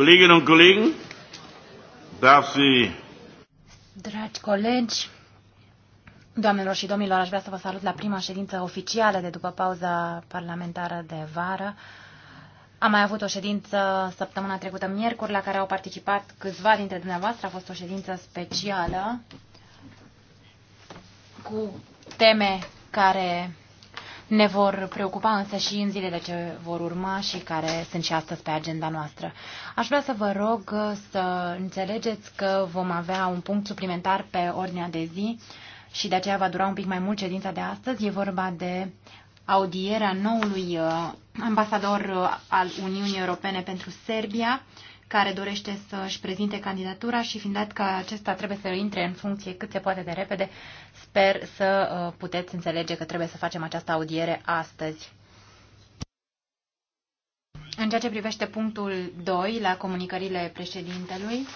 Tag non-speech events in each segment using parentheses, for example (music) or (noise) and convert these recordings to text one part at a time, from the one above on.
Kolleginnen und Kollegen, darf Sie... Dragi colegi, doamnelor și domnilor, aș vrea să vă salut la prima ședință oficială de după pauza parlamentară de vară. Am mai avut o ședință săptămâna trecută, miercuri, la care au participat câțiva dintre dumneavoastră. A fost o ședință specială cu teme care ne vor preocupa însă și în zilele ce vor urma și care sunt și astăzi pe agenda noastră. Aș vrea să vă rog uh, să înțelegeți că vom avea un punct suplimentar pe ordinea de zi și de aceea va dura un pic mai mult ședința de astăzi. E vorba de audierea noului uh, ambasador uh, al Uniunii Europene pentru Serbia, care dorește să-și prezinte candidatura și fiind dat că acesta trebuie să intre în funcție cât se poate de repede, Sper să uh, puteți înțelege că trebuie să facem această audiere astăzi. În ceea ce privește punctul 2 la comunicările președintelui,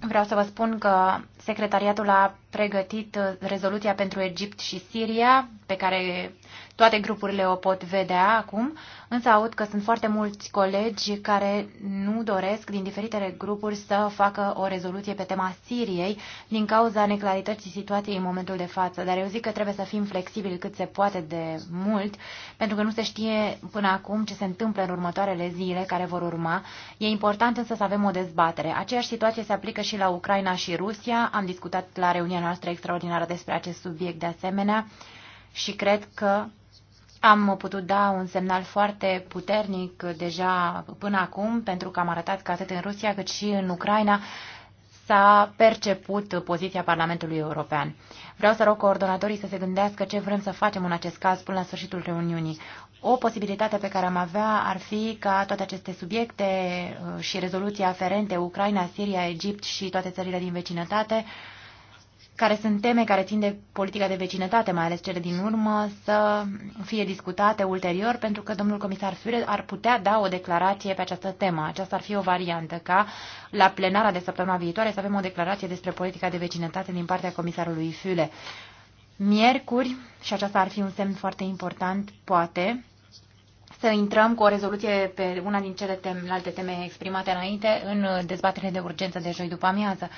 vreau să vă spun că secretariatul a pregătit uh, rezoluția pentru Egipt și Siria, pe care toate grupurile o pot vedea acum, însă aud că sunt foarte mulți colegi care nu doresc din diferitele grupuri să facă o rezoluție pe tema Siriei din cauza neclarității situației în momentul de față. Dar eu zic că trebuie să fim flexibili cât se poate de mult, pentru că nu se știe până acum ce se întâmplă în următoarele zile care vor urma. E important însă să avem o dezbatere. Aceeași situație se aplică și la Ucraina și Rusia. Am discutat la reuniunea noastră extraordinară despre acest subiect de asemenea și cred că am putut da un semnal foarte puternic deja până acum, pentru că am arătat că atât în Rusia cât și în Ucraina s-a perceput poziția Parlamentului European. Vreau să rog coordonatorii să se gândească ce vrem să facem în acest caz până la sfârșitul reuniunii. O posibilitate pe care am avea ar fi ca toate aceste subiecte uh, și rezoluții aferente Ucraina, Siria, Egipt și toate țările din vecinătate care sunt teme care țin de politica de vecinătate, mai ales cele din urmă, să fie discutate ulterior, pentru că domnul comisar Führer ar putea da o declarație pe această temă. Aceasta ar fi o variantă ca la plenara de săptămâna viitoare să avem o declarație despre politica de vecinătate din partea comisarului Füle. Miercuri, și aceasta ar fi un semn foarte important, poate, să intrăm cu o rezoluție pe una din cele tem, alte teme exprimate înainte în dezbatere de urgență de joi după amiază.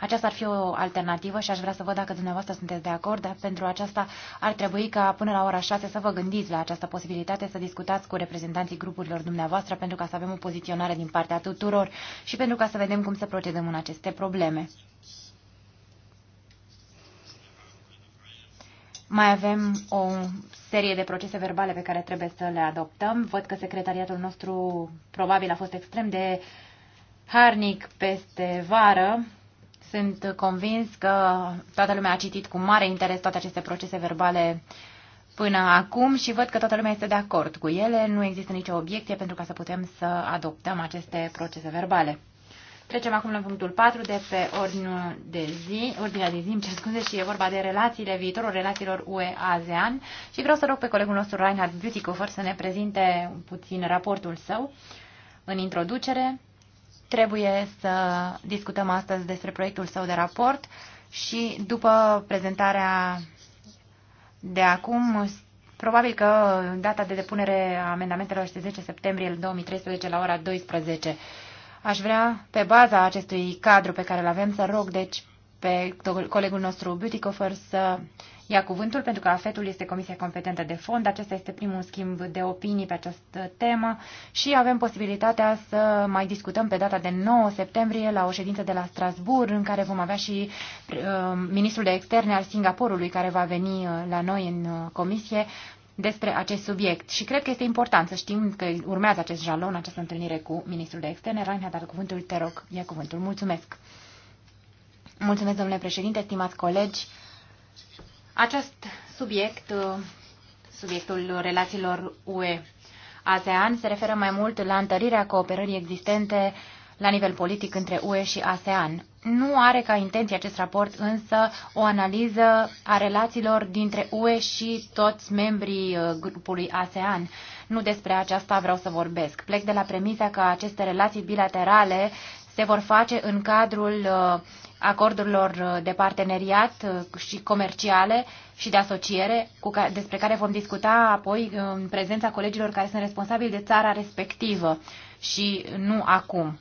Aceasta ar fi o alternativă și aș vrea să văd dacă dumneavoastră sunteți de acord, dar pentru aceasta ar trebui ca până la ora 6 să vă gândiți la această posibilitate, să discutați cu reprezentanții grupurilor dumneavoastră pentru ca să avem o poziționare din partea tuturor și pentru ca să vedem cum să procedăm în aceste probleme. Mai avem o serie de procese verbale pe care trebuie să le adoptăm. Văd că secretariatul nostru probabil a fost extrem de harnic peste vară. Sunt convins că toată lumea a citit cu mare interes toate aceste procese verbale până acum și văd că toată lumea este de acord cu ele. Nu există nicio obiecție pentru ca să putem să adoptăm aceste procese verbale. Trecem acum la punctul 4 de pe ordinul de zi, ordinea de zi, îmi cer scuze, și e vorba de relațiile, viitorul relațiilor UE-ASEAN și vreau să rog pe colegul nostru Reinhard Bütikofer să ne prezinte puțin raportul său în introducere. Trebuie să discutăm astăzi despre proiectul său de raport și după prezentarea de acum Probabil că data de depunere a amendamentelor este 10 septembrie 2013 la ora 12. Aș vrea, pe baza acestui cadru pe care îl avem, să rog, deci, pe colegul nostru Beautycofer să ia cuvântul, pentru că afetul este comisia competentă de fond. Acesta este primul schimb de opinii pe această temă și avem posibilitatea să mai discutăm pe data de 9 septembrie la o ședință de la Strasbourg, în care vom avea și uh, ministrul de externe al Singaporului, care va veni uh, la noi în uh, comisie despre acest subiect și cred că este important să știm că urmează acest jalon, această întâlnire cu ministrul de externe. Reinhard, dar cuvântul te rog, ia cuvântul. Mulțumesc! Mulțumesc, domnule președinte, stimați colegi. Acest subiect, subiectul relațiilor UE-ASEAN, se referă mai mult la întărirea cooperării existente la nivel politic între UE și ASEAN. Nu are ca intenție acest raport însă o analiză a relațiilor dintre UE și toți membrii uh, grupului ASEAN. Nu despre aceasta vreau să vorbesc. Plec de la premisa că aceste relații bilaterale se vor face în cadrul uh, acordurilor uh, de parteneriat și comerciale și de asociere, cu care, despre care vom discuta apoi în prezența colegilor care sunt responsabili de țara respectivă și nu acum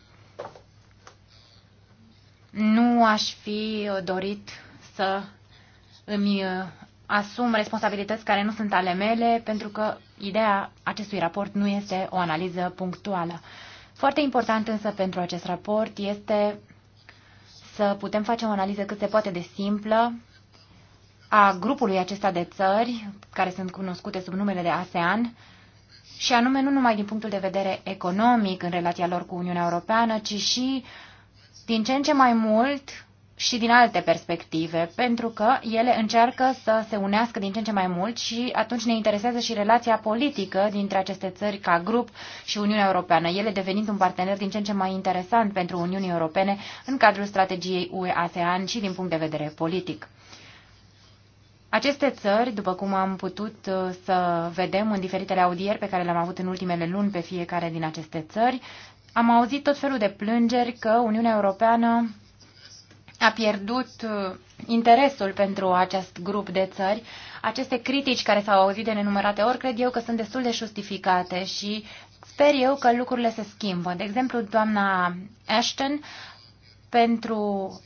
nu aș fi uh, dorit să îmi uh, asum responsabilități care nu sunt ale mele, pentru că ideea acestui raport nu este o analiză punctuală. Foarte important însă pentru acest raport este să putem face o analiză cât se poate de simplă a grupului acesta de țări, care sunt cunoscute sub numele de ASEAN, și anume nu numai din punctul de vedere economic în relația lor cu Uniunea Europeană, ci și din ce în ce mai mult și din alte perspective, pentru că ele încearcă să se unească din ce în ce mai mult și atunci ne interesează și relația politică dintre aceste țări ca grup și Uniunea Europeană, ele devenind un partener din ce în ce mai interesant pentru Uniunii Europene în cadrul strategiei UE-ASEAN și din punct de vedere politic. Aceste țări, după cum am putut uh, să vedem în diferitele audieri pe care le-am avut în ultimele luni pe fiecare din aceste țări, am auzit tot felul de plângeri că Uniunea Europeană a pierdut uh, interesul pentru acest grup de țări. Aceste critici care s-au auzit de nenumărate ori cred eu că sunt destul de justificate și sper eu că lucrurile se schimbă. De exemplu, doamna Ashton pentru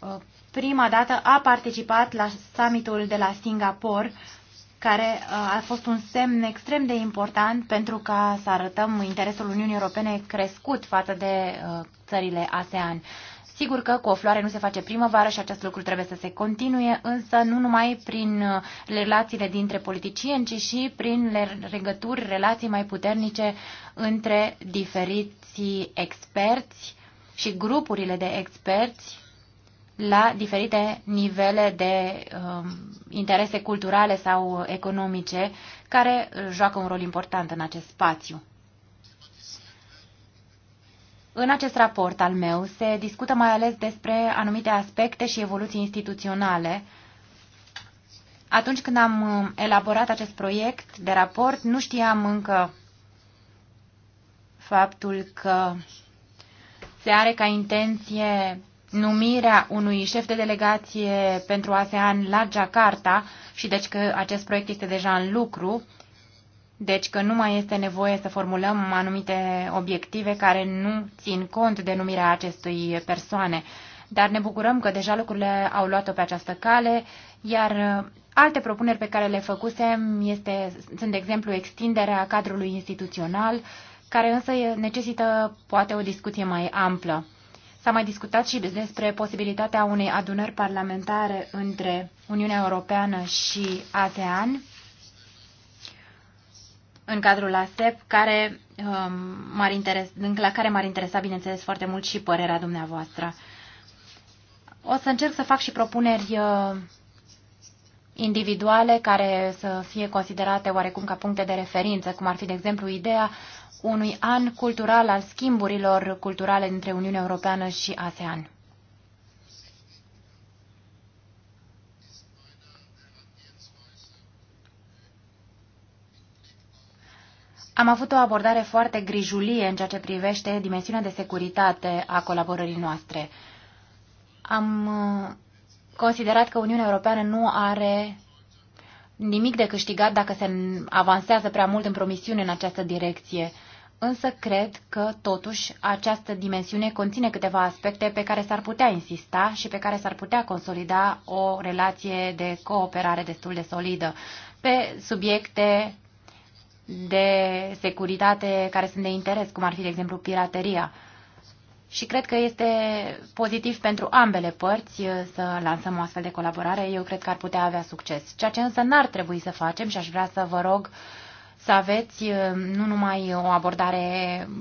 uh, prima dată a participat la summitul de la Singapore care uh, a fost un semn extrem de important pentru ca să arătăm interesul Uniunii Europene crescut față de uh, țările ASEAN. Sigur că cu o floare nu se face primăvară și acest lucru trebuie să se continue, însă nu numai prin uh, relațiile dintre politicieni, ci și prin legături, relații mai puternice între diferiți experți și grupurile de experți la diferite nivele de uh, interese culturale sau economice care uh, joacă un rol important în acest spațiu. În acest raport al meu se discută mai ales despre anumite aspecte și evoluții instituționale. Atunci când am um, elaborat acest proiect de raport, nu știam încă faptul că se are ca intenție numirea unui șef de delegație pentru ASEAN la Jakarta și deci că acest proiect este deja în lucru, deci că nu mai este nevoie să formulăm anumite obiective care nu țin cont de numirea acestui persoane. Dar ne bucurăm că deja lucrurile au luat-o pe această cale, iar uh, alte propuneri pe care le făcusem este, sunt, de exemplu, extinderea cadrului instituțional, care însă necesită poate o discuție mai amplă. S-a mai discutat și despre posibilitatea unei adunări parlamentare între Uniunea Europeană și ASEAN în cadrul ASEP, care, um, interes, la care m-ar interesa, bineînțeles, foarte mult și părerea dumneavoastră. O să încerc să fac și propuneri uh, individuale care să fie considerate oarecum ca puncte de referință, cum ar fi, de exemplu, ideea unui an cultural al schimburilor culturale dintre Uniunea Europeană și ASEAN. Am avut o abordare foarte grijulie în ceea ce privește dimensiunea de securitate a colaborării noastre. Am considerat că Uniunea Europeană nu are nimic de câștigat dacă se avansează prea mult în promisiune în această direcție. Însă cred că, totuși, această dimensiune conține câteva aspecte pe care s-ar putea insista și pe care s-ar putea consolida o relație de cooperare destul de solidă pe subiecte de securitate care sunt de interes, cum ar fi, de exemplu, pirateria și cred că este pozitiv pentru ambele părți uh, să lansăm o astfel de colaborare. Eu cred că ar putea avea succes. Ceea ce însă n-ar trebui să facem și aș vrea să vă rog să aveți uh, nu numai o abordare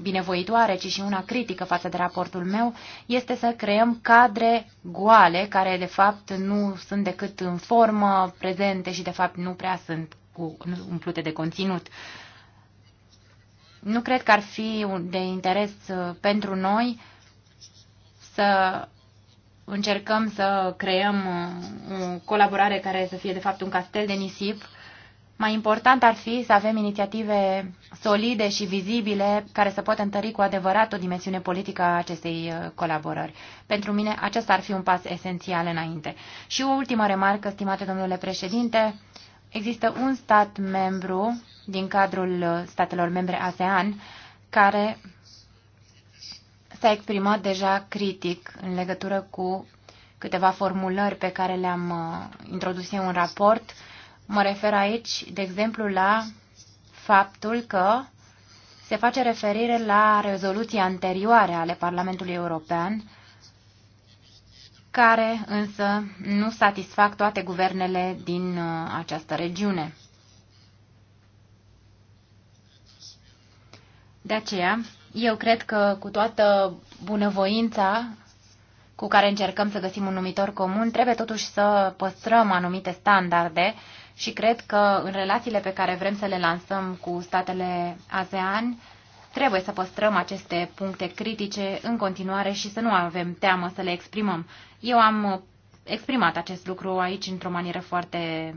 binevoitoare, ci și una critică față de raportul meu, este să creăm cadre goale, care de fapt nu sunt decât în formă, prezente și de fapt nu prea sunt cu, umplute de conținut. Nu cred că ar fi de interes uh, pentru noi să încercăm să creăm uh, o colaborare care să fie de fapt un castel de nisip. Mai important ar fi să avem inițiative solide și vizibile care să poată întări cu adevărat o dimensiune politică a acestei uh, colaborări. Pentru mine acesta ar fi un pas esențial înainte. Și o ultimă remarcă, stimate domnule președinte, există un stat membru din cadrul uh, statelor membre ASEAN care s-a exprimat deja critic în legătură cu câteva formulări pe care le-am uh, introdus eu în raport. Mă refer aici, de exemplu, la faptul că se face referire la rezoluții anterioare ale Parlamentului European, care însă nu satisfac toate guvernele din uh, această regiune. De aceea, eu cred că cu toată bunăvoința cu care încercăm să găsim un numitor comun, trebuie totuși să păstrăm anumite standarde și cred că în relațiile pe care vrem să le lansăm cu statele ASEAN, trebuie să păstrăm aceste puncte critice în continuare și să nu avem teamă să le exprimăm. Eu am exprimat acest lucru aici într-o manieră foarte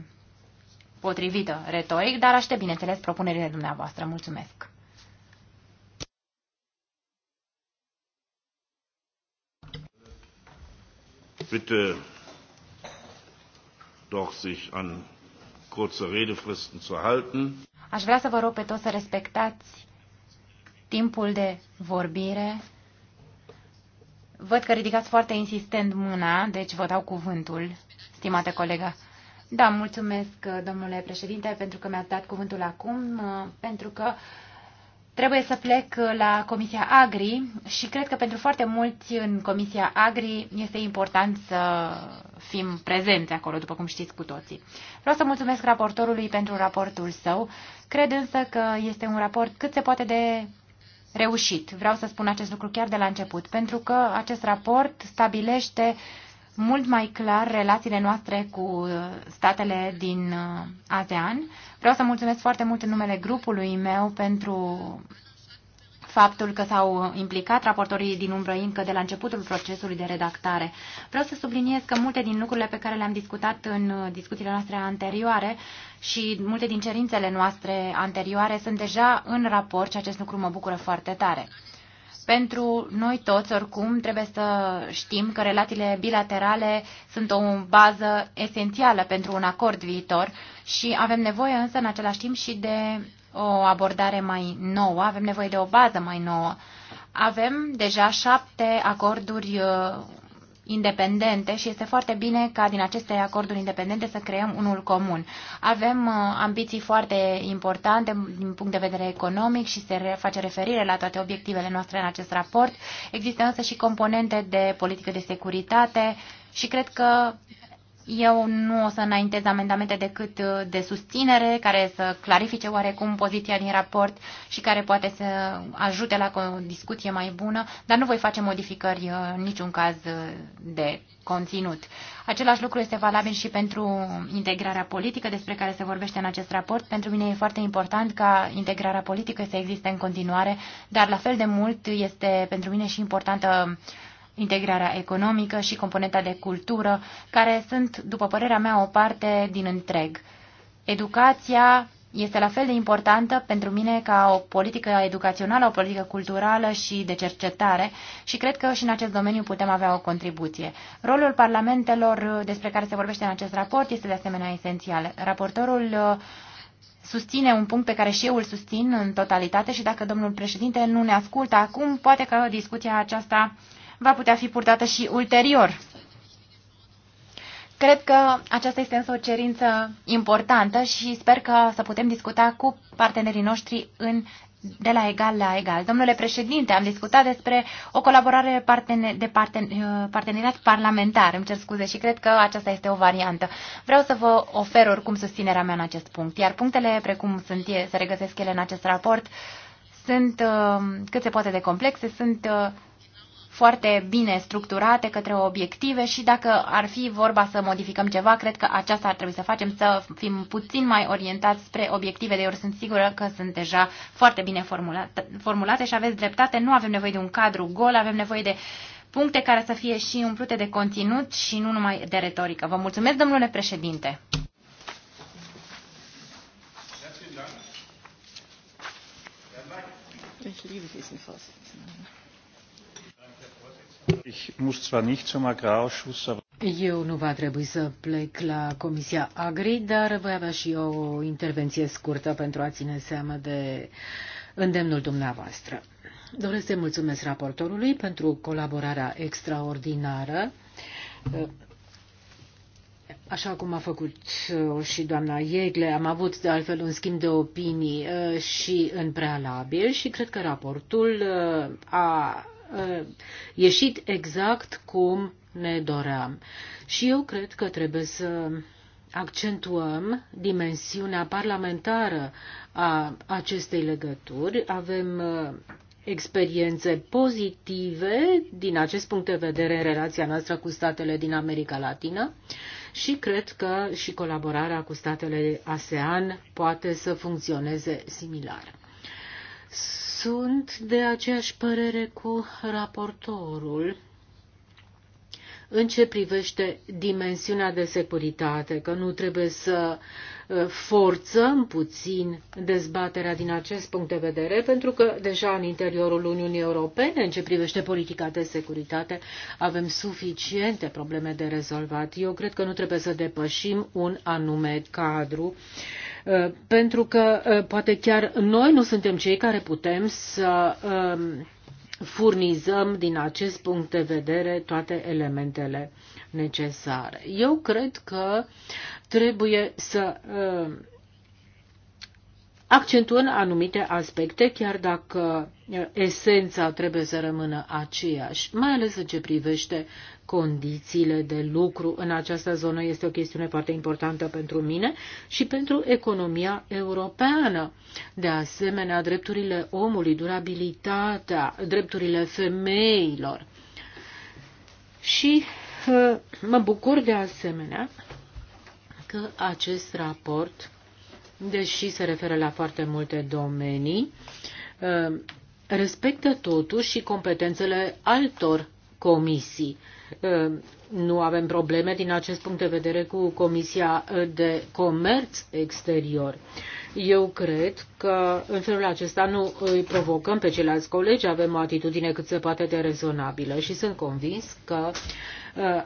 potrivită retoric, dar aștept, bineînțeles, propunerile dumneavoastră. Mulțumesc! bitte doch sich an kurze Redefristen zu halten. Aș vrea să vă rog pe toți să respectați timpul de vorbire. Văd că ridicați foarte insistent mâna, deci vă dau cuvântul, stimate colega. Da, mulțumesc, domnule președinte, pentru că mi-ați dat cuvântul acum, pentru că Trebuie să plec la Comisia Agri și cred că pentru foarte mulți în Comisia Agri este important să fim prezenți acolo, după cum știți cu toții. Vreau să mulțumesc raportorului pentru raportul său. Cred însă că este un raport cât se poate de reușit. Vreau să spun acest lucru chiar de la început, pentru că acest raport stabilește uh, mult mai clar relațiile noastre cu uh, statele din uh, ASEAN. Vreau să mulțumesc foarte mult în numele grupului meu pentru faptul că s-au implicat raportorii din umbră încă de la începutul procesului de redactare. Vreau să subliniez că multe din lucrurile pe care le-am discutat în uh, discuțiile noastre anterioare și multe din cerințele noastre anterioare sunt deja în raport și acest lucru mă bucură foarte tare. Pentru noi toți, oricum, trebuie să știm că relațiile bilaterale sunt o bază esențială pentru un acord viitor și avem nevoie însă în același timp și de o abordare mai nouă, avem nevoie de o bază mai nouă. Avem deja șapte acorduri uh, independente și este foarte bine ca din aceste acorduri independente să creăm unul comun. Avem uh, ambiții foarte importante din punct de vedere economic și se face referire la toate obiectivele noastre în acest raport. Există însă și componente de politică de securitate și cred că eu nu o să înaintez amendamente decât uh, de susținere, care să clarifice oarecum poziția din raport și care poate să ajute la o discuție mai bună, dar nu voi face modificări uh, în niciun caz uh, de conținut. Același lucru este valabil și pentru integrarea politică despre care se vorbește în acest raport. Pentru mine e foarte important ca integrarea politică să existe în continuare, dar la fel de mult este pentru mine și importantă uh, integrarea economică și componenta de cultură, care sunt, după părerea mea, o parte din întreg. Educația este la fel de importantă pentru mine ca o politică educațională, o politică culturală și de cercetare și cred că și în acest domeniu putem avea o contribuție. Rolul parlamentelor uh, despre care se vorbește în acest raport este de asemenea esențial. Raportorul uh, susține un punct pe care și eu îl susțin în totalitate și dacă domnul președinte nu ne ascultă acum, poate că discuția aceasta uh, va putea fi purtată și ulterior. Cred că aceasta este însă o cerință importantă și sper că să putem discuta cu partenerii noștri în de la egal la egal. Domnule președinte, am discutat despre o colaborare partene, de parten, eh, parteneriat parlamentar, îmi cer scuze, și cred că aceasta este o variantă. Vreau să vă ofer oricum susținerea mea în acest punct, iar punctele precum sunt, se regăsesc ele în acest raport sunt eh, cât se poate de complexe, sunt eh, foarte bine structurate către obiective și dacă ar fi vorba să modificăm ceva, cred că aceasta ar trebui să facem, să fim puțin mai orientați spre obiective, de ori sunt sigură că sunt deja foarte bine formulate și aveți dreptate, nu avem nevoie de un cadru gol, avem nevoie de puncte care să fie și umplute de conținut și nu numai de retorică. Vă mulțumesc, domnule președinte! Ich liebe diesen Vorsitzenden. Eu nu va trebui să plec la Comisia Agri, dar voi avea și eu o intervenție scurtă pentru a ține seama de îndemnul dumneavoastră. Doresc să mulțumesc raportorului pentru colaborarea extraordinară, așa cum a făcut și doamna Iegle. Am avut de altfel un schimb de opinii uh, și în prealabil și cred că raportul uh, a Uh, ieșit exact cum ne doream. Și eu cred că trebuie să accentuăm dimensiunea parlamentară a acestei legături. Avem uh, experiențe pozitive din acest punct de vedere în relația noastră cu statele din America Latină și cred că și colaborarea cu statele ASEAN poate să funcționeze similar. Sunt de aceeași părere cu raportorul în ce privește dimensiunea de securitate, că nu trebuie să uh, forțăm puțin dezbaterea din acest punct de vedere, pentru că deja în interiorul Uniunii Europene, în ce privește politica de securitate, avem suficiente probleme de rezolvat. Eu cred că nu trebuie să depășim un anume cadru Uh, pentru că uh, poate chiar noi nu suntem cei care putem să um, furnizăm din acest punct de vedere toate elementele necesare. Eu cred că trebuie să uh, accentuăm anumite aspecte, chiar dacă esența trebuie să rămână aceeași, mai ales în ce privește condițiile de lucru în această zonă este o chestiune foarte importantă pentru mine și pentru economia europeană. De asemenea, drepturile omului, durabilitatea, drepturile femeilor. Și uh, mă bucur de asemenea că acest raport, deși se referă la foarte multe domenii, uh, respectă totuși și competențele altor comisii. Ehm, nu avem probleme din acest punct de vedere cu Comisia de Comerț Exterior. Eu cred că în felul acesta nu îi provocăm pe ceilalți colegi, avem o atitudine cât se poate de rezonabilă și sunt convins că ehm,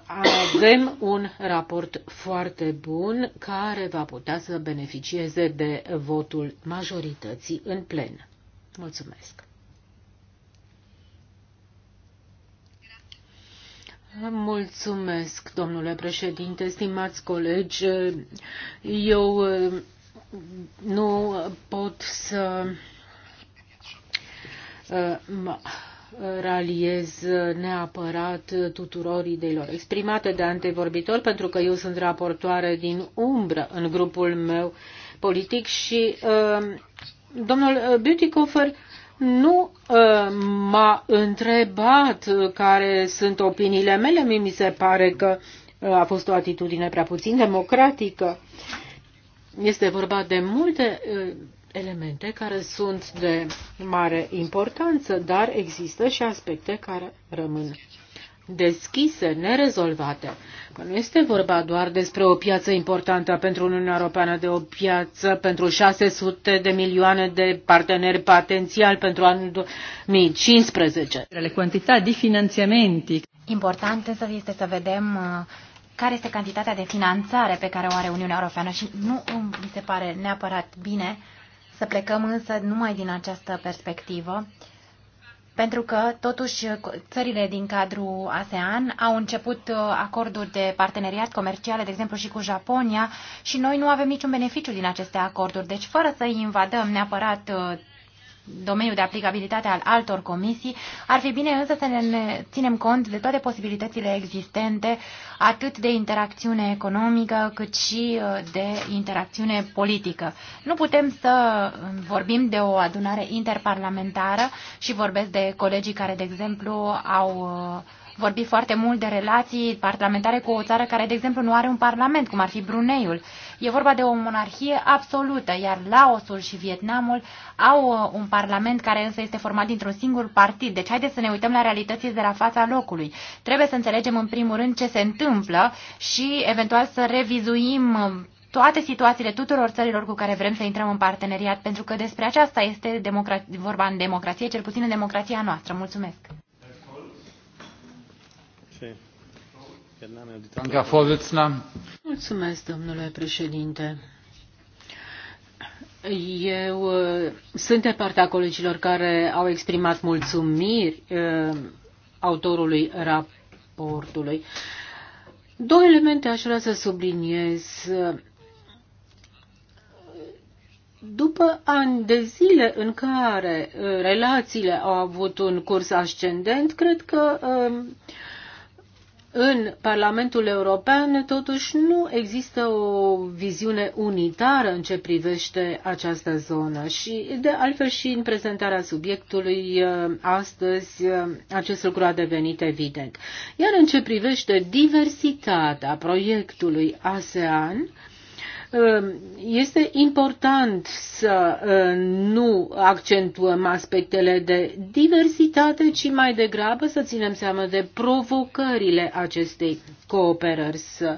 avem un raport foarte bun care va putea să beneficieze de votul majorității în plen. Mulțumesc! Mulțumesc, domnule președinte, stimați colegi. Eu eh, nu pot să eh, raliez neapărat tuturor ideilor exprimate de antevorbitor, pentru că eu sunt raportoare din umbră în grupul meu politic și eh, domnul Beautycofer nu ă, m-a întrebat ă, care sunt opiniile mele. Mie mi se pare că ă, a fost o atitudine prea puțin democratică. Este vorba de multe elemente care sunt de mare importanță, dar există și aspecte care rămân deschise, nerezolvate că nu este vorba doar despre o piață importantă pentru Uniunea Europeană, de o piață pentru 600 de milioane de parteneri potențial pentru anul 2015. Important însă este să vedem uh, care este cantitatea de finanțare pe care o are Uniunea Europeană și nu mi se pare neapărat bine să plecăm însă numai din această perspectivă pentru că, totuși, țările din cadrul ASEAN au început uh, acorduri de parteneriat comerciale, de exemplu, și cu Japonia și noi nu avem niciun beneficiu din aceste acorduri. Deci, fără să invadăm neapărat uh, domeniul de aplicabilitate al altor comisii, ar fi bine însă să ne ținem cont de toate posibilitățile existente, atât de interacțiune economică, cât și uh, de interacțiune politică. Nu putem să uh, vorbim de o adunare interparlamentară și vorbesc de colegii care, de exemplu, au uh, vorbi foarte mult de relații parlamentare cu o țară care, de exemplu, nu are un parlament, cum ar fi Bruneiul. E vorba de o monarhie absolută, iar Laosul și Vietnamul au uh, un parlament care însă este format dintr-un singur partid. Deci haideți să ne uităm la realității de la fața locului. Trebuie să înțelegem în primul rând ce se întâmplă și eventual să revizuim uh, toate situațiile tuturor țărilor cu care vrem să intrăm în parteneriat, pentru că despre aceasta este vorba în democrație, cel puțin în democrația noastră. Mulțumesc! Mulțumesc, domnule președinte. Eu uh, sunt de partea colegilor care au exprimat mulțumiri uh, autorului raportului. Două elemente aș vrea să subliniez. După ani de zile în care uh, relațiile au avut un curs ascendent, cred că uh, în Parlamentul European totuși nu există o viziune unitară în ce privește această zonă și de altfel și în prezentarea subiectului uh, astăzi uh, acest lucru a devenit evident. Iar în ce privește diversitatea proiectului ASEAN, Um, este important să uh, nu accentuăm aspectele de diversitate, ci mai degrabă să ținem seama de provocările acestei cooperări, să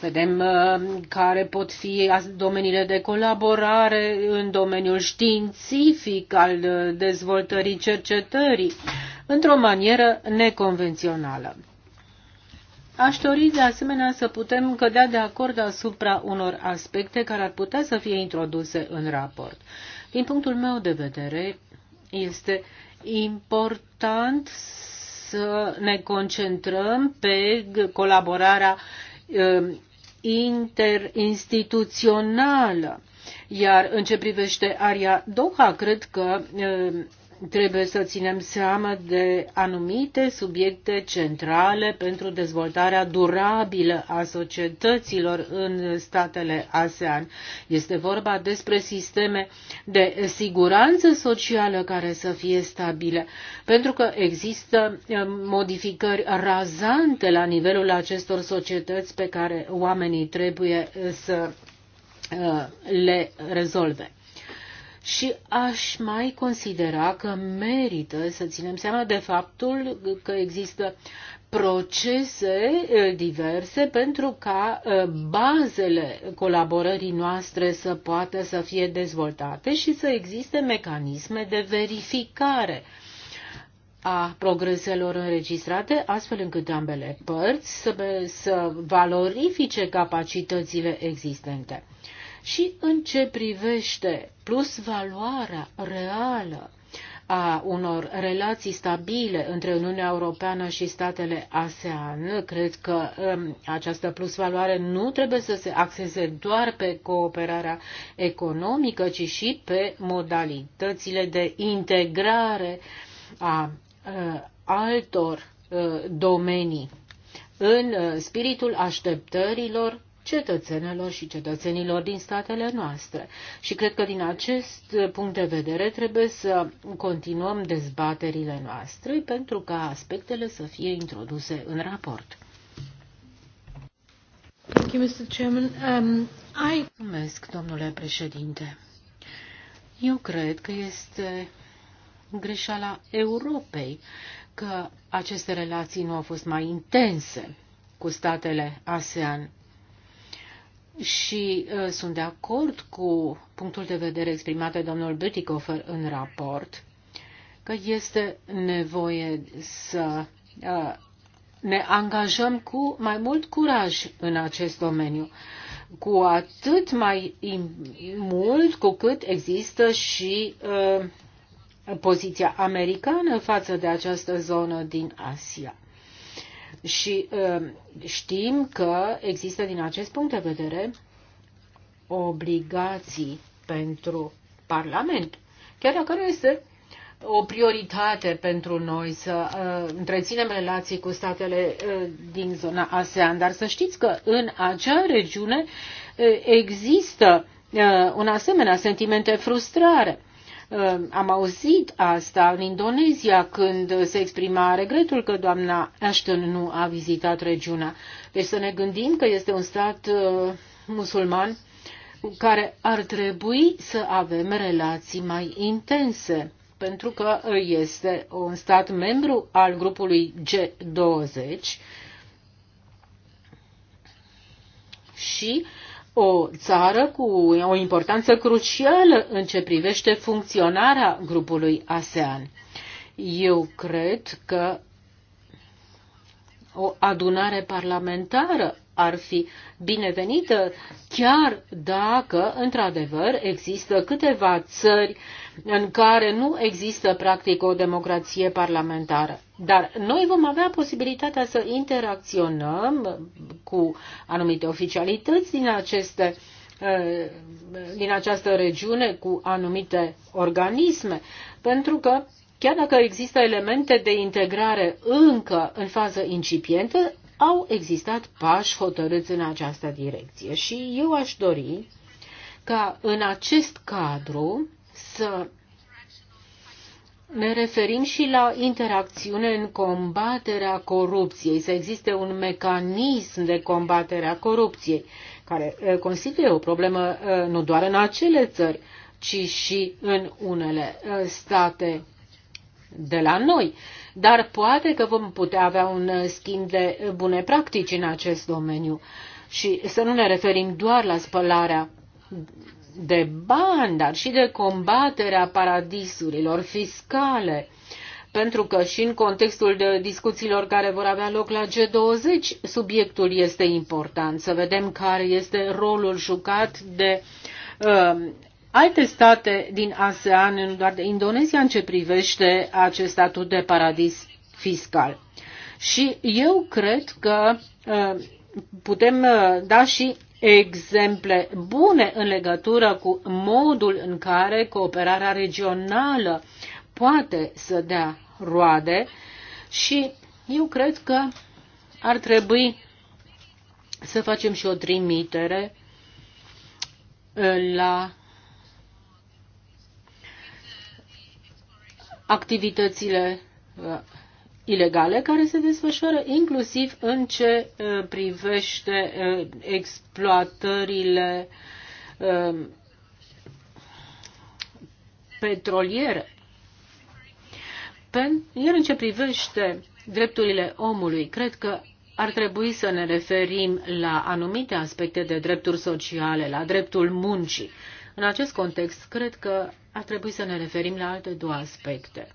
vedem uh, care pot fi domeniile de colaborare în domeniul științific al uh, dezvoltării cercetării într-o manieră neconvențională. Aș dori de asemenea să putem cădea de acord asupra unor aspecte care ar putea să fie introduse în raport. Din punctul meu de vedere, este important să ne concentrăm pe colaborarea um, interinstituțională. Iar în ce privește aria Doha, cred că um, trebuie să ținem seama de anumite subiecte centrale pentru dezvoltarea durabilă a societăților în statele ASEAN. Este vorba despre sisteme de siguranță socială care să fie stabile, pentru că există eh, modificări razante la nivelul acestor societăți pe care oamenii trebuie să eh, le rezolve și aș mai considera că merită să ținem seama de faptul că există procese diverse pentru ca bazele colaborării noastre să poată să fie dezvoltate și să existe mecanisme de verificare a progreselor înregistrate, astfel încât ambele părți să, valorifice capacitățile existente și în ce privește plus valoarea reală a unor relații stabile între Uniunea Europeană și statele ASEAN. Cred că um, această plusvaloare nu trebuie să se axeze doar pe cooperarea economică, ci și pe modalitățile de integrare a uh, altor uh, domenii în uh, spiritul așteptărilor cetățenilor și cetățenilor din statele noastre. Și cred că din acest punct de vedere trebuie să continuăm dezbaterile noastre pentru ca aspectele să fie introduse în raport. Thank you, Mr. Chairman. Um, I... Mulțumesc, domnule președinte. Eu cred că este greșeala Europei că aceste relații nu au fost mai intense cu statele ASEAN și uh, sunt de acord cu punctul de vedere exprimat de domnul Bütikofer în raport, că este nevoie să uh, ne angajăm cu mai mult curaj în acest domeniu, cu atât mai mult cu cât există și uh, poziția americană față de această zonă din Asia. Și um, știm că există din acest punct de vedere obligații pentru Parlament, chiar dacă nu este o prioritate pentru noi să uh, întreținem relații cu statele uh, din zona ASEAN, dar să știți că în acea regiune uh, există uh, un asemenea sentiment de frustrare. Uh, am auzit asta în Indonezia când se exprima regretul că doamna Ashton nu a vizitat regiunea. Deci să ne gândim că este un stat uh, musulman care ar trebui să avem relații mai intense, pentru că este un stat membru al grupului G20 și uh, și o țară cu o importanță crucială în ce privește funcționarea grupului ASEAN. Eu cred că o adunare parlamentară ar fi binevenită, chiar dacă, într-adevăr, există câteva țări uh, în care nu există practic o democrație parlamentară. Dar noi vom avea posibilitatea să interacționăm cu anumite oficialități din aceste eh, din această regiune cu anumite organisme, pentru că chiar dacă există elemente de integrare încă în fază incipientă, au existat pași hotărâți în această direcție și eu aș dori ca în acest cadru să ne referim și la interacțiune în combaterea corupției, să existe un mecanism de combatere a corupției, care eh, constituie o problemă eh, nu doar în acele țări, ci și în unele eh, state de la noi. Dar poate că vom putea avea un schimb de bune practici în acest domeniu și să nu ne referim doar la spălarea de bani, dar și de combaterea paradisurilor fiscale. Pentru că și în contextul de discuțiilor care vor avea loc la G20, subiectul este important. Să vedem care este rolul jucat de uh, alte state din ASEAN, nu doar de Indonezia, în ce privește acest statut de paradis fiscal. Și eu cred că um, uh, putem da și exemple bune în legătură cu modul în care cooperarea regională poate să dea roade și eu cred că ar trebui să facem și o trimitere uh, la activitățile uh, ilegale care se desfășoară inclusiv în ce uh, privește uh, exploatările um, petroliere. Iar în ce privește drepturile omului, cred că ar trebui să ne referim la anumite aspecte de drepturi sociale, la dreptul muncii. În acest context, cred că ar trebui să ne referim la alte două aspecte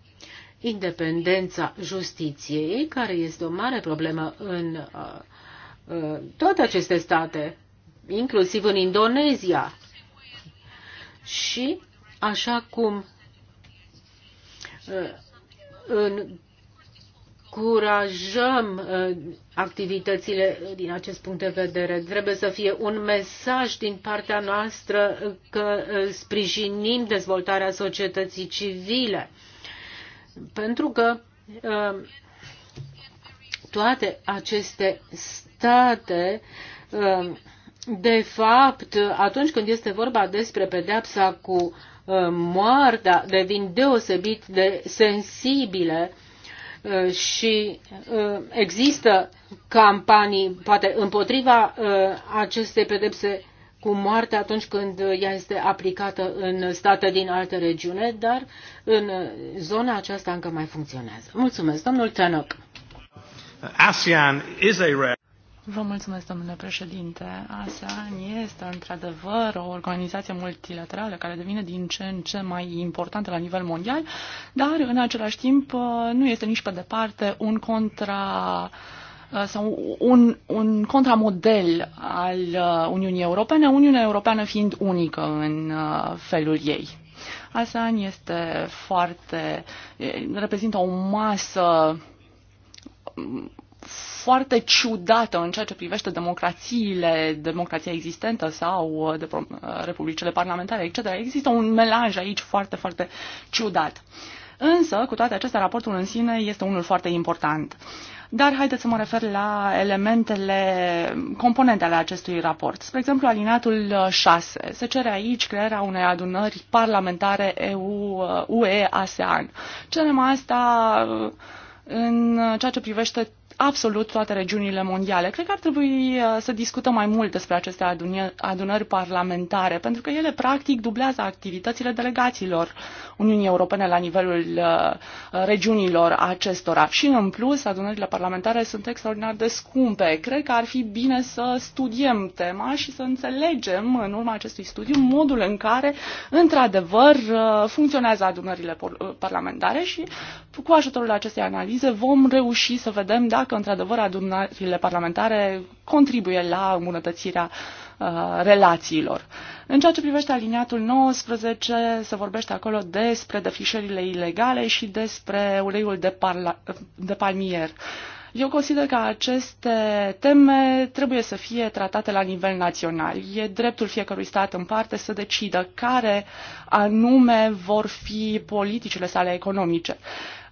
independența justiției, care este o mare problemă în uh, uh, toate aceste state, inclusiv în Indonezia. Și așa cum uh, încurajăm activitățile din acest punct de vedere. Trebuie să fie un mesaj din partea noastră că sprijinim dezvoltarea societății civile pentru că uh, toate aceste state uh, de fapt, atunci când este vorba despre pedepsa cu uh, moartea, devin deosebit de sensibile și există campanii, poate, împotriva acestei pedepse cu moartea atunci când ea este aplicată în state din alte regiune, dar în zona aceasta încă mai funcționează. Mulțumesc, domnul Tanok. ASEAN is a rare... Vă mulțumesc, domnule președinte. ASEAN este într-adevăr o organizație multilaterală care devine din ce în ce mai importantă la nivel mondial, dar în același timp nu este nici pe departe un contra Uh, sau un, un contramodel al uh, Uniunii Europene, Uniunea Europeană fiind unică în uh, felul ei. ASEAN este foarte, eh, reprezintă o masă mm, foarte ciudată în ceea ce privește democrațiile, democrația existentă sau de republicile parlamentare, etc. Există un melanj aici foarte, foarte ciudat. Însă, cu toate acestea, raportul în sine este unul foarte important dar haideți să mă refer la elementele, componentele acestui raport. Spre exemplu, alinatul 6. Uh, Se cere aici crearea unei adunări parlamentare EU, UE-ASEAN. Uh, Cerem asta uh, în ceea ce privește absolut toate regiunile mondiale. Cred că ar trebui uh, să discutăm mai mult despre aceste adunări parlamentare, pentru că ele practic dublează activitățile delegațiilor Uniunii Europene la nivelul uh, regiunilor acestora. Și în plus, adunările parlamentare sunt extraordinar de scumpe. Cred că ar fi bine să studiem tema și să înțelegem în urma acestui studiu modul în care, într-adevăr, uh, funcționează adunările parlamentare și cu ajutorul acestei analize vom reuși să vedem dacă că, într-adevăr adunările parlamentare contribuie la îmbunătățirea uh, relațiilor. În ceea ce privește aliniatul 19, se vorbește acolo despre defrișările ilegale și despre uleiul de, parla, de palmier. Eu consider că aceste teme trebuie să fie tratate la nivel național. E dreptul fiecărui stat în parte să decidă care anume vor fi politicile sale economice.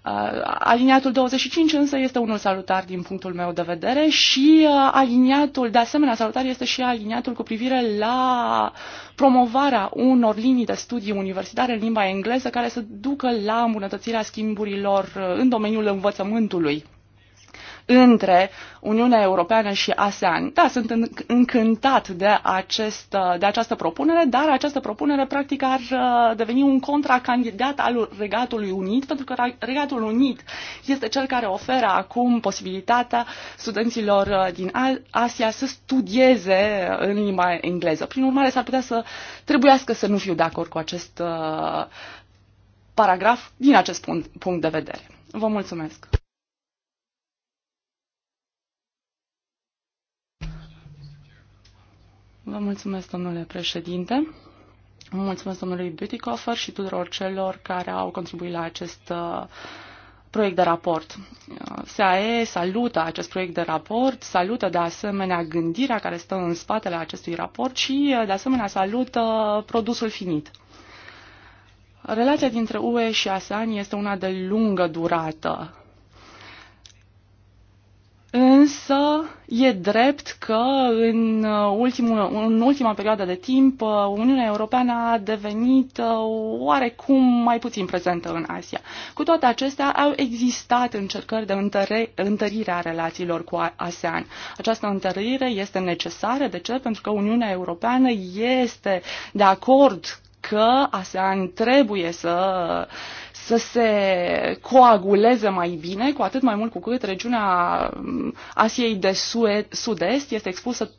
Uh, aliniatul 25 însă este unul salutar din punctul meu de vedere și uh, aliniatul, de asemenea salutar, este și aliniatul cu privire la promovarea unor linii de studii universitare în limba engleză care să ducă la îmbunătățirea schimburilor uh, în domeniul învățământului între Uniunea Europeană și ASEAN. Da, sunt încântat de, acest, de această propunere, dar această propunere practic ar uh, deveni un contracandidat al Regatului Unit, pentru că Regatul Unit este cel care oferă acum posibilitatea studenților uh, din Asia să studieze uh, în limba engleză. Prin urmare, s-ar putea să trebuiască să nu fiu de acord cu acest paragraf din acest punct de vedere. Vă mulțumesc! Vă mulțumesc, domnule președinte. Mulțumesc domnului Bütikofer și tuturor celor care au contribuit la acest uh, proiect de raport. Uh, SAE salută acest proiect de raport, salută de asemenea gândirea care stă în spatele acestui raport și uh, de asemenea salută produsul finit. Relația dintre UE și ASEAN este una de lungă durată. Însă e drept că în, uh, ultimul, în ultima perioadă de timp uh, Uniunea Europeană a devenit uh, oarecum mai puțin prezentă în Asia. Cu toate acestea au existat încercări de întări, întărire a relațiilor cu ASEAN. Această întărire este necesară. De ce? Pentru că Uniunea Europeană este de acord că ASEAN trebuie să uh, să se coaguleze mai bine, cu atât mai mult cu cât regiunea mm, Asiei de Sud-Est este expusă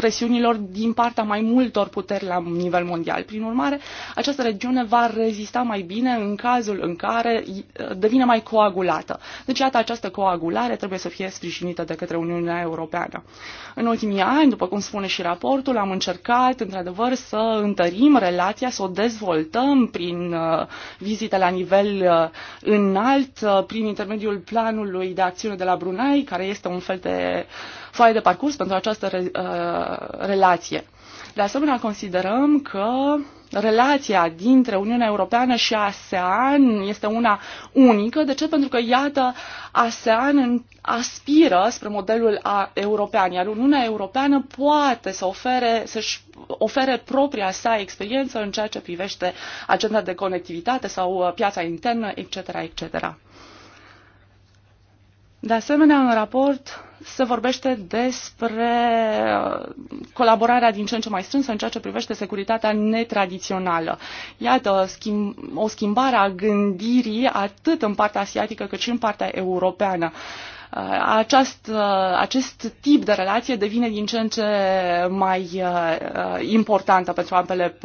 presiunilor din partea mai multor puteri la nivel mondial. Prin urmare, această regiune va rezista mai bine în cazul în care devine mai coagulată. Deci, iată, această coagulare trebuie să fie sprijinită de către Uniunea Europeană. În ultimii ani, după cum spune și raportul, am încercat, într-adevăr, să întărim relația, să o dezvoltăm prin uh, vizite la nivel uh, înalt, uh, prin intermediul planului de acțiune de la Brunei, care este un fel de foaie de parcurs pentru această re, uh, relație. De asemenea, considerăm că relația dintre Uniunea Europeană și ASEAN este una unică. De ce? Pentru că, iată, ASEAN aspiră spre modelul a, european, iar Uniunea Europeană poate să ofere, să-și ofere propria sa experiență în ceea ce privește agenda de conectivitate sau uh, piața internă, etc., etc. De asemenea, în raport se vorbește despre uh, colaborarea din ce în ce mai strânsă în ceea ce privește securitatea netradițională. Iată schimb, o schimbare a gândirii atât în partea asiatică cât și în partea europeană. Uh, Uh, aceast, uh, acest tip de relație devine din ce în ce mai uh, importantă pentru ambele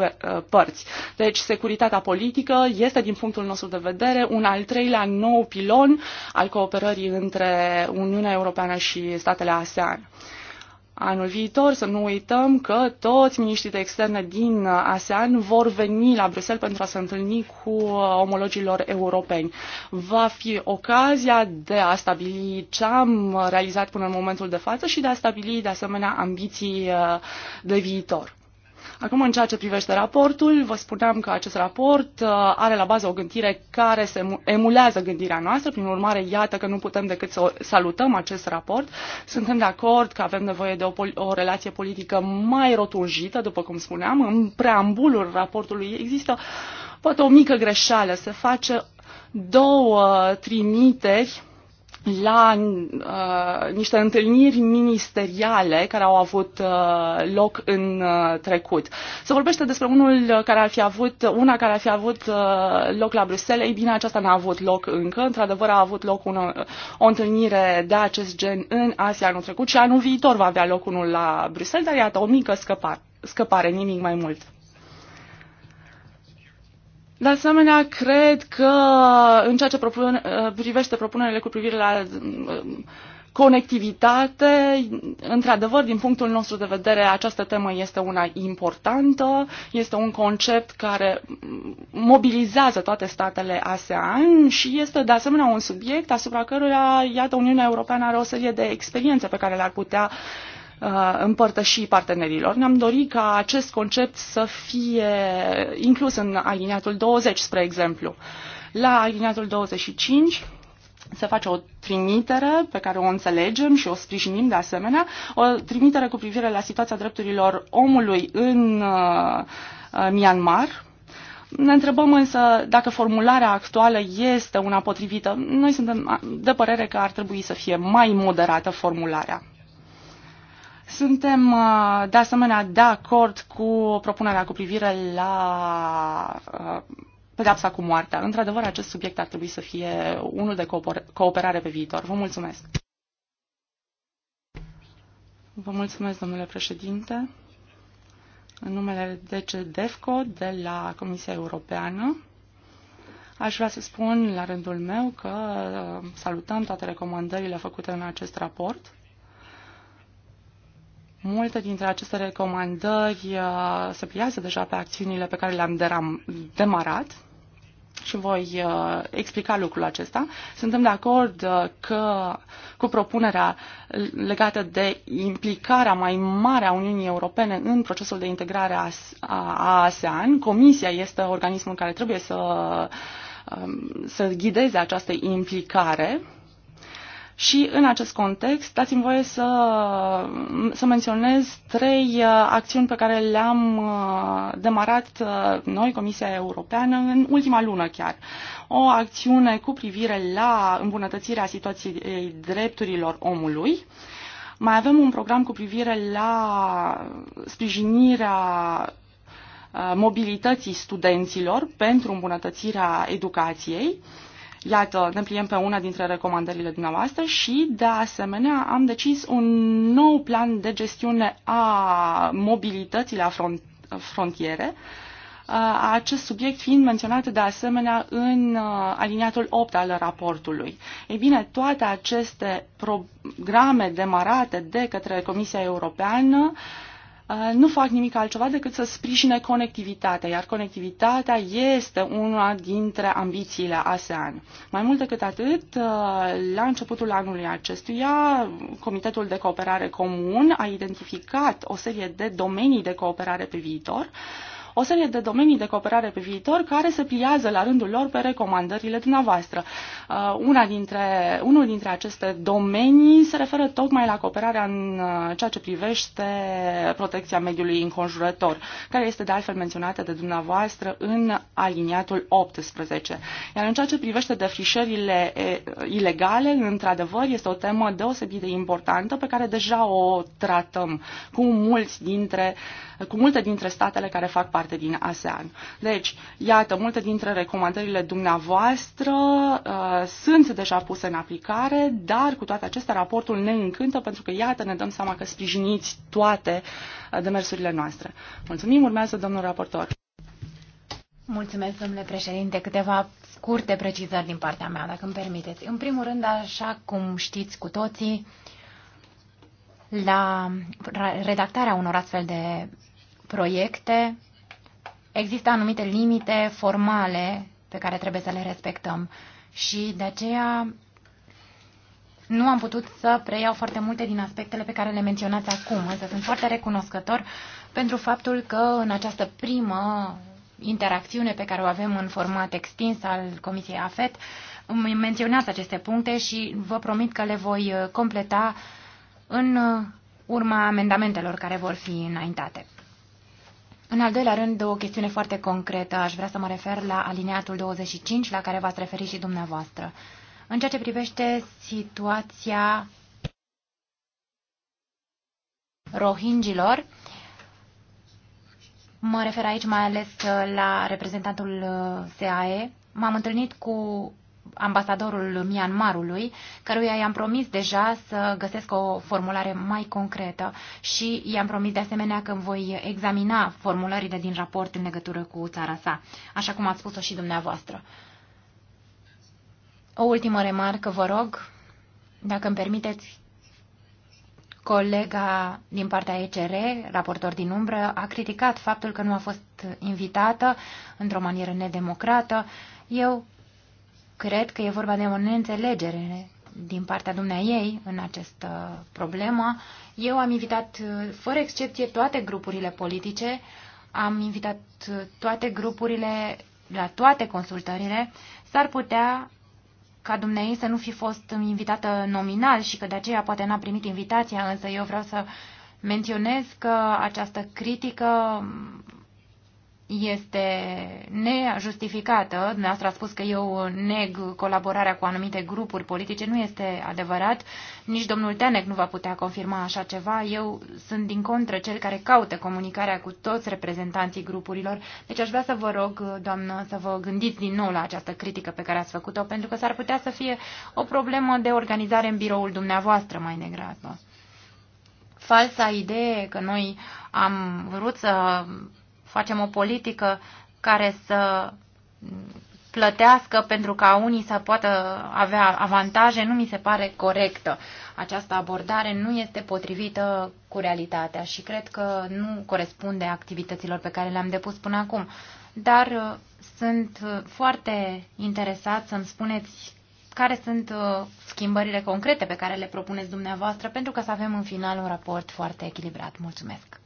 părți. Deci securitatea politică este din punctul nostru de vedere un al treilea nou pilon al cooperării între Uniunea Europeană și statele ASEAN anul viitor. Să nu uităm că toți miniștrii de externe din ASEAN vor veni la Bruxelles pentru a se întâlni cu omologilor europeni. Va fi ocazia de a stabili ce am realizat până în momentul de față și de a stabili, de asemenea, ambiții uh, de viitor. Acum, în ceea ce privește raportul, vă spuneam că acest raport uh, are la bază o gândire care se emulează gândirea noastră, prin urmare, iată că nu putem decât să salutăm acest raport. Suntem de acord că avem nevoie de o, o relație politică mai rotunjită, după cum spuneam, în preambulul raportului există poate o mică greșeală, se face două trimiteri la uh, niște întâlniri ministeriale care au avut uh, loc în uh, trecut. Se vorbește despre unul care ar fi avut, una care ar fi avut uh, loc la Bruxelles. Ei bine, aceasta n-a avut loc încă. Într-adevăr, a avut loc un, o întâlnire de acest gen în Asia anul trecut și anul viitor va avea loc unul la Bruxelles, dar iată, o mică scăpare, scăpare nimic mai mult. De asemenea, cred că în ceea ce propune, privește propunerile cu privire la uh, conectivitate, într-adevăr, din punctul nostru de vedere, această temă este una importantă, este un concept care mobilizează toate statele ASEAN și este de asemenea un subiect asupra căruia, iată, Uniunea Europeană are o serie de experiențe pe care le-ar putea uh, Uh, împărtăși partenerilor. Ne-am dorit ca acest concept să fie inclus în aliniatul 20, spre exemplu. La aliniatul 25 se face o trimitere pe care o înțelegem și o sprijinim de asemenea, o trimitere cu privire la situația drepturilor omului în uh, uh Myanmar, ne întrebăm însă dacă formularea actuală este una potrivită. Noi suntem de părere că ar trebui să fie mai moderată formularea. Suntem uh, de asemenea de acord cu propunerea cu privire la uh, pedapsa cu moartea. Într-adevăr, acest subiect ar trebui să fie unul de cooperare pe viitor. Vă mulțumesc! Vă mulțumesc, domnule președinte. În numele Defco, de la Comisia Europeană, aș vrea să spun la rândul meu că uh, salutăm toate recomandările făcute în acest raport Multe dintre aceste recomandări uh, se pliază deja pe acțiunile pe care le-am demarat și voi uh, explica lucrul acesta. Suntem de acord uh, că cu propunerea legată de implicarea mai mare a Uniunii Europene în procesul de integrare a ASEAN, Comisia este organismul care trebuie să, um, să ghideze această implicare și în acest context, dați-mi voie să, să menționez trei uh, acțiuni pe care le-am uh, demarat uh, noi, Comisia Europeană, în ultima lună chiar. O acțiune cu privire la îmbunătățirea situației eh, drepturilor omului. Mai avem un program cu privire la sprijinirea mobilității studenților pentru îmbunătățirea educației Iată, ne pliem pe una dintre recomandările dumneavoastră și, de asemenea, am decis un nou plan de gestiune a mobilității la front, frontiere, acest subiect fiind menționat de asemenea în aliniatul 8 al raportului. Ei bine, toate aceste programe demarate de către Comisia Europeană uh, Uh, nu fac nimic altceva decât să sprijine conectivitatea, iar conectivitatea este una dintre ambițiile ASEAN. Mai mult decât atât, uh, la începutul anului acestuia, Comitetul de Cooperare Comun a identificat o serie de domenii de cooperare pe viitor, uh, o serie de domenii de cooperare pe viitor care se pliază la rândul lor pe recomandările dumneavoastră. Uh, una dintre, unul dintre aceste domenii se referă tocmai la cooperarea în uh, ceea ce privește protecția mediului înconjurător, care este de altfel menționată de dumneavoastră în aliniatul 18. Iar în ceea ce privește defrișările ilegale, într-adevăr, este o temă deosebit de importantă pe care deja o tratăm cu mulți dintre cu multe dintre statele care fac parte parte din ASEAN. Deci, iată, multe dintre recomandările dumneavoastră uh, sunt deja puse în aplicare, dar cu toate acestea raportul ne încântă pentru că, iată, ne dăm seama că sprijiniți toate uh, demersurile noastre. Mulțumim, urmează domnul raportor. Mulțumesc, domnule președinte. Câteva scurte precizări din partea mea, dacă îmi permiteți. În primul rând, așa cum știți cu toții, la redactarea unor astfel de proiecte există anumite limite formale pe care trebuie să le respectăm și de aceea nu am putut să preiau foarte multe din aspectele pe care le menționați acum, însă sunt foarte recunoscător pentru faptul că în această primă interacțiune pe care o avem în format extins al Comisiei AFET, îmi menționați aceste puncte și vă promit că le voi uh, completa în uh, urma amendamentelor care vor fi înaintate. În al doilea rând, o chestiune foarte concretă. Aș vrea să mă refer la alineatul 25, la care v-ați referit și dumneavoastră. În ceea ce privește situația rohingilor, mă refer aici mai ales la reprezentantul uh, SAE. M-am întâlnit cu ambasadorul Myanmarului, căruia i-am promis deja să găsesc o formulare mai concretă și i-am promis de asemenea că voi examina formulările din raport în legătură cu țara sa, așa cum ați spus-o și dumneavoastră. O ultimă remarcă, vă rog, dacă îmi permiteți, colega din partea ECR, raportor din umbră, a criticat faptul că nu a fost invitată într-o manieră nedemocrată. Eu cred că e vorba de o neînțelegere din partea dumnea ei în această problemă. Eu am invitat, fără excepție, toate grupurile politice, am invitat toate grupurile la toate consultările. S-ar putea ca dumneai să nu fi fost invitată nominal și că de aceea poate n-a primit invitația, însă eu vreau să menționez că această critică este nejustificată. Dumneavoastră a spus că eu neg colaborarea cu anumite grupuri politice. Nu este adevărat. Nici domnul Tenec nu va putea confirma așa ceva. Eu sunt din contră cel care caută comunicarea cu toți reprezentanții grupurilor. Deci aș vrea să vă rog, doamnă, să vă gândiți din nou la această critică pe care ați făcut-o, pentru că s-ar putea să fie o problemă de organizare în biroul dumneavoastră mai negrată. falsa idee că noi am vrut să facem o politică care să plătească pentru ca unii să poată avea avantaje, nu mi se pare corectă. Această abordare nu este potrivită cu realitatea și cred că nu corespunde activităților pe care le-am depus până acum. Dar uh, sunt uh, foarte interesat să-mi spuneți care sunt uh, schimbările concrete pe care le propuneți dumneavoastră pentru ca să avem în final un raport foarte echilibrat. Mulțumesc!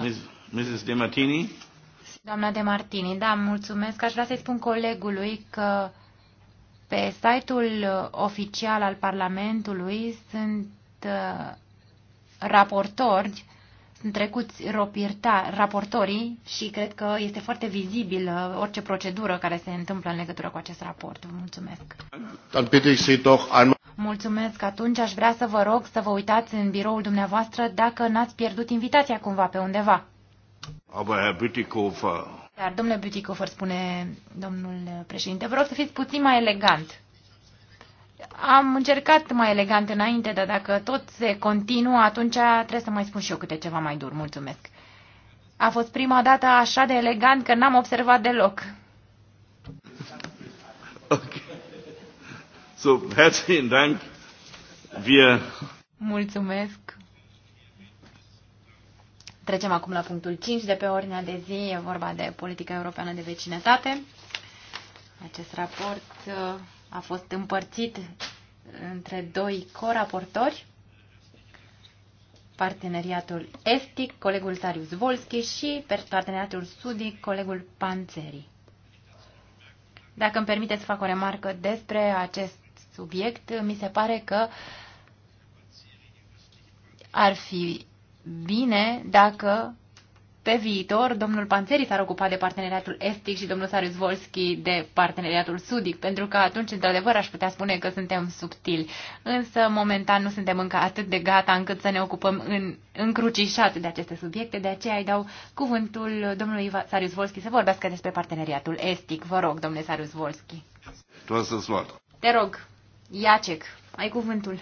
Da. Mrs. De Martini. Doamna De Martini, da, mulțumesc. Aș vrea să-i spun colegului că pe site-ul oficial al Parlamentului sunt uh, raportori, sunt trecuți raportorii și cred că este foarte vizibil orice procedură care se întâmplă în legătură cu acest raport. Vă mulțumesc. Mulțumesc. Atunci aș vrea să vă rog să vă uitați în biroul dumneavoastră dacă n-ați pierdut invitația cumva pe undeva. Dar, domnule Butikofer, spune domnul președinte, Vreau să fiți puțin mai elegant. Am încercat mai elegant înainte, dar dacă tot se continuă, atunci trebuie să mai spun și eu câte ceva mai dur. Mulțumesc. A fost prima dată așa de elegant că n-am observat deloc. Okay. So, herzlichen Dank. Wir Mulțumesc. Trecem acum la punctul 5 de pe ordinea de zi. E vorba de politica europeană de vecinătate. Acest raport uh, a fost împărțit între doi coraportori, parteneriatul estic, colegul Sarius Volski și parteneriatul sudic, colegul Panțeri. Dacă îmi permiteți să fac o remarcă despre acest subiect, mi se pare că ar fi bine dacă pe viitor domnul Panțeri s-ar ocupa de parteneriatul estic și domnul Sarius Volski de parteneriatul sudic, pentru că atunci, într-adevăr, aș putea spune că suntem subtili. Însă, momentan, nu suntem încă atât de gata încât să ne ocupăm în, încrucișat de aceste subiecte, de aceea îi dau cuvântul domnului Sarius Volski să vorbească despre parteneriatul estic. Vă rog, domnule Sarius Volski. Te rog. Iacek, ai cuvântul.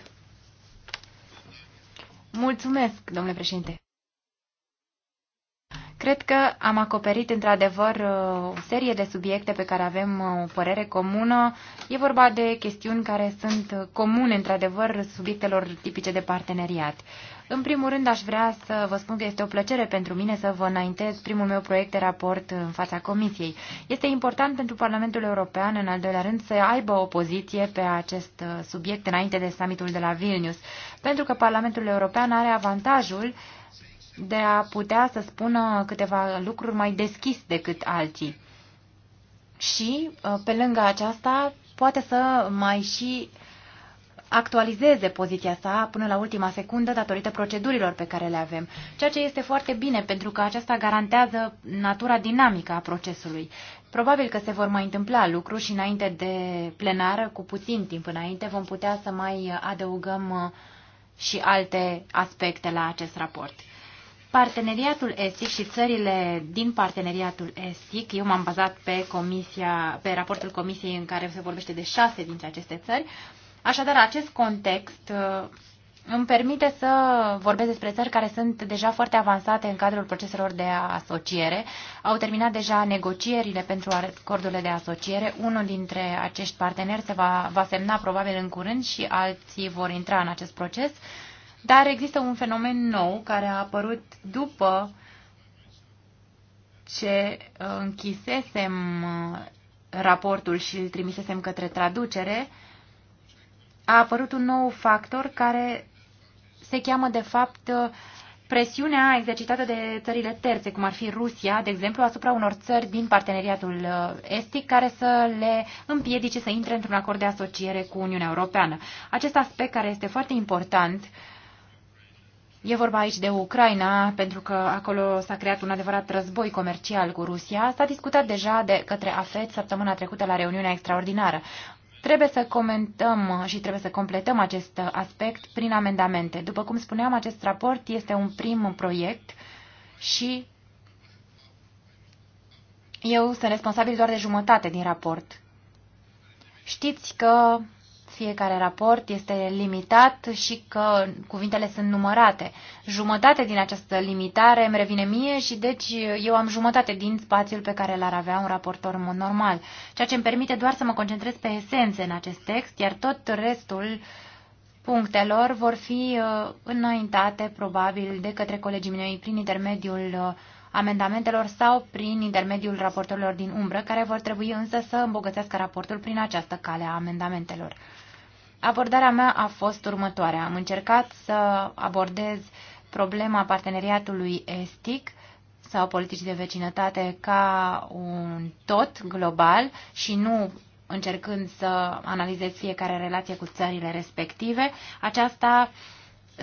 Mulțumesc, domnule președinte. Cred că am acoperit într-adevăr uh, o serie de subiecte pe care avem uh, o părere comună. E vorba de chestiuni care sunt uh, comune într-adevăr subiectelor tipice de parteneriat. În primul rând, aș vrea să vă spun că este o plăcere pentru mine să vă înaintez primul meu proiect de raport în fața Comisiei. Este important pentru Parlamentul European, în al doilea rând, să aibă o poziție pe acest uh, subiect înainte de summitul de la Vilnius, pentru că Parlamentul European are avantajul de a putea să spună câteva lucruri mai deschis decât alții. Și, uh, pe lângă aceasta, poate să mai și actualizeze poziția sa până la ultima secundă datorită procedurilor pe care le avem, ceea ce este foarte bine pentru că aceasta garantează natura dinamică a procesului. Probabil că se vor mai întâmpla lucruri și înainte de plenară, cu puțin timp înainte, vom putea să mai adăugăm uh, și alte aspecte la acest raport. Parteneriatul Estic și țările din parteneriatul Estic, eu m-am bazat pe, comisia, pe raportul comisiei în care se vorbește de șase dintre aceste țări, Așadar, acest context uh, îmi permite să vorbesc despre țări care sunt deja foarte avansate în cadrul proceselor de asociere. Au terminat deja negocierile pentru acordurile de asociere. Unul dintre acești parteneri se va, va semna probabil în curând și alții vor intra în acest proces. Dar există un fenomen nou care a apărut după ce uh, închisesem uh, raportul și îl trimisesem către traducere, uh, a apărut un nou factor care se cheamă, de fapt, presiunea exercitată de țările terțe, cum ar fi Rusia, de exemplu, asupra unor țări din parteneriatul uh, estic, care să le împiedice să intre într-un acord de asociere cu Uniunea Europeană. Acest aspect care este foarte important E vorba aici de Ucraina, pentru că acolo s-a creat un adevărat război comercial cu Rusia. S-a discutat deja de către AFET săptămâna trecută la reuniunea extraordinară. Trebuie să comentăm și trebuie să completăm acest aspect prin amendamente. După cum spuneam, acest raport este un prim proiect și eu sunt responsabil doar de jumătate din raport. Știți că fiecare raport este limitat și că cuvintele sunt numărate. Jumătate din această limitare îmi revine mie și deci eu am jumătate din spațiul pe care l-ar avea un raportor în mod normal, ceea ce îmi permite doar să mă concentrez pe esențe în acest text, iar tot restul punctelor vor fi uh, înaintate probabil de către colegii mei prin intermediul uh, amendamentelor sau prin intermediul raportorilor din umbră, care vor trebui însă să îmbogățească raportul prin această cale a amendamentelor. Abordarea mea a fost următoarea. Am încercat să abordez problema parteneriatului estic sau politicii de vecinătate ca un tot global și nu încercând să analizez fiecare relație cu țările respective. Aceasta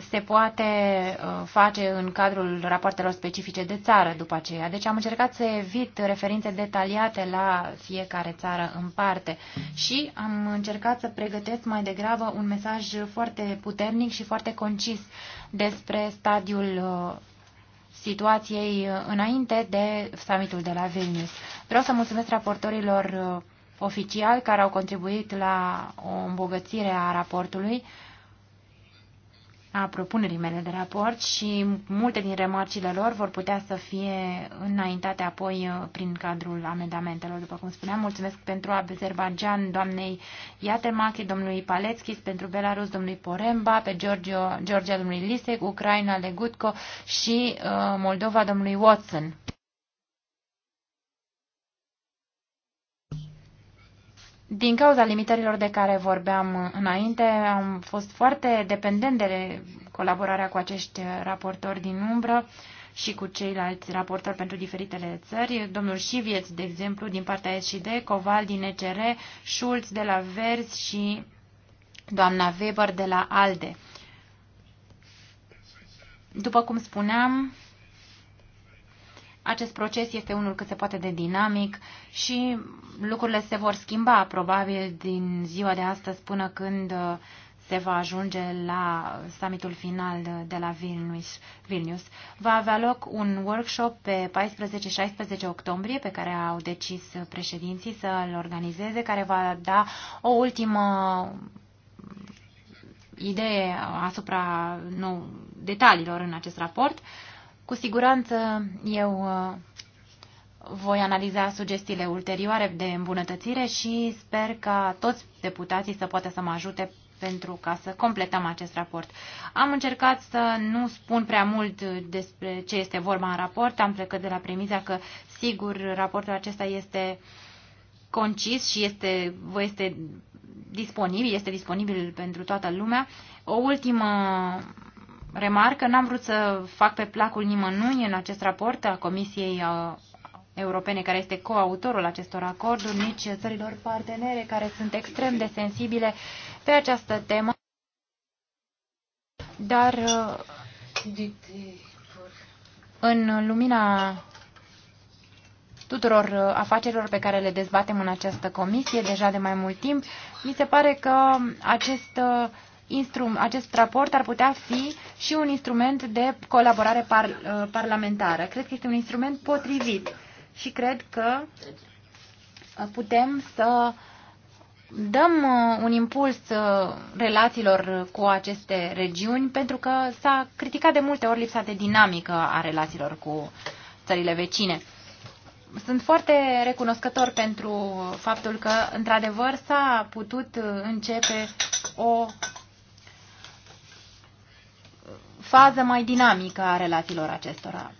se poate uh, face în cadrul rapoartelor specifice de țară după aceea. Deci am încercat să evit referințe detaliate la fiecare țară în parte și am încercat să pregătesc mai degrabă un mesaj foarte puternic și foarte concis despre stadiul uh, situației uh, înainte de summitul de la Vilnius. Vreau să mulțumesc raportorilor oficiali care au contribuit la o îmbogățire a raportului a propunerii mele de raport și multe din remarcile lor vor putea să fie înaintate apoi uh, prin cadrul amendamentelor. După cum spuneam, mulțumesc pentru Azerbaijan, doamnei Iatemachi, domnului Paleckis, pentru Belarus, domnului Poremba, pe Georgia, Georgia domnului Lisek, Ucraina, Legutko și uh, Moldova, domnului Watson. Din cauza limitărilor de care vorbeam înainte, am fost foarte dependent de colaborarea cu acești raportori din umbră și cu ceilalți raportori pentru diferitele țări, domnul Șivieț, de exemplu, din partea S.C.D. Coval din ECR, Schulz de la Vers și doamna Weber de la ALDE. După cum spuneam, acest proces este unul cât se poate de dinamic și lucrurile se vor schimba probabil din ziua de astăzi până când uh, se va ajunge la summitul final de la Vilnius. Vilnius. Va avea loc un workshop pe 14-16 octombrie pe care au decis președinții să-l organizeze, care va da o ultimă idee asupra nu, detaliilor în acest raport. Uh, cu siguranță eu uh, voi analiza sugestiile ulterioare de îmbunătățire și sper ca toți deputații să poată să mă ajute pentru ca să completăm acest raport. Am încercat să nu spun prea mult despre ce este vorba în raport, am plecat de la premiza că, sigur, raportul acesta este concis și este, este disponibil, este disponibil pentru toată lumea. O ultimă Remarc că N-am vrut să fac pe placul nimănui în acest raport a Comisiei uh, Europene, care este coautorul acestor acorduri, nici țărilor partenere, care sunt extrem de sensibile pe această temă. Dar uh, în lumina tuturor uh, afacerilor pe care le dezbatem în această comisie deja de mai mult timp, mi se pare că acest instrum, acest raport ar putea fi și un instrument de colaborare par, uh, parlamentară. Cred că este un instrument potrivit și cred că uh, putem să dăm uh, un impuls relațiilor cu aceste regiuni pentru că s-a criticat de multe ori lipsa de dinamică a relațiilor cu țările vecine sunt foarte recunoscător pentru faptul că, într-adevăr, s-a putut începe o fază mai dinamică a relațiilor acestora.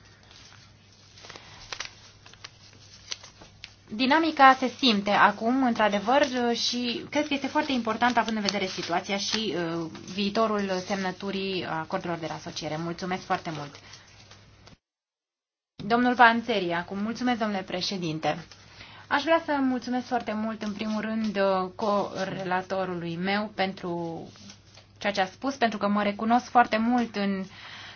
Dinamica se simte acum, într-adevăr, și cred că este foarte important având în vedere situația și uh, viitorul semnăturii acordurilor de asociere. Mulțumesc foarte mult! Domnul Panțeri, acum mulțumesc, domnule președinte. Aș vrea să mulțumesc foarte mult, în primul rând, uh, co-relatorului meu pentru ceea ce a spus, pentru că mă recunosc foarte mult în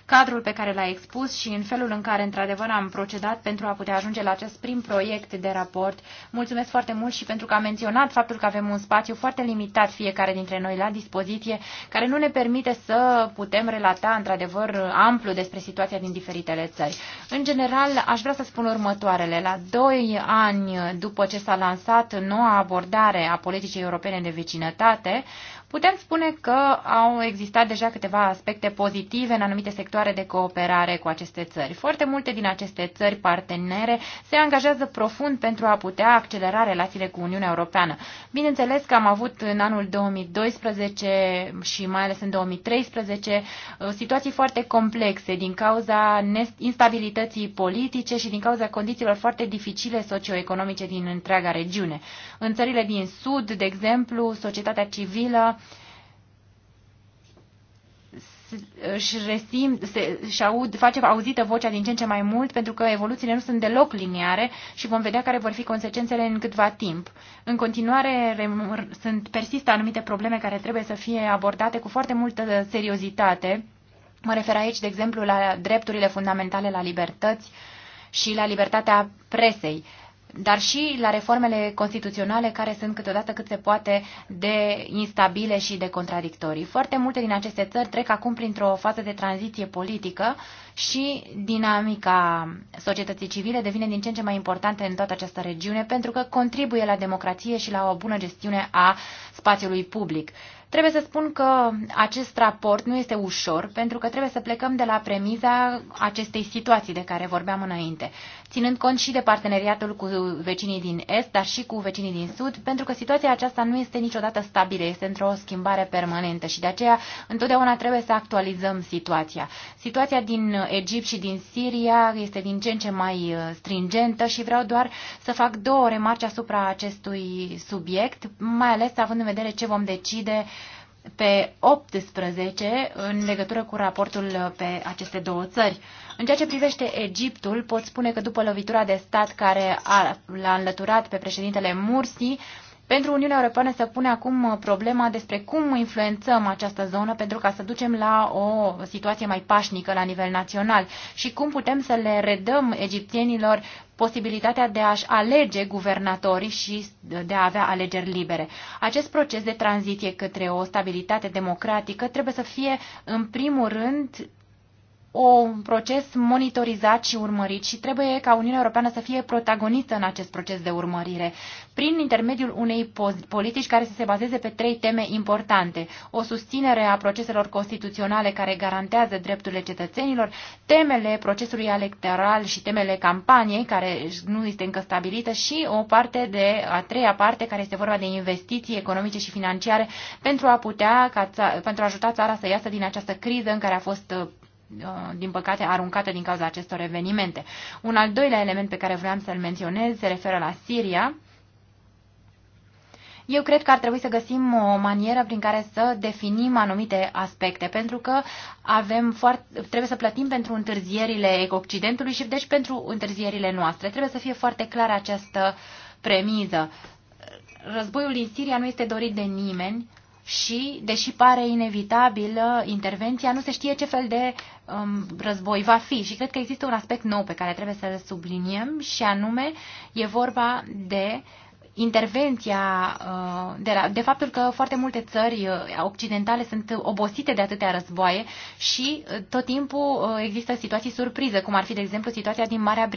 cadrul pe care l-a expus și în felul în care, într-adevăr, am procedat pentru a putea ajunge la acest prim proiect de raport. Mulțumesc foarte mult și pentru că a menționat faptul că avem un spațiu foarte limitat fiecare dintre noi la dispoziție, care nu ne permite să putem relata, într-adevăr, amplu despre situația din diferitele țări. În general, aș vrea să spun următoarele. La doi ani după ce s-a lansat noua abordare a politicii europene de vecinătate, Putem spune că au existat deja câteva aspecte pozitive în anumite sectoare de cooperare cu aceste țări. Foarte multe din aceste țări partenere se angajează profund pentru a putea accelera relațiile cu Uniunea Europeană. Bineînțeles că am avut în anul 2012 și mai ales în 2013 uh, situații foarte complexe din cauza instabilității politice și din cauza condițiilor foarte dificile socioeconomice din întreaga regiune. În țările din Sud, de exemplu, societatea civilă își resim, se, își aud, face auzită vocea din ce în ce mai mult, pentru că evoluțiile nu sunt deloc liniare și vom vedea care vor fi consecințele în câtva timp. În continuare, sunt, persistă anumite probleme care trebuie să fie abordate cu foarte multă seriozitate. Mă refer aici, de exemplu, la drepturile fundamentale la libertăți și la libertatea presei dar și la reformele constituționale care sunt câteodată cât se poate de instabile și de contradictorii. Foarte multe din aceste țări trec acum printr-o fază de tranziție politică și dinamica societății civile devine din ce în ce mai importantă în toată această regiune pentru că contribuie la democrație și la o bună gestiune a spațiului public. Trebuie să spun că acest raport nu este ușor, pentru că trebuie să plecăm de la premiza acestei situații de care vorbeam înainte, ținând cont și de parteneriatul cu vecinii din Est, dar și cu vecinii din Sud, pentru că situația aceasta nu este niciodată stabilă, este într-o schimbare permanentă și de aceea întotdeauna trebuie să actualizăm situația. Situația din Egipt și din Siria este din ce în ce mai uh, stringentă și vreau doar să fac două remarci asupra acestui subiect, mai ales având în vedere ce vom decide pe 18 în legătură cu raportul pe aceste două țări. În ceea ce privește Egiptul, pot spune că după lovitura de stat care l-a înlăturat pe președintele Mursi, pentru Uniunea Europeană se pune acum uh, problema despre cum influențăm această zonă pentru ca să ducem la o situație mai pașnică la nivel național și cum putem să le redăm egipțienilor posibilitatea de a-și alege guvernatorii și de a avea alegeri libere. Acest proces de tranziție către o stabilitate democratică trebuie să fie, în primul rând, un proces monitorizat și urmărit și trebuie ca Uniunea Europeană să fie protagonistă în acest proces de urmărire, prin intermediul unei politici care să se bazeze pe trei teme importante. O susținere a proceselor constituționale care garantează drepturile cetățenilor, temele procesului electoral și temele campaniei, care nu este încă stabilită, și o parte de a treia parte, care este vorba de investiții economice și financiare, pentru a putea, ca, pentru a ajuta țara să iasă din această criză în care a fost uh, Uh, din păcate, aruncată din cauza acestor evenimente. Un al doilea element pe care vreau să-l menționez se referă la Siria. Eu cred că ar trebui să găsim o manieră prin care să definim anumite aspecte, pentru că avem foarte, trebuie să plătim pentru întârzierile Occidentului și deci pentru întârzierile noastre. Trebuie să fie foarte clară această premiză. Războiul din Siria nu este dorit de nimeni, și, deși pare inevitabilă uh, intervenția, nu se știe ce fel de um, război va fi. Și cred că există un aspect nou pe care trebuie să-l subliniem și anume e vorba de intervenția, uh, de, la, de faptul că foarte multe țări uh, occidentale sunt obosite de atâtea războaie și tot timpul există situații surpriză, cum ar fi, de exemplu, situația din Marea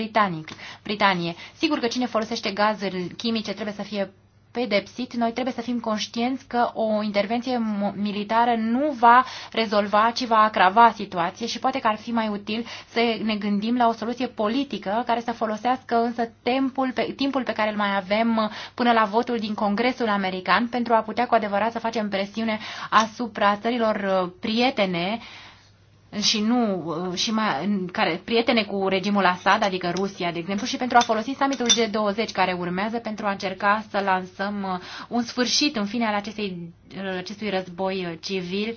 Britanie. Sigur că cine folosește gazuri chimice trebuie să fie pedepsit, noi trebuie să fim conștienți că o intervenție militară nu va rezolva, ci va agrava situație și poate că ar fi mai util să ne gândim la o soluție politică care să folosească însă timpul pe, timpul pe care îl mai avem până la votul din Congresul American pentru a putea cu adevărat să facem presiune asupra țărilor uh, prietene uh, și nu și mai, care prietene cu regimul Assad, adică Rusia, de exemplu, și pentru a folosi summitul G20 care urmează pentru a încerca să lansăm uh, un sfârșit în fine al acestei, acestui război uh, civil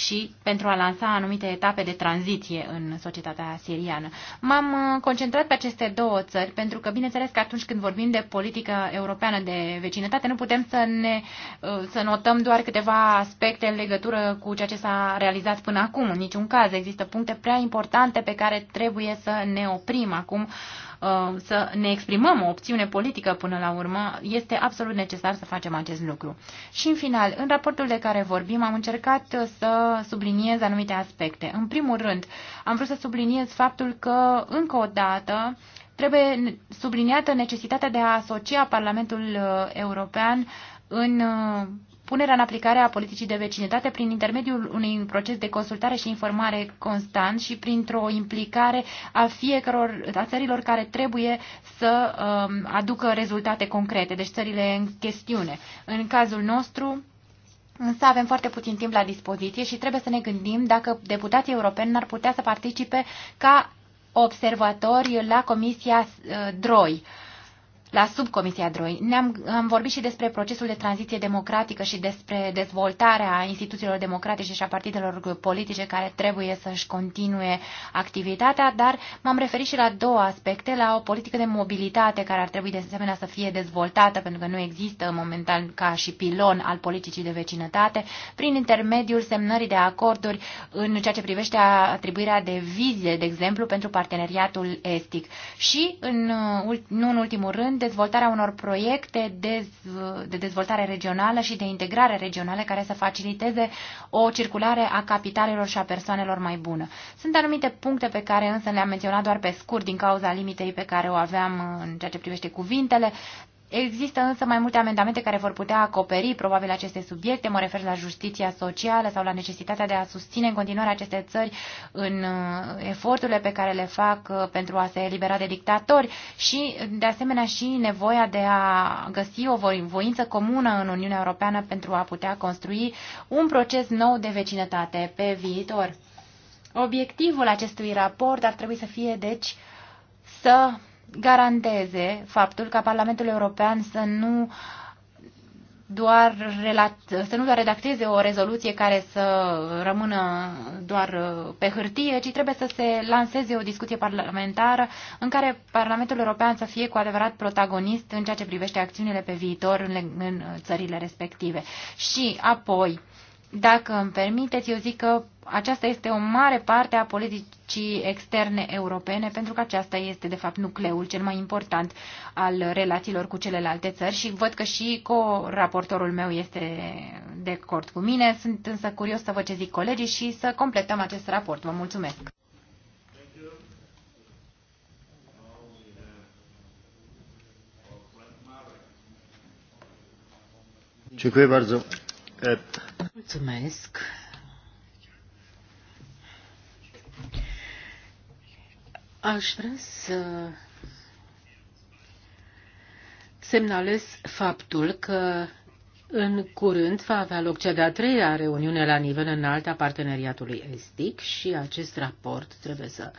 și pentru a lansa anumite etape de tranziție în societatea siriană. M-am uh, concentrat pe aceste două țări pentru că, bineînțeles, că atunci când vorbim de politică europeană de vecinătate, nu putem să, ne, uh, să notăm doar câteva aspecte în legătură cu ceea ce s-a realizat până acum. În niciun caz există puncte prea importante pe care trebuie să ne oprim acum Uh, să ne exprimăm o opțiune politică până la urmă, este absolut necesar să facem acest lucru. Și în final, în raportul de care vorbim, am încercat să subliniez anumite aspecte. În primul rând, am vrut să subliniez faptul că, încă o dată, trebuie subliniată necesitatea de a asocia Parlamentul uh, European în uh, punerea în aplicare a politicii de vecinătate prin intermediul unui proces de consultare și informare constant și printr-o implicare a fiecăror a țărilor care trebuie să um, aducă rezultate concrete, deci țările în chestiune. În cazul nostru, Însă avem foarte puțin timp la dispoziție și trebuie să ne gândim dacă deputații europeni n-ar putea să participe ca observatori la Comisia uh, DROI. Uh, la subcomisia DROI. Ne-am am vorbit și despre procesul de tranziție democratică și despre dezvoltarea instituțiilor democratice și a partidelor politice care trebuie să-și continue activitatea, dar m-am referit și la două aspecte, la o politică de mobilitate care ar trebui de asemenea să fie dezvoltată, pentru că nu există momentan ca și pilon al politicii de vecinătate, prin intermediul semnării de acorduri în ceea ce privește atribuirea de vize, de exemplu, pentru parteneriatul estic. Și, în, nu în ultimul rând, dezvoltarea unor proiecte de, de dezvoltare regională și de integrare regională care să faciliteze o circulare a capitalelor și a persoanelor mai bună. Sunt anumite puncte pe care însă le-am menționat doar pe scurt din cauza limitei pe care o aveam în ceea ce privește cuvintele, Există însă mai multe amendamente care vor putea acoperi probabil aceste subiecte. Mă refer la justiția socială sau la necesitatea de a susține în continuare aceste țări în uh, eforturile pe care le fac uh, pentru a se elibera de dictatori și, de asemenea, și nevoia de a găsi o voință comună în Uniunea Europeană pentru a putea construi un proces nou de vecinătate pe viitor. Obiectivul acestui raport ar trebui să fie, deci, să garanteze faptul ca Parlamentul European să nu doar să nu doar redacteze o rezoluție care să rămână doar uh, pe hârtie, ci trebuie să se lanseze o discuție parlamentară în care Parlamentul European să fie cu adevărat protagonist în ceea ce privește acțiunile pe viitor în, în uh, țările respective. Și apoi, dacă îmi permiteți, eu zic că aceasta este o mare parte a politicii externe europene, pentru că aceasta este, de fapt, nucleul cel mai important al relațiilor cu celelalte țări și văd că și co-raportorul meu este de acord cu mine. Sunt însă curios să văd ce zic colegii și să completăm acest raport. Vă mulțumesc! Dziękuję bardzo. Mulțumesc. Aș vrea să semnalez faptul că în curând va avea loc cea de-a treia reuniune la nivel înalt a parteneriatului estic și acest raport trebuie să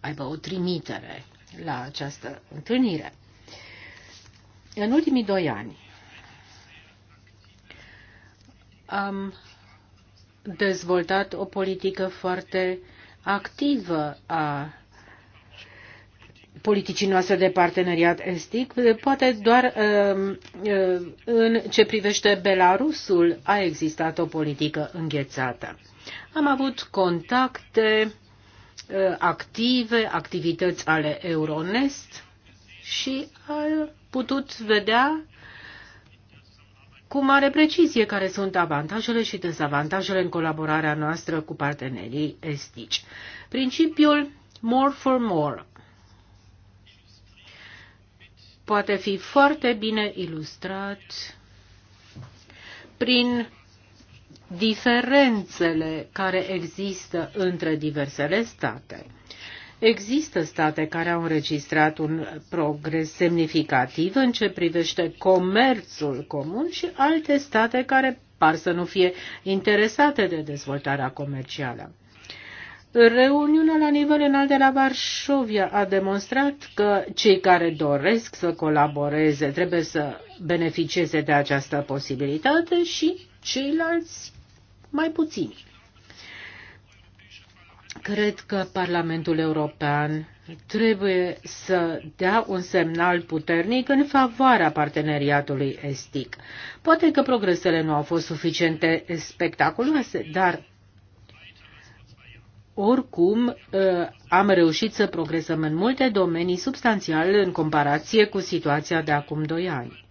aibă o trimitere la această întâlnire. În ultimii doi ani, am dezvoltat o politică foarte activă a politicii noastre de parteneriat estic, poate doar um, uh, în ce privește Belarusul a existat o politică înghețată. Am avut contacte uh, active, activități ale Euronest și a putut vedea cu mare precizie care sunt avantajele și dezavantajele în colaborarea noastră cu partenerii estici. Principiul more for more poate fi foarte bine ilustrat prin diferențele care există între diversele state. Există state care au înregistrat un progres semnificativ în ce privește comerțul comun și alte state care par să nu fie interesate de dezvoltarea comercială. Reuniunea la nivel înalt de la Varșovia a demonstrat că cei care doresc să colaboreze trebuie să beneficieze de această posibilitate și ceilalți mai puțini. Cred că Parlamentul European trebuie să dea un semnal puternic în favoarea parteneriatului estic. Poate că progresele nu au fost suficiente spectaculoase, dar oricum ă, am reușit să progresăm în multe domenii substanțial în comparație cu situația de acum doi ani.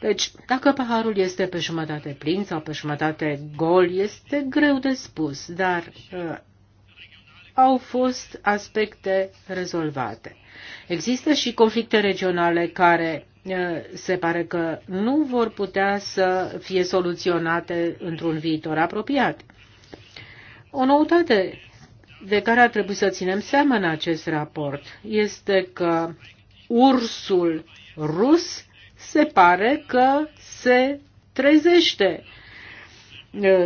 Deci, dacă paharul este pe jumătate plin sau pe jumătate gol, este greu de spus, dar ă, au fost aspecte rezolvate. Există și conflicte regionale care se pare că nu vor putea să fie soluționate într-un viitor apropiat. O noutate de care ar trebui să ținem seama în acest raport este că ursul rus se pare că se trezește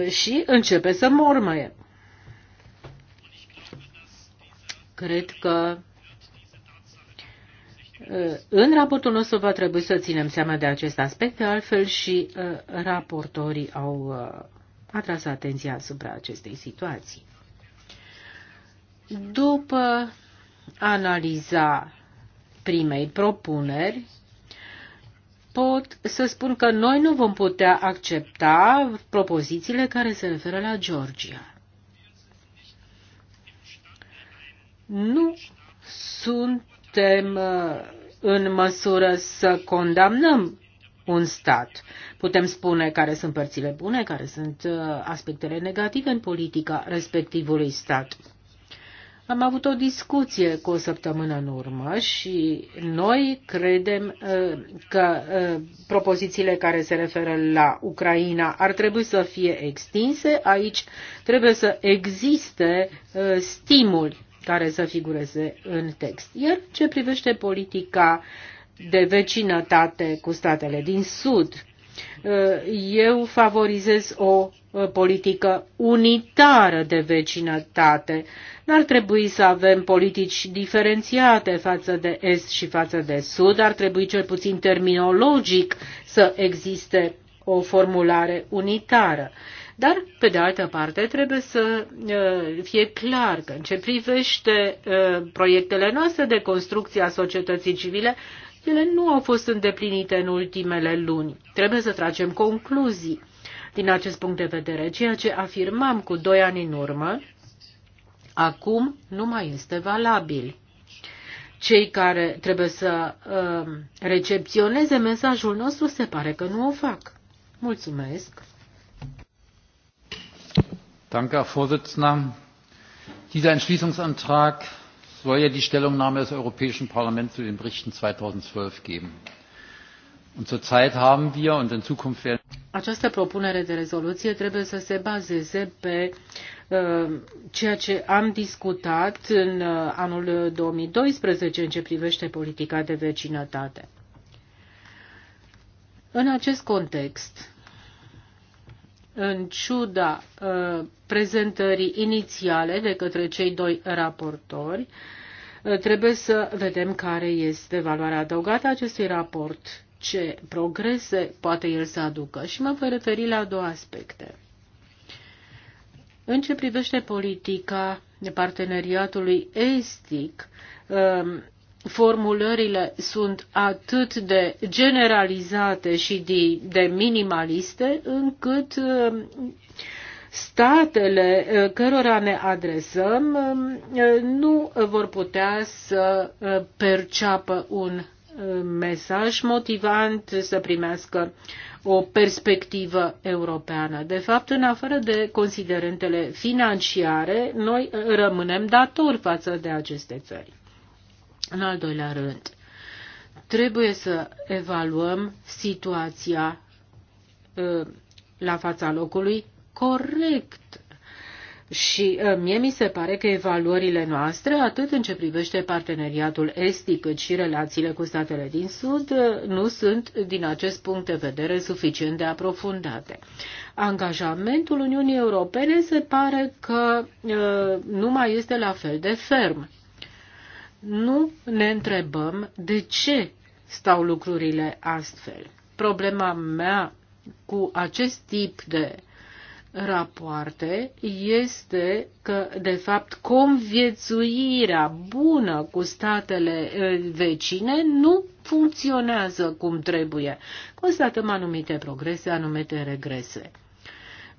și începe să mormăie. Cred că uh, în raportul nostru va trebui să ținem seama de acest aspect, de altfel și uh, raportorii au uh, atras atenția asupra acestei situații. După analiza primei propuneri, pot să spun că noi nu vom putea accepta propozițiile care se referă la Georgia. nu suntem uh, în măsură să condamnăm un stat. Putem spune care sunt părțile bune, care sunt uh, aspectele negative în politica respectivului stat. Am avut o discuție cu o săptămână în urmă și noi credem uh, că propozițiile care se referă la Ucraina ar trebui să fie extinse. Aici trebuie să existe stimuli care să figureze în text. Iar ce privește politica de vecinătate cu statele din Sud, eh, eu favorizez o eh, politică unitară de vecinătate. N-ar trebui să avem politici diferențiate față de Est și față de Sud, ar trebui cel puțin terminologic să existe o formulare unitară. Dar, pe de altă parte, trebuie să fie clar că în ce privește proiectele noastre de construcție a societății civile, ele nu au fost îndeplinite în ultimele luni. Trebuie să tragem concluzii. Din acest punct de vedere, ceea ce afirmam cu doi ani în urmă, acum nu mai este valabil. Cei care trebuie să uh, recepționeze mesajul nostru se pare că nu o fac. Mulțumesc! Herr präsident! Dieser Entschließungsantrag soll ja die Stellungnahme des Europäischen Parlaments zu den Berichten zweitausendzwölf geben. Und zurzeit haben wir und in Zukunft werden această propunere de rezoluție trebuie să se bazeze pe uh, ceea ce am discutat în uh, anul 2012 în ce privește politica de vecinătate. În acest context, în ciuda uh, prezentării inițiale de către cei doi raportori, uh, trebuie să vedem care este valoarea adăugată a acestui raport, ce progrese poate el să aducă și mă voi referi la două aspecte. În ce privește politica de parteneriatului estic, uh, formulările sunt atât de generalizate și de, de minimaliste încât uh, statele uh, cărora ne adresăm uh, nu vor putea să perceapă un mesaj motivant să primească o perspectivă europeană. De fapt, în afară de considerentele financiare, noi rămânem datori față de aceste țări. În al doilea rând, trebuie să evaluăm situația ă, la fața locului corect. Și ă, mie mi se pare că evaluările noastre, atât în ce privește parteneriatul estic, cât și relațiile cu statele din Sud, ă, nu sunt, din acest punct de vedere, suficient de aprofundate. Angajamentul Uniunii Europene se pare că nu mai este la fel de ferm nu ne întrebăm de ce stau lucrurile astfel. Problema mea cu acest tip de rapoarte este că, de fapt, conviețuirea bună cu statele vecine nu funcționează cum trebuie. Constatăm anumite progrese, anumite regrese.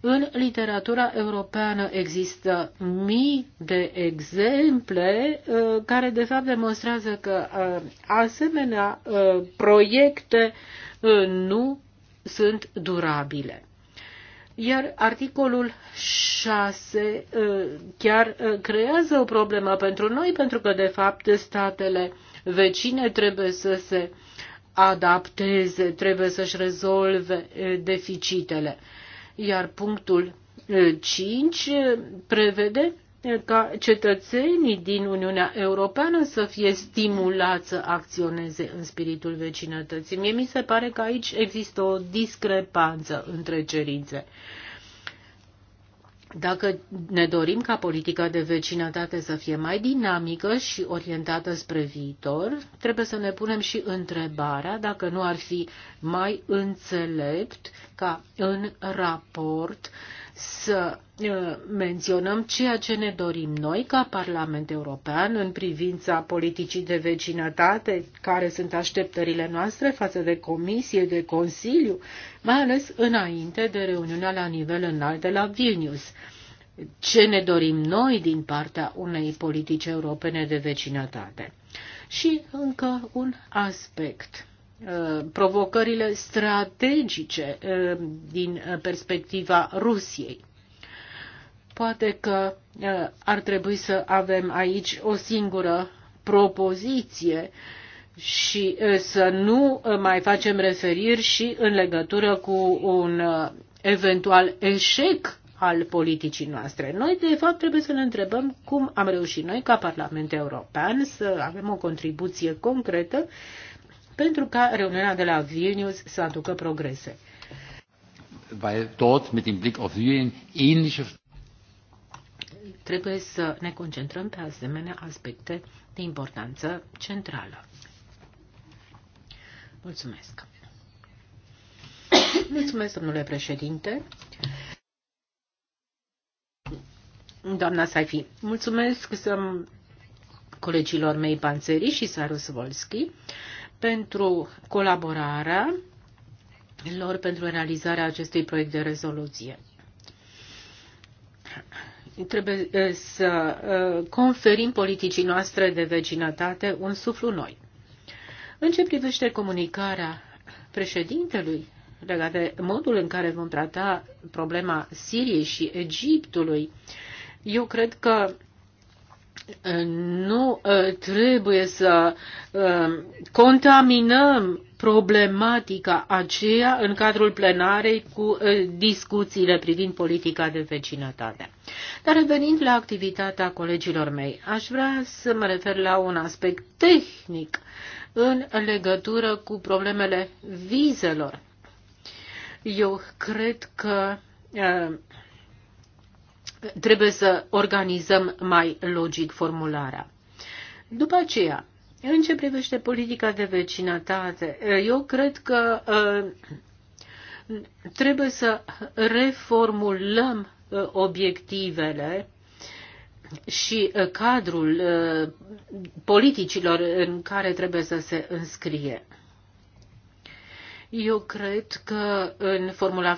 În literatura europeană există mii de exemple uh, care de fapt demonstrează că uh, asemenea uh, proiecte nu sunt durabile. Iar articolul 6 chiar creează o problemă pentru noi, pentru că, de fapt, statele vecine trebuie să se adapteze, trebuie să-și rezolve deficitele. Iar punctul 5 eh, prevede eh, ca cetățenii din Uniunea Europeană să fie stimulați să acționeze în spiritul vecinătății. Mie mi se pare că aici există o discrepanță între cerințe. Dacă ne dorim ca politica de vecinătate să fie mai dinamică și orientată spre viitor, trebuie să ne punem și întrebarea dacă nu ar fi mai înțelept ca în raport să uh, menționăm ceea ce ne dorim noi ca Parlament European în privința politicii de vecinătate, care sunt așteptările noastre față de Comisie, de Consiliu, mai ales înainte de reuniunea la nivel înalt de la Vilnius. Ce ne dorim noi din partea unei politici europene de vecinătate? Și încă un aspect Uh, provocările strategice uh, din uh, perspectiva Rusiei. Poate că ar trebui să avem aici o singură propoziție și să nu mai facem referiri și în legătură cu un eventual eșec al politicii noastre. Noi, de fapt, trebuie să ne întrebăm cum am reușit noi, ca Parlament European, să avem o contribuție concretă pentru ca reuniunea de la Vilnius să aducă progrese. Weil dort mit dem Blick auf Syrien ähnliche trebuie să ne concentrăm pe asemenea aspecte de importanță centrală. Mulțumesc. (coughs) Mulțumesc, domnule președinte. Doamna Saifi, mulțumesc să colegilor mei Panțeri și Sarus Volski pentru colaborarea lor pentru realizarea acestui proiect de rezoluție. Trebuie să conferim politicii noastre de vecinătate un suflu noi. În ce privește comunicarea președintelui legat de modul în care vom trata problema Siriei și Egiptului, eu cred că nu ă, trebuie să ă, contaminăm problematica aceea în cadrul plenarei cu ă, discuțiile privind politica de vecinătate. Dar revenind la activitatea colegilor mei, aș vrea să mă refer la un aspect tehnic în legătură cu problemele vizelor. Eu cred că trebuie să organizăm mai logic formularea. După aceea, în ce privește politica de vecinătate, eu cred că uh, trebuie să reformulăm uh, obiectivele și uh, cadrul politicilor în care trebuie să se înscrie. Eu cred că în formula,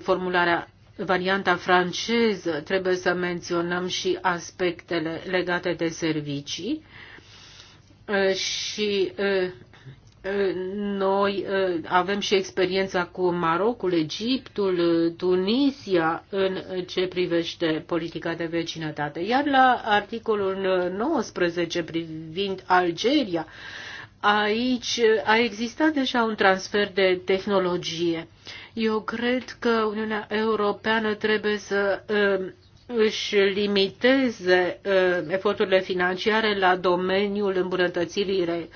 formularea varianta franceză trebuie să menționăm și aspectele legate de servicii uh, și uh, uh, noi avem și experiența cu Marocul, Egiptul, Tunisia în ce privește politica de vecinătate. Iar la articolul 19 privind Algeria, Aici a existat deja un transfer de tehnologie. Eu cred că Uniunea Europeană trebuie să um, își limiteze um, eforturile financiare la domeniul îmbunătățirii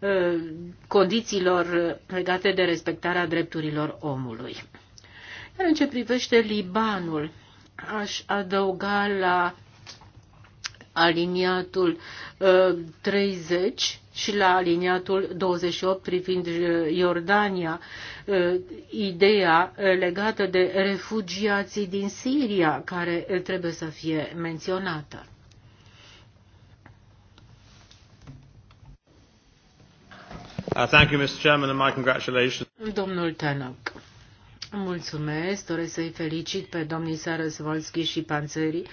um, condițiilor legate de respectarea drepturilor omului. Iar în ce privește Libanul, aș adăuga la aliniatul 30 și la aliniatul 28 privind uh, Iordania, uh, ideea uh, legată de refugiații din Siria care trebuie să fie menționată. Uh, thank you, Mr. Chairman, and my congratulations. Domnul Tanok. Mulțumesc, doresc să-i felicit pe domnii Sarăzvolski și Panțării.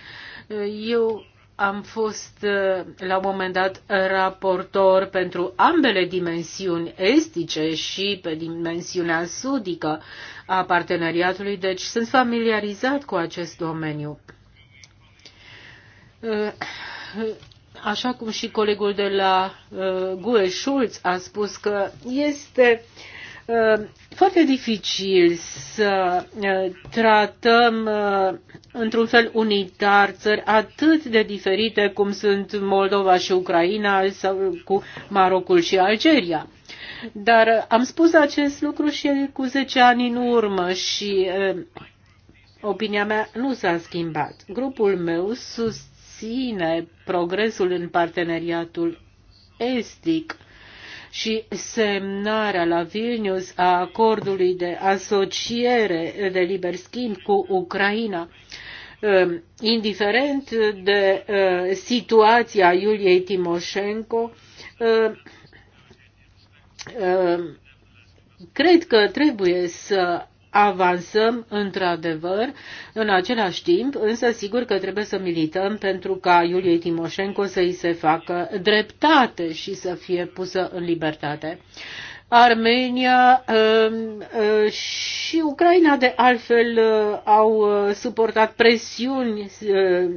Eu am fost uh, la un moment dat raportor pentru ambele dimensiuni estice și pe dimensiunea sudică a parteneriatului, deci sunt familiarizat cu acest domeniu. Uh, așa cum și colegul de la uh, GUE Schulz a spus că este uh, Uh, foarte dificil să uh, tratăm uh, într-un fel unitar țări atât de diferite cum sunt Moldova și Ucraina sau cu Marocul și Algeria. Dar am spus acest lucru și cu 10 ani în urmă și opinia mea nu s-a schimbat. Grupul meu susține progresul în parteneriatul estic și semnarea la Vilnius a acordului de asociere de liber schimb cu Ucraina. Um, indiferent de uh, situația Iuliei Timoșenko, um, um, cred că trebuie să avansăm într-adevăr, în același timp, însă sigur că trebuie să milităm pentru ca Iuliei Timoșenco să îi se facă dreptate și să fie pusă în libertate. Armenia um, uh, și Ucraina, de altfel, uh, au uh, suportat presiuni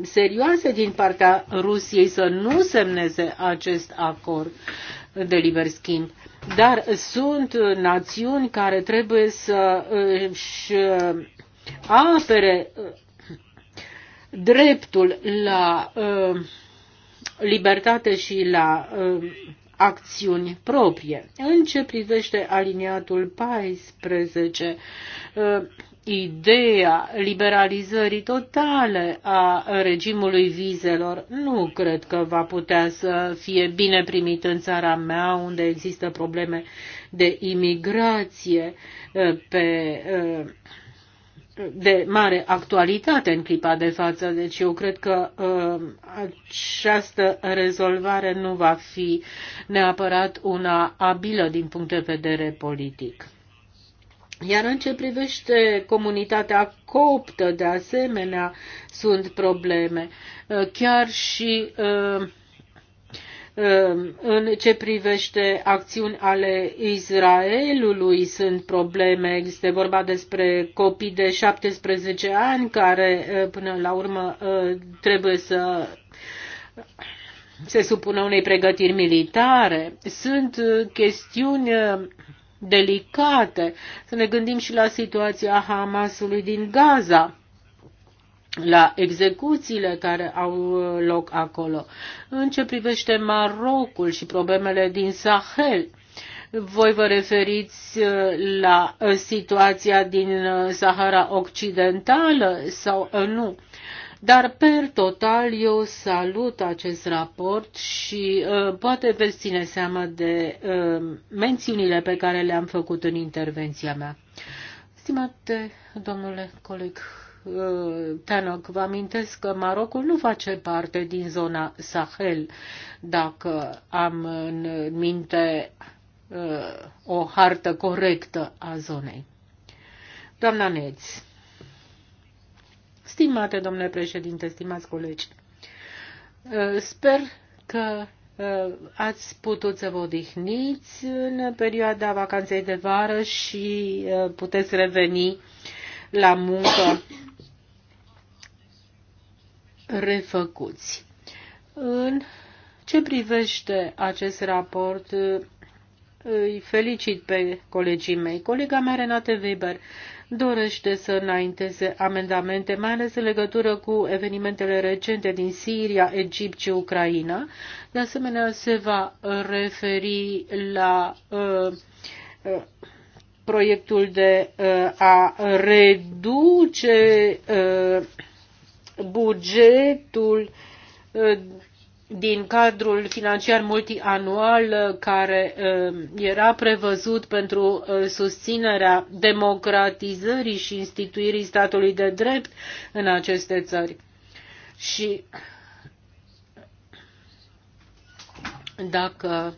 serioase din partea Rusiei să nu semneze acest acord de liber schimb. Dar sunt națiuni care trebuie să își uh, apere uh, dreptul la uh, libertate și la acțiuni proprie. În ce privește aliniatul 14, ideea liberalizării totale a regimului vizelor nu cred că va putea să fie bine primit în țara mea, unde există probleme de imigrație eh, pe, eh, de mare actualitate în clipa de față. Deci eu cred că eh, această rezolvare nu va fi neapărat una abilă din punct de vedere politic. Iar în ce privește comunitatea coptă, de asemenea, sunt probleme. Uh, chiar și uh, uh, în ce privește acțiuni ale Israelului sunt probleme. Este vorba despre copii de 17 ani care până la urmă trebuie să se supună unei pregătiri militare. Sunt chestiuni delicate. Să ne gândim și la situația Hamasului din Gaza la execuțiile care au loc acolo. În ce privește Marocul și problemele din Sahel, voi vă referiți uh, la uh, situația din uh, Sahara Occidentală sau nu? Dar, per total, eu salut acest raport și uh, poate veți ține seama de uh, mențiunile pe care le-am făcut în intervenția mea. Stimate domnule coleg uh, Tanok, vă amintesc că Marocul nu face parte din zona Sahel, dacă am în minte uh, o hartă corectă a zonei. Doamna Neți, Stimate domnule președinte, stimați colegi, uh, sper că uh, ați putut să vă odihniți în perioada vacanței de vară și uh, puteți reveni la muncă refăcuți. În ce privește acest raport, îi felicit pe colegii mei. Colega mea, Renate Weber, dorește să înainteze amendamente, mai ales în legătură cu evenimentele recente din Siria, Egipt și Ucraina. De asemenea, se va referi la uh, uh, proiectul de uh, a reduce uh, bugetul uh, din cadrul financiar multianual uh, care uh, era prevăzut pentru uh, susținerea democratizării și instituirii statului de drept în aceste țări. Și dacă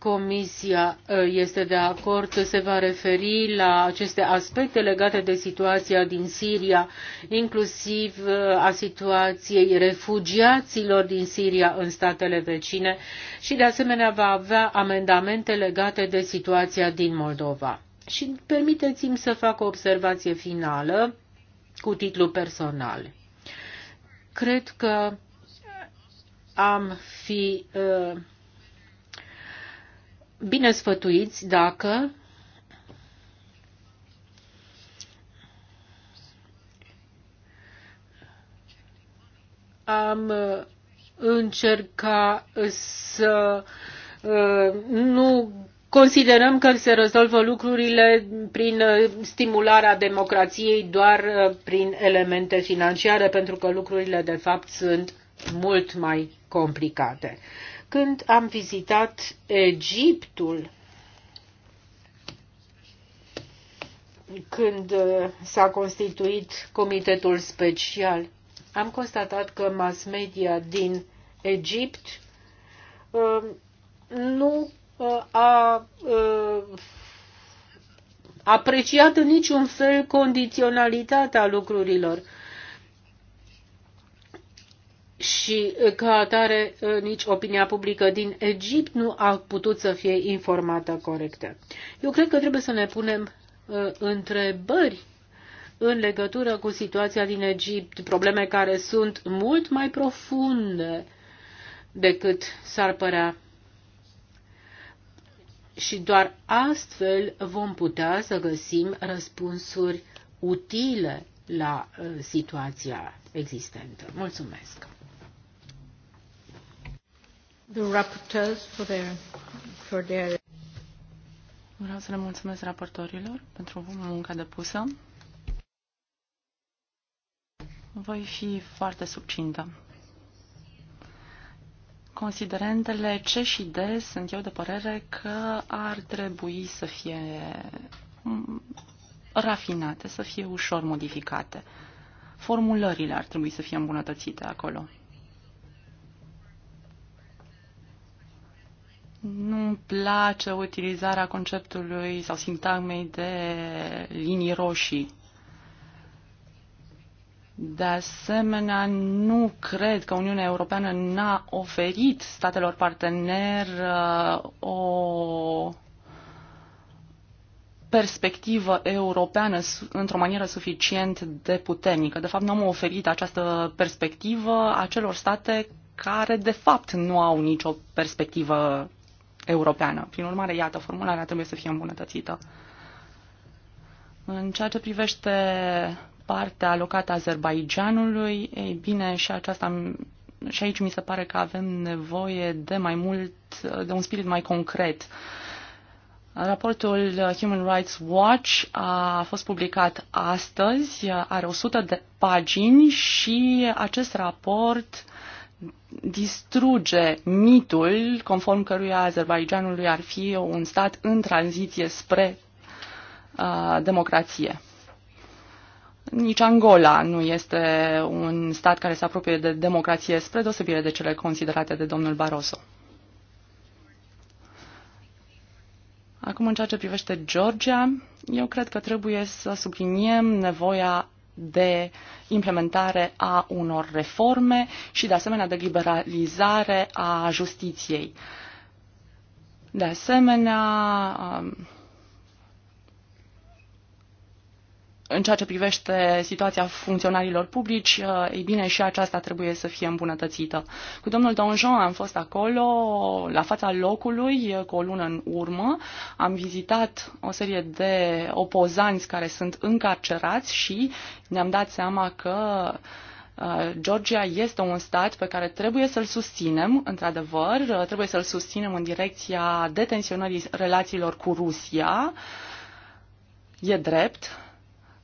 Comisia uh, este de acord, se va referi la aceste aspecte legate de situația din Siria, inclusiv uh, a situației refugiaților din Siria în statele vecine și de asemenea va avea amendamente legate de situația din Moldova. Și permiteți-mi să fac o observație finală cu titlu personal. Cred că am fi uh, bine sfătuiți dacă am uh, încerca să uh, nu considerăm că se rezolvă lucrurile prin uh, stimularea democrației doar prin elemente financiare, pentru că lucrurile de fapt sunt mult mai complicate. Când am vizitat Egiptul, când uh, s-a constituit comitetul special, am constatat că mass media din Egipt uh, nu uh, a apreciat în niciun fel condiționalitatea lucrurilor. și uh, ca atare uh, nici opinia publică din Egipt nu a putut să fie informată corectă. Eu cred că trebuie să ne punem uh, întrebări în legătură cu situația din Egipt, probleme care sunt mult mai profunde decât s-ar părea. Și doar astfel vom putea să găsim răspunsuri utile la situația existentă. Mulțumesc! the rapporteurs for their, for their... Vreau să le mulțumesc raportorilor pentru munca depusă. Voi fi foarte subcintă. Considerentele C și D sunt eu de părere că ar trebui să fie mm, rafinate, să fie ușor modificate. Formulările ar trebui să fie îmbunătățite acolo. Nu-mi place utilizarea conceptului sau sintagmei de linii roșii. De asemenea, nu cred că Uniunea Europeană n-a oferit statelor partener uh, o perspectivă europeană într-o manieră suficient de puternică. De fapt, nu am oferit această perspectivă acelor state care, de fapt, nu au nicio perspectivă europeană. Prin urmare, iată, formularea trebuie să fie îmbunătățită. În ceea ce privește partea alocată Azerbaijanului, ei bine, și aceasta și aici mi se pare că avem nevoie de mai mult, de un spirit mai concret. Raportul Human Rights Watch a fost publicat astăzi, are 100 de pagini și acest raport distruge mitul conform căruia Azerbaijanului ar fi un stat în tranziție spre uh, democrație. Nici Angola nu este un stat care se apropie de democrație spre deosebire de cele considerate de domnul Barroso. Acum, în ceea ce privește Georgia, eu cred că trebuie să subliniem nevoia de implementare a unor reforme și, de asemenea, de liberalizare a justiției. De asemenea, um, în ceea ce privește situația funcționarilor publici, uh, ei bine, și aceasta trebuie să fie îmbunătățită. Cu domnul Donjon am fost acolo, la fața locului, uh, cu o lună în urmă. Am vizitat o serie de opozanți care sunt încarcerați și ne-am dat seama că uh, Georgia este un stat pe care trebuie să-l susținem, într-adevăr, trebuie să-l susținem în direcția detenționării relațiilor cu Rusia. E drept,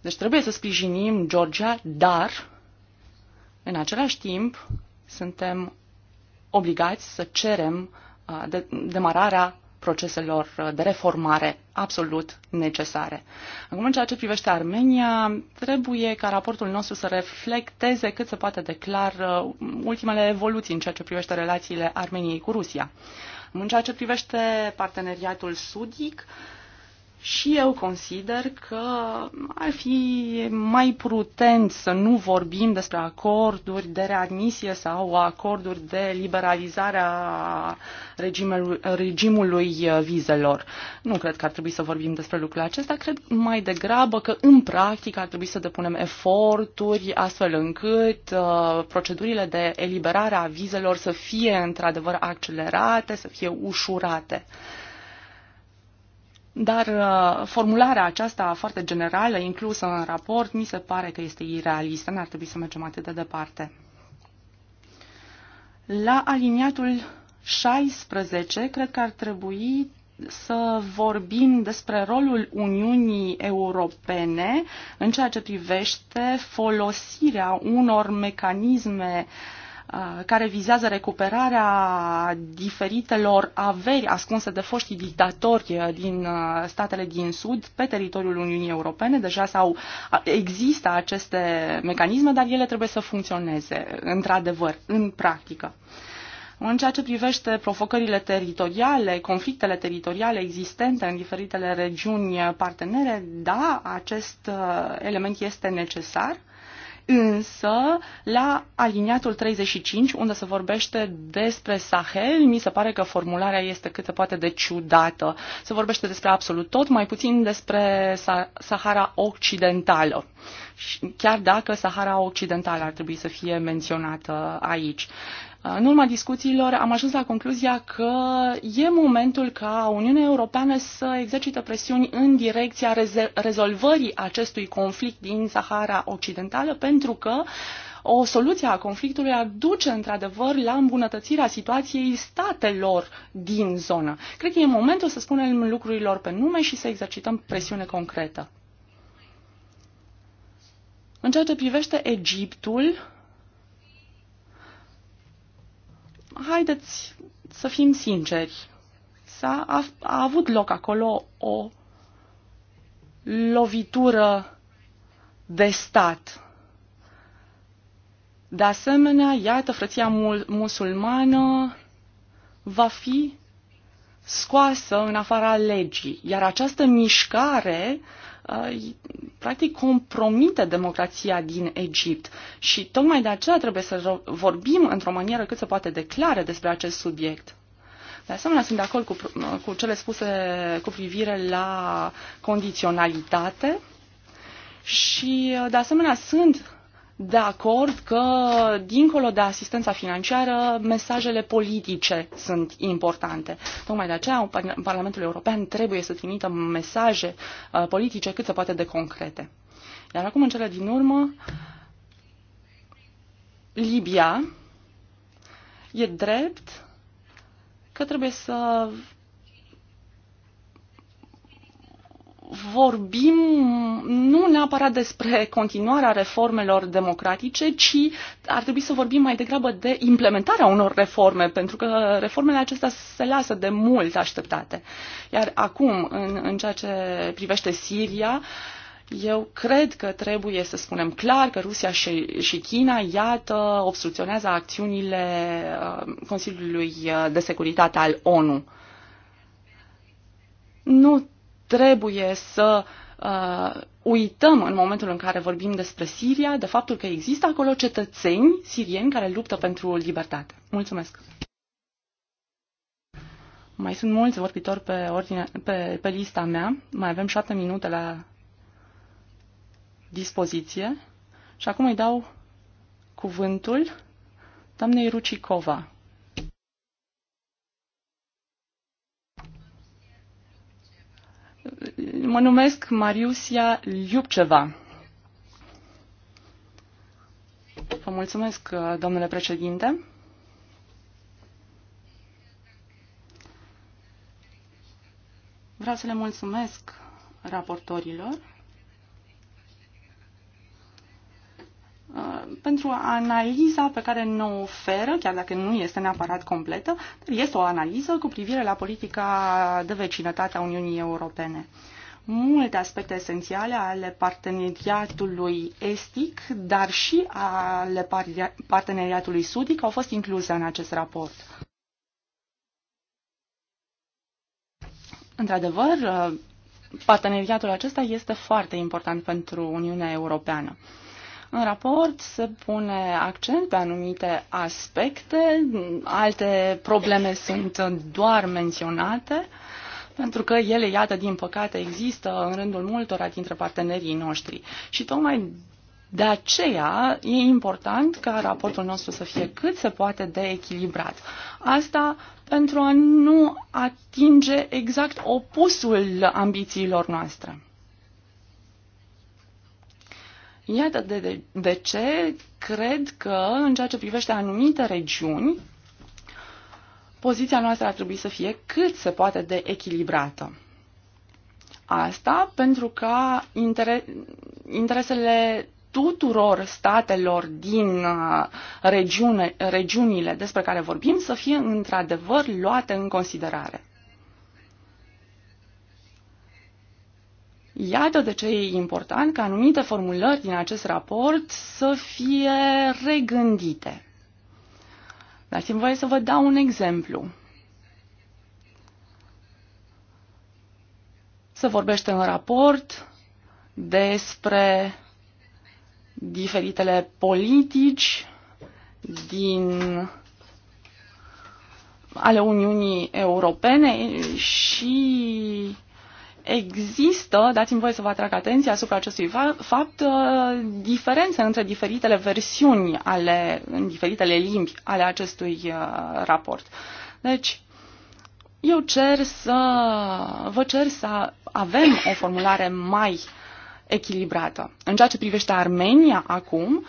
deci trebuie să sprijinim Georgia, dar în același timp suntem obligați să cerem de, demararea proceselor de reformare absolut necesare. Acum, în ceea ce privește Armenia, trebuie ca raportul nostru să reflecteze cât se poate de clar ultimele evoluții în ceea ce privește relațiile Armeniei cu Rusia. În ceea ce privește parteneriatul sudic, uh, și eu consider că ar fi mai prudent să nu vorbim despre acorduri de readmisie sau acorduri de liberalizare a regimului, regimului vizelor. Nu cred că ar trebui să vorbim despre lucrul acesta. Cred mai degrabă că în practică ar trebui să depunem eforturi astfel încât uh, procedurile de eliberare a vizelor să fie într-adevăr accelerate, să fie ușurate. Dar uh, formularea aceasta foarte generală, inclusă în raport, mi se pare că este irealistă. N-ar trebui să mergem atât de departe. La aliniatul 16, cred că ar trebui să vorbim despre rolul Uniunii Europene în ceea ce privește folosirea unor mecanisme uh, care vizează recuperarea diferitelor averi ascunse de foștii dictatori din statele din Sud pe teritoriul Uniunii Europene. Deja sau există aceste mecanisme, dar ele trebuie să funcționeze într-adevăr, în practică. În ceea ce privește provocările teritoriale, conflictele teritoriale existente în diferitele regiuni partenere, da, acest element este necesar Însă, la aliniatul 35, unde se vorbește despre Sahel, mi se pare că formularea este cât se poate de ciudată. Se vorbește despre absolut tot, mai puțin despre Sahara Occidentală. Chiar dacă Sahara Occidentală ar trebui să fie menționată aici. În urma discuțiilor am ajuns la concluzia că e momentul ca Uniunea Europeană să exercită presiuni în direcția rezolvării acestui conflict din Sahara Occidentală, pentru că o soluție a conflictului aduce într-adevăr la îmbunătățirea situației statelor din zonă. Cred că e momentul să spunem lucrurilor pe nume și să exercităm presiune concretă. În ceea ce privește Egiptul, haideți să fim sinceri, s-a, a, a avut loc acolo o lovitură de stat. De asemenea, iată, frăția mul- musulmană va fi scoasă în afara legii, iar această mișcare uh, practic compromite democrația din Egipt și tocmai de aceea trebuie să vorbim într-o manieră cât se poate declare despre acest subiect. De asemenea, sunt de acord cu, cu cele spuse cu privire la condiționalitate și, uh, de asemenea, sunt de acord că, dincolo de asistența financiară, mesajele politice sunt importante. Tocmai de aceea, Parlamentul European trebuie să trimită mesaje uh, politice cât se poate de concrete. Iar acum, în cele din urmă, Libia e drept că trebuie să vorbim nu neapărat despre continuarea reformelor democratice, ci ar trebui să vorbim mai degrabă de implementarea unor reforme, pentru că reformele acestea se lasă de mult așteptate. Iar acum, în, în ceea ce privește Siria, eu cred că trebuie să spunem clar că Rusia și, și China, iată, obstrucționează acțiunile uh, Consiliului de Securitate al ONU. Nu trebuie să uh, uităm în momentul în care vorbim despre Siria de faptul că există acolo cetățeni sirieni care luptă pentru libertate. Mulțumesc! Mai sunt mulți vorbitori pe, ordine, pe, pe lista mea. Mai avem șapte minute la dispoziție. Și acum îi dau cuvântul doamnei Rucicova. Mă numesc Mariusia Liupceva. Vă mulțumesc, domnule președinte. Vreau să le mulțumesc raportorilor Uh, pentru analiza pe care ne oferă, chiar dacă nu este neapărat completă, dar este o analiză cu privire la politica de vecinătate a Uniunii Europene. Multe aspecte esențiale ale parteneriatului estic, dar și ale parteneriatului sudic au fost incluse în acest raport. Într-adevăr, uh, parteneriatul acesta este foarte important pentru Uniunea Europeană. În raport se pune accent pe anumite aspecte, alte probleme sunt doar menționate, pentru că ele, iată, din păcate există în rândul multora dintre partenerii noștri. Și tocmai de aceea e important ca raportul nostru să fie cât se poate de echilibrat. Asta pentru a nu atinge exact opusul ambițiilor noastre. Iată de, de, de ce cred că în ceea ce privește anumite regiuni, poziția noastră ar trebui să fie cât se poate de echilibrată. Asta pentru ca inter interesele tuturor statelor din uh, regiune, regiunile despre care vorbim să fie într-adevăr luate în considerare. Iată de ce e important ca anumite formulări din acest raport să fie regândite. Dați-mi voie să vă dau un exemplu. Se vorbește în raport despre diferitele politici din ale Uniunii Europene și Există, dați-mi voie să vă atrag atenția asupra acestui fapt, uh, diferențe între diferitele versiuni ale, în diferitele limbi ale acestui uh, raport. Deci, eu cer să, vă cer să avem o formulare mai echilibrată. În ceea ce privește Armenia acum,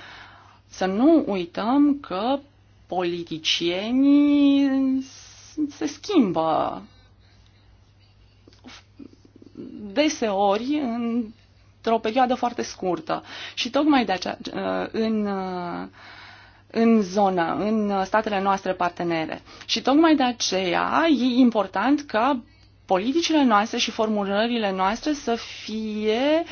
să nu uităm că politicienii se schimbă deseori într-o perioadă foarte scurtă. Și tocmai de aceea, uh, în uh, în zonă, în statele noastre partenere. Și tocmai de aceea e important ca politicile noastre și formulările noastre să fie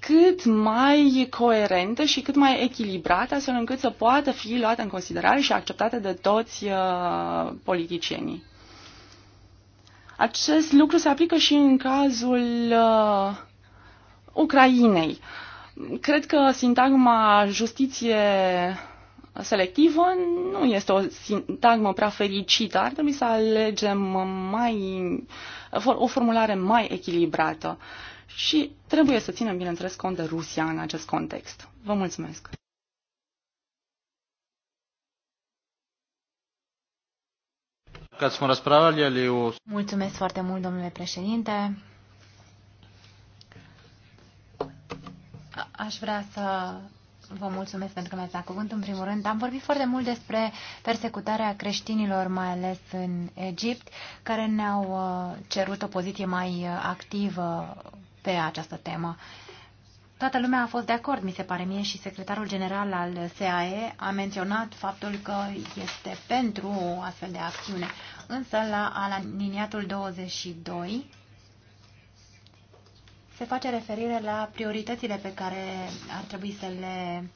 cât mai coerente și cât mai echilibrate, astfel încât să poată fi luate în considerare și acceptate de toți uh, politicienii. Acest lucru se aplică și în cazul uh, Ucrainei. Cred că sintagma justiție selectivă nu este o sintagmă prea fericită. Ar trebui să alegem mai, o formulare mai echilibrată. Și trebuie să ținem, bineînțeles, cont de Rusia în acest context. Vă mulțumesc! Mulțumesc foarte mult, domnule președinte. Aș vrea să vă mulțumesc pentru că mi-ați dat cuvânt. În primul rând, am vorbit foarte mult despre persecutarea creștinilor, mai ales în Egipt, care ne-au uh, cerut o poziție mai uh, activă pe această temă. Uh, Toată lumea a fost de acord, mi se pare mie, și secretarul general al SAE a menționat faptul că este pentru o astfel de acțiune. Însă, la aliniatul 22 se face referire la prioritățile pe care ar trebui să le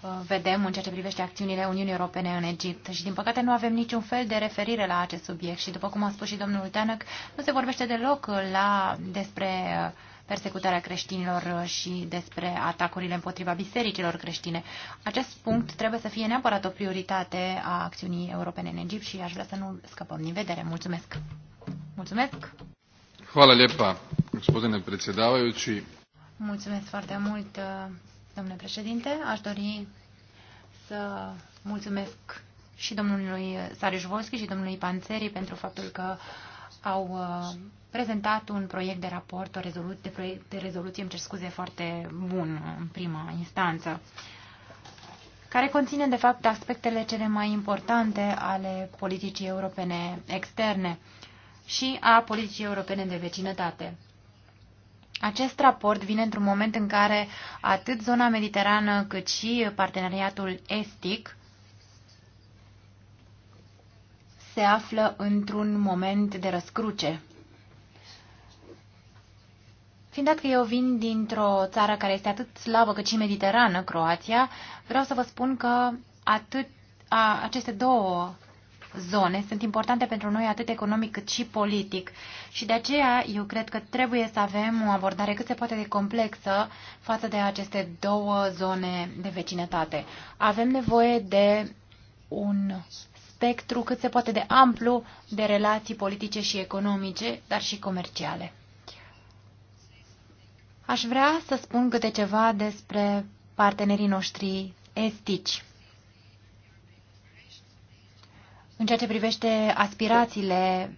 uh, vedem în ceea ce privește acțiunile Uniunii Europene în Egipt. Și, din păcate, nu avem niciun fel de referire la acest subiect. Și, după cum a spus și domnul Tanăc, nu se vorbește deloc la, despre uh, persecutarea creștinilor și despre atacurile împotriva bisericilor creștine. Acest punct trebuie să fie neapărat o prioritate a acțiunii europene în Egipt și aș vrea să nu scăpăm din vedere. Mulțumesc! Mulțumesc! Hvala lepa, gospodine predsjedavajući. Mulțumesc foarte mult, domnule președinte. Aș dori să mulțumesc și domnului Sarișvolski și domnului Panțeri pentru faptul că au prezentat un proiect de raport, o rezolu- de, proiect de rezoluție, îmi cer scuze, foarte bun în prima instanță, care conține, de fapt, aspectele cele mai importante ale politicii europene externe și a politicii europene de vecinătate. Acest raport vine într-un moment în care atât zona mediterană cât și parteneriatul estic se află într-un moment de răscruce. Fiind dat că eu vin dintr-o țară care este atât slavă cât și mediterană, Croația, vreau să vă spun că atât a, aceste două zone sunt importante pentru noi atât economic cât și politic și de aceea eu cred că trebuie să avem o abordare cât se poate de complexă față de aceste două zone de vecinătate. Avem nevoie de un spectru cât se poate de amplu de relații politice și economice, dar și comerciale. Aș vrea să spun câte ceva despre partenerii noștri estici. În ceea ce privește aspirațiile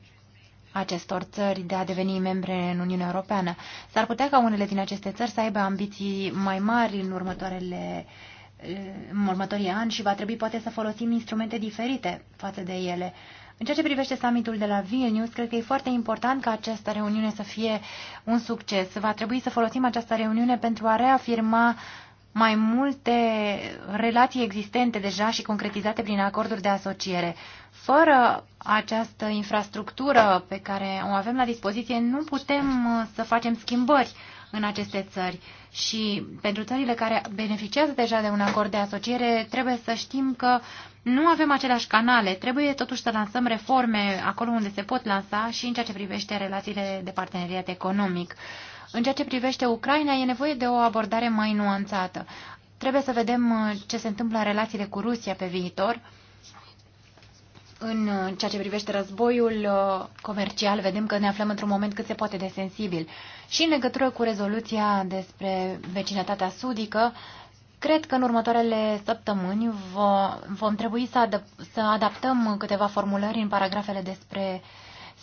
acestor țări de a deveni membre în Uniunea Europeană, s-ar putea ca unele din aceste țări să aibă ambiții mai mari în următoarele uh, în următorii ani și va trebui poate să folosim instrumente diferite față de ele. În ceea ce privește summitul de la Vilnius, cred că e foarte important ca această reuniune să fie un succes. Va trebui să folosim această reuniune pentru a reafirma mai multe relații existente deja și concretizate prin acorduri de asociere. Fără această infrastructură pe care o avem la dispoziție, nu putem să facem schimbări în aceste țări. Și pentru țările care beneficiază deja de un acord de asociere, trebuie să știm că nu avem aceleași canale. Trebuie totuși să lansăm reforme acolo unde se pot lansa și în ceea ce privește relațiile de parteneriat economic. În ceea ce privește Ucraina, e nevoie de o abordare mai nuanțată. Trebuie să vedem uh, ce se întâmplă în relațiile cu Rusia pe viitor în uh, ceea ce privește războiul uh, comercial, vedem că ne aflăm într-un moment cât se poate de sensibil. Și în legătură cu rezoluția despre vecinătatea sudică, cred că în următoarele săptămâni vom trebui să, să adaptăm câteva formulări în paragrafele despre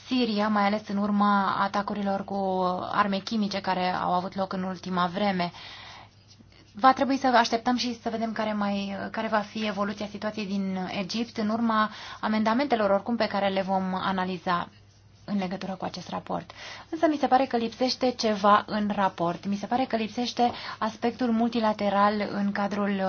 Siria, mai ales în urma atacurilor cu arme chimice care au avut loc în ultima vreme. Va trebui să așteptăm și să vedem care, mai, care va fi evoluția situației din Egipt în urma amendamentelor oricum pe care le vom analiza în legătură cu acest raport. Însă mi se pare că lipsește ceva în raport. Mi se pare că lipsește aspectul multilateral în cadrul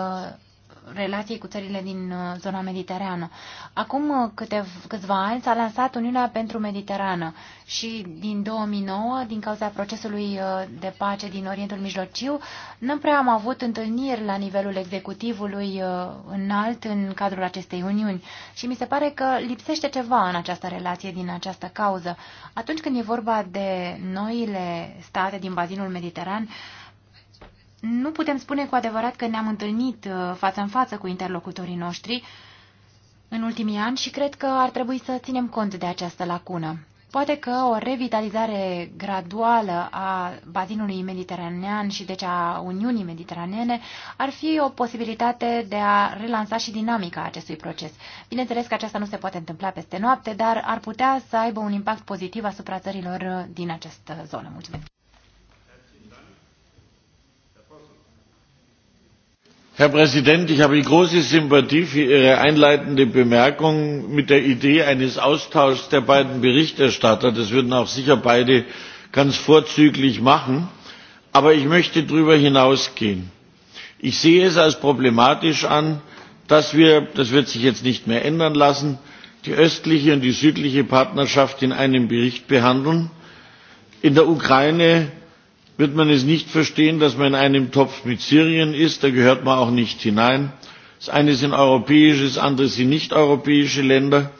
relației cu țările din uh, zona mediterană. Acum uh, câtev, câțiva ani s-a lansat Uniunea pentru Mediterană și din 2009, din cauza procesului uh, de pace din Orientul Mijlociu, nu prea am avut întâlniri la nivelul executivului înalt în cadrul acestei Uniuni și mi se pare că lipsește ceva în această relație din această cauză. Atunci când e vorba de noile state din bazinul mediteran, uh, nu putem spune cu adevărat că ne-am întâlnit uh, față în față cu interlocutorii noștri în ultimii ani și cred că ar trebui să ținem cont de această lacună. Poate că o revitalizare graduală a bazinului mediteranean și deci a Uniunii Mediteraneene ar fi o posibilitate de a relansa și dinamica acestui proces. Bineînțeles că aceasta nu se poate întâmpla peste noapte, dar ar putea să aibă un impact pozitiv asupra țărilor din această zonă. Mulțumesc! herr präsident! ich habe große sympathie für ihre einleitende bemerkung mit der idee eines austauschs der beiden berichterstatter. das würden auch sicher beide ganz vorzüglich machen. aber ich möchte darüber hinausgehen. ich sehe es als problematisch an dass wir das wird sich jetzt nicht mehr ändern lassen die östliche und die südliche partnerschaft in einem bericht behandeln. in der ukraine wird man es nicht verstehen, dass man in einem Topf mit Syrien ist, da gehört man auch nicht hinein. Das eine sind europäische, das andere sind nicht europäische Länder.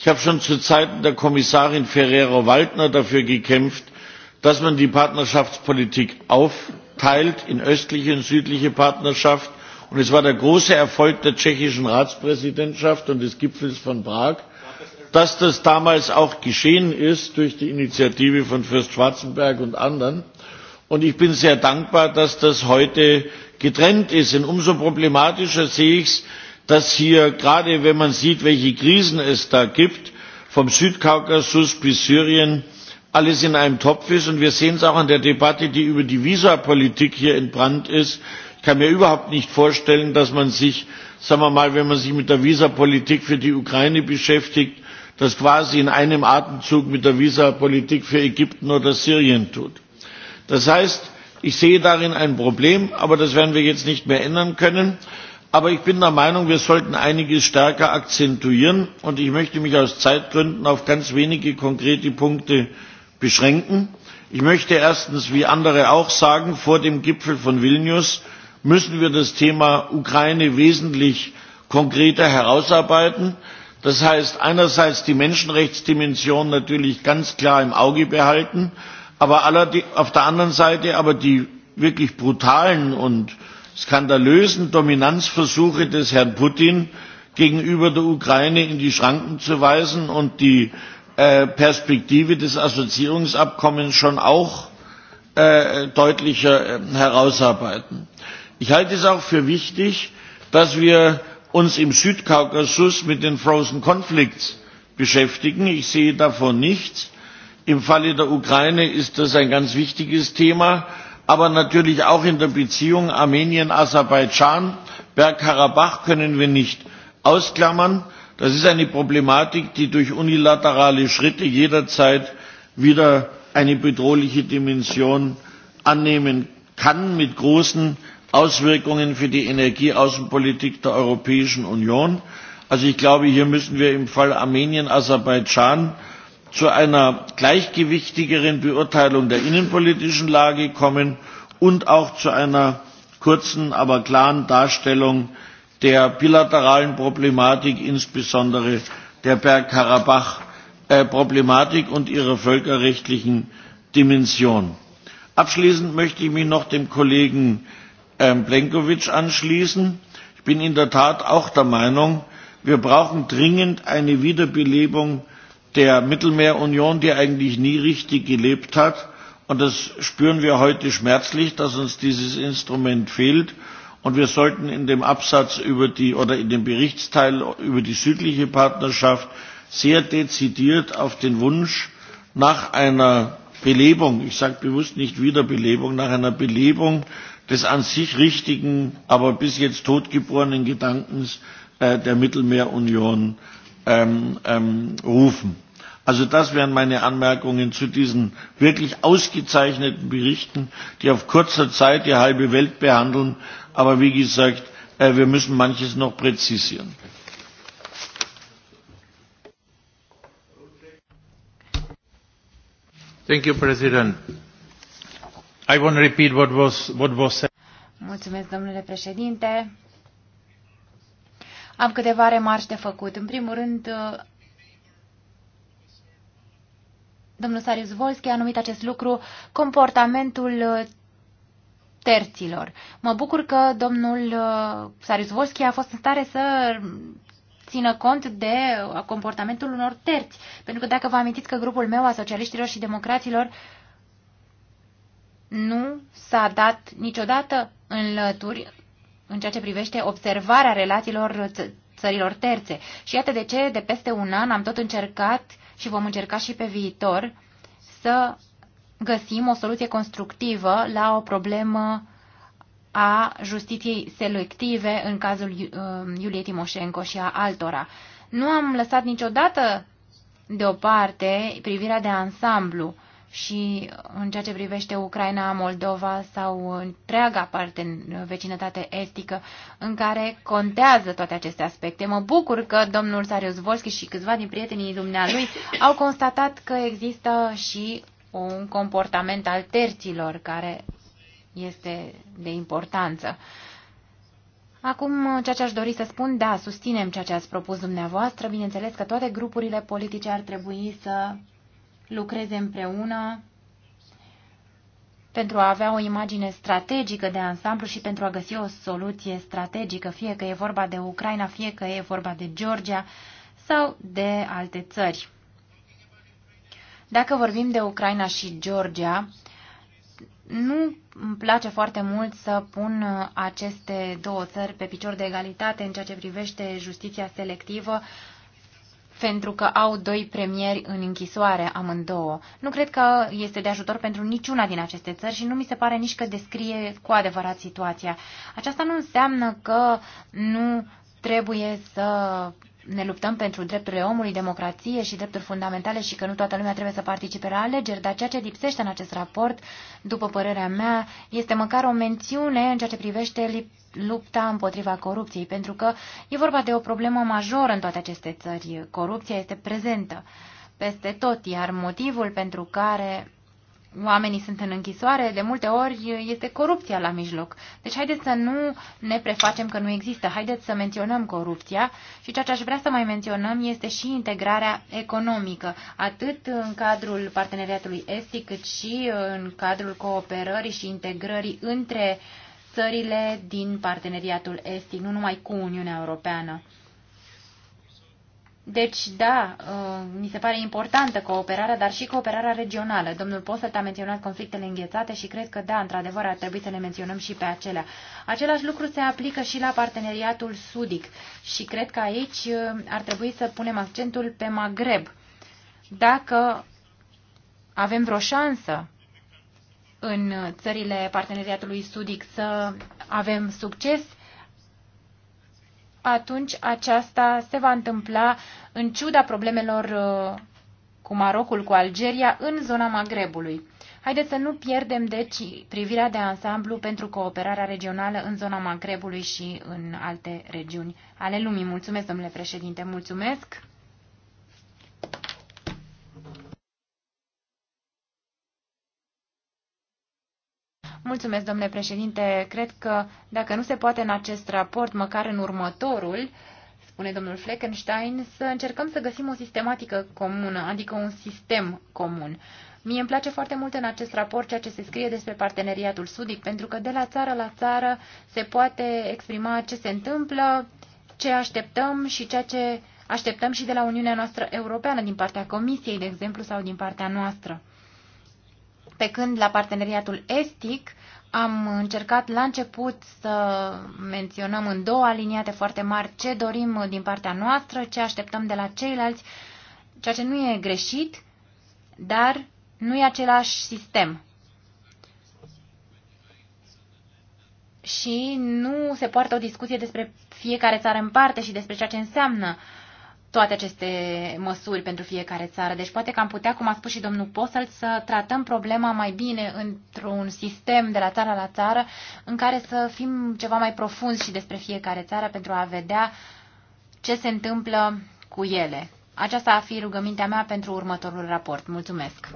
Ich habe schon zu Zeiten der Kommissarin Ferrero-Waldner dafür gekämpft, dass man die Partnerschaftspolitik aufteilt in östliche und südliche Partnerschaft. Und es war der große Erfolg der tschechischen Ratspräsidentschaft und des Gipfels von Prag, dass das damals auch geschehen ist durch die Initiative von Fürst Schwarzenberg und anderen Und ich bin sehr dankbar, dass das heute getrennt ist. umso problematischer sehe ich es, dass hier, gerade wenn man sieht, welche Krisen es da gibt, vom Südkaukasus bis Syrien, alles in einem Topf ist. Und wir sehen es auch an der Debatte, die über die Visapolitik hier entbrannt ist. Ich kann mir überhaupt nicht vorstellen, dass man sich, sagen wir mal, wenn man sich mit der Visapolitik für die Ukraine beschäftigt, das quasi in einem Atemzug mit der Visapolitik für Ägypten oder Syrien tut. Das heißt, ich sehe darin ein Problem, aber das werden wir jetzt nicht mehr ändern können. Aber ich bin der Meinung, wir sollten einiges stärker akzentuieren und ich möchte mich aus Zeitgründen auf ganz wenige konkrete Punkte beschränken. Ich möchte erstens, wie andere auch sagen, vor dem Gipfel von Vilnius müssen wir das Thema Ukraine wesentlich konkreter herausarbeiten. Das heißt einerseits die Menschenrechtsdimension natürlich ganz klar im Auge behalten, aber auf der anderen Seite aber die wirklich brutalen und skandalösen Dominanzversuche des Herrn Putin gegenüber der Ukraine in die Schranken zu weisen und die äh, Perspektive des Assoziierungsabkommens schon auch äh, deutlicher äh, herausarbeiten. Ich halte es auch für wichtig, dass wir uns im Südkaukasus mit den Frozen Conflicts beschäftigen. Ich sehe davon nichts Im Falle der Ukraine ist das ein ganz wichtiges Thema, aber natürlich auch in der Beziehung Armenien-Aserbaidschan, Bergkarabach können wir nicht ausklammern. Das ist eine Problematik, die durch unilaterale Schritte jederzeit wieder eine bedrohliche Dimension annehmen kann mit großen Auswirkungen für die Energieaußenpolitik der Europäischen Union. Also ich glaube, hier müssen wir im Fall Armenien, Aserbaidschan zu einer gleichgewichtigeren Beurteilung der innenpolitischen Lage kommen und auch zu einer kurzen, aber klaren Darstellung der bilateralen Problematik, insbesondere der Bergkarabach-Problematik äh, und ihrer völkerrechtlichen Dimension. Abschließend möchte ich mich noch dem Kollegen ähm, plenkovi anschließen. Ich bin in der Tat auch der Meinung, wir brauchen dringend eine Wiederbelebung der Mittelmeerunion, die eigentlich nie richtig gelebt hat. Und das spüren wir heute schmerzlich, dass uns dieses Instrument fehlt. Und wir sollten in dem Absatz über die, oder in dem Berichtsteil über die südliche Partnerschaft sehr dezidiert auf den Wunsch nach einer Belebung, ich sage bewusst nicht Wiederbelebung, nach einer Belebung des an sich richtigen, aber bis jetzt totgeborenen Gedankens äh, der Mittelmeerunion äh, Ähm, ähm, rufen. Also das wären meine Anmerkungen zu diesen wirklich ausgezeichneten Berichten, die auf kurzer Zeit die halbe Welt behandeln. Aber wie gesagt, äh, wir müssen manches noch präzisieren. Thank you, President. I want to repeat what was, what was said. Mulțumesc, domnule președinte. Am câteva remarci de făcut. În primul rând, uh, domnul Sarius Volski a numit acest lucru comportamentul uh, terților. Mă bucur că domnul uh, Sarius Volski a fost în stare să țină cont de comportamentul unor terți. Pentru că dacă vă amintiți că grupul meu a socialiștilor și democraților nu s-a dat niciodată lături în ceea ce privește observarea relațiilor țărilor terțe. Și iată de ce, de peste un an, am tot încercat și vom încerca și pe viitor să găsim o soluție constructivă la o problemă a justiției selective în cazul um, Iuliei Timoșenko și a altora. Nu am lăsat niciodată deoparte privirea de ansamblu și în ceea ce privește Ucraina, Moldova sau întreaga parte în vecinătate estică în care contează toate aceste aspecte. Mă bucur că domnul Sarius Volski și câțiva din prietenii dumnealui au constatat că există și un comportament al terților care este de importanță. Acum, ceea ce aș dori să spun, da, susținem ceea ce ați propus dumneavoastră. Bineînțeles că toate grupurile politice ar trebui să lucreze împreună pentru a avea o imagine strategică de ansamblu și pentru a găsi o soluție strategică, fie că e vorba de Ucraina, fie că e vorba de Georgia sau de alte țări. Dacă vorbim de Ucraina și Georgia, nu îmi place foarte mult să pun aceste două țări pe picior de egalitate în ceea ce privește justiția selectivă pentru că au doi premieri în închisoare amândouă. Nu cred că este de ajutor pentru niciuna din aceste țări și nu mi se pare nici că descrie cu adevărat situația. Aceasta nu înseamnă că nu trebuie să ne luptăm pentru drepturile omului, democrație și drepturi fundamentale și că nu toată lumea trebuie să participe la alegeri, dar ceea ce lipsește în acest raport, după părerea mea, este măcar o mențiune în ceea ce privește lupta împotriva corupției, pentru că e vorba de o problemă majoră în toate aceste țări. Corupția este prezentă peste tot, iar motivul pentru care oamenii sunt în închisoare, de multe ori este corupția la mijloc. Deci haideți să nu ne prefacem că nu există, haideți să menționăm corupția și ceea ce aș vrea să mai menționăm este și integrarea economică, atât în cadrul parteneriatului estic, cât și uh, în cadrul cooperării și integrării între uh, țările din parteneriatul estic, nu numai cu Uniunea Europeană. Deci, da, uh, mi se pare importantă cooperarea, dar și cooperarea regională. Domnul Postel a menționat conflictele înghețate și cred că, da, într-adevăr, ar trebui să le menționăm și pe acelea. Același lucru se aplică și la parteneriatul sudic și cred că aici uh, ar trebui să punem accentul pe Maghreb. Dacă avem vreo șansă în țările parteneriatului sudic să avem succes, atunci aceasta se va întâmpla în ciuda problemelor uh, cu Marocul, cu Algeria, în zona Magrebului. Haideți să nu pierdem, deci, privirea de ansamblu pentru cooperarea regională în zona Magrebului și în alte regiuni ale lumii. Mulțumesc, domnule președinte, mulțumesc! Mulțumesc, domnule președinte. Cred că dacă nu se poate în acest raport, măcar în următorul, spune domnul Fleckenstein, să încercăm să găsim o sistematică comună, adică un sistem comun. Mie îmi place foarte mult în acest raport ceea ce se scrie despre parteneriatul sudic, pentru că de la țară la țară se poate exprima ce se întâmplă, ce așteptăm și ceea ce așteptăm și de la Uniunea noastră europeană, din partea Comisiei, de exemplu, sau din partea noastră. Pe când la parteneriatul estic am încercat la început să menționăm în două aliniate foarte mari ce dorim din partea noastră, ce așteptăm de la ceilalți, ceea ce nu e greșit, dar nu e același sistem. Și nu se poartă o discuție despre fiecare țară în parte și despre ceea ce înseamnă uh, toate aceste măsuri pentru fiecare țară. Deci poate că am putea, cum a spus și domnul Posel, să tratăm problema mai bine într-un sistem de la țară la țară în care să fim ceva mai profund și despre fiecare țară pentru a vedea ce se întâmplă cu ele. Aceasta ar fi rugămintea mea pentru următorul raport. Mulțumesc!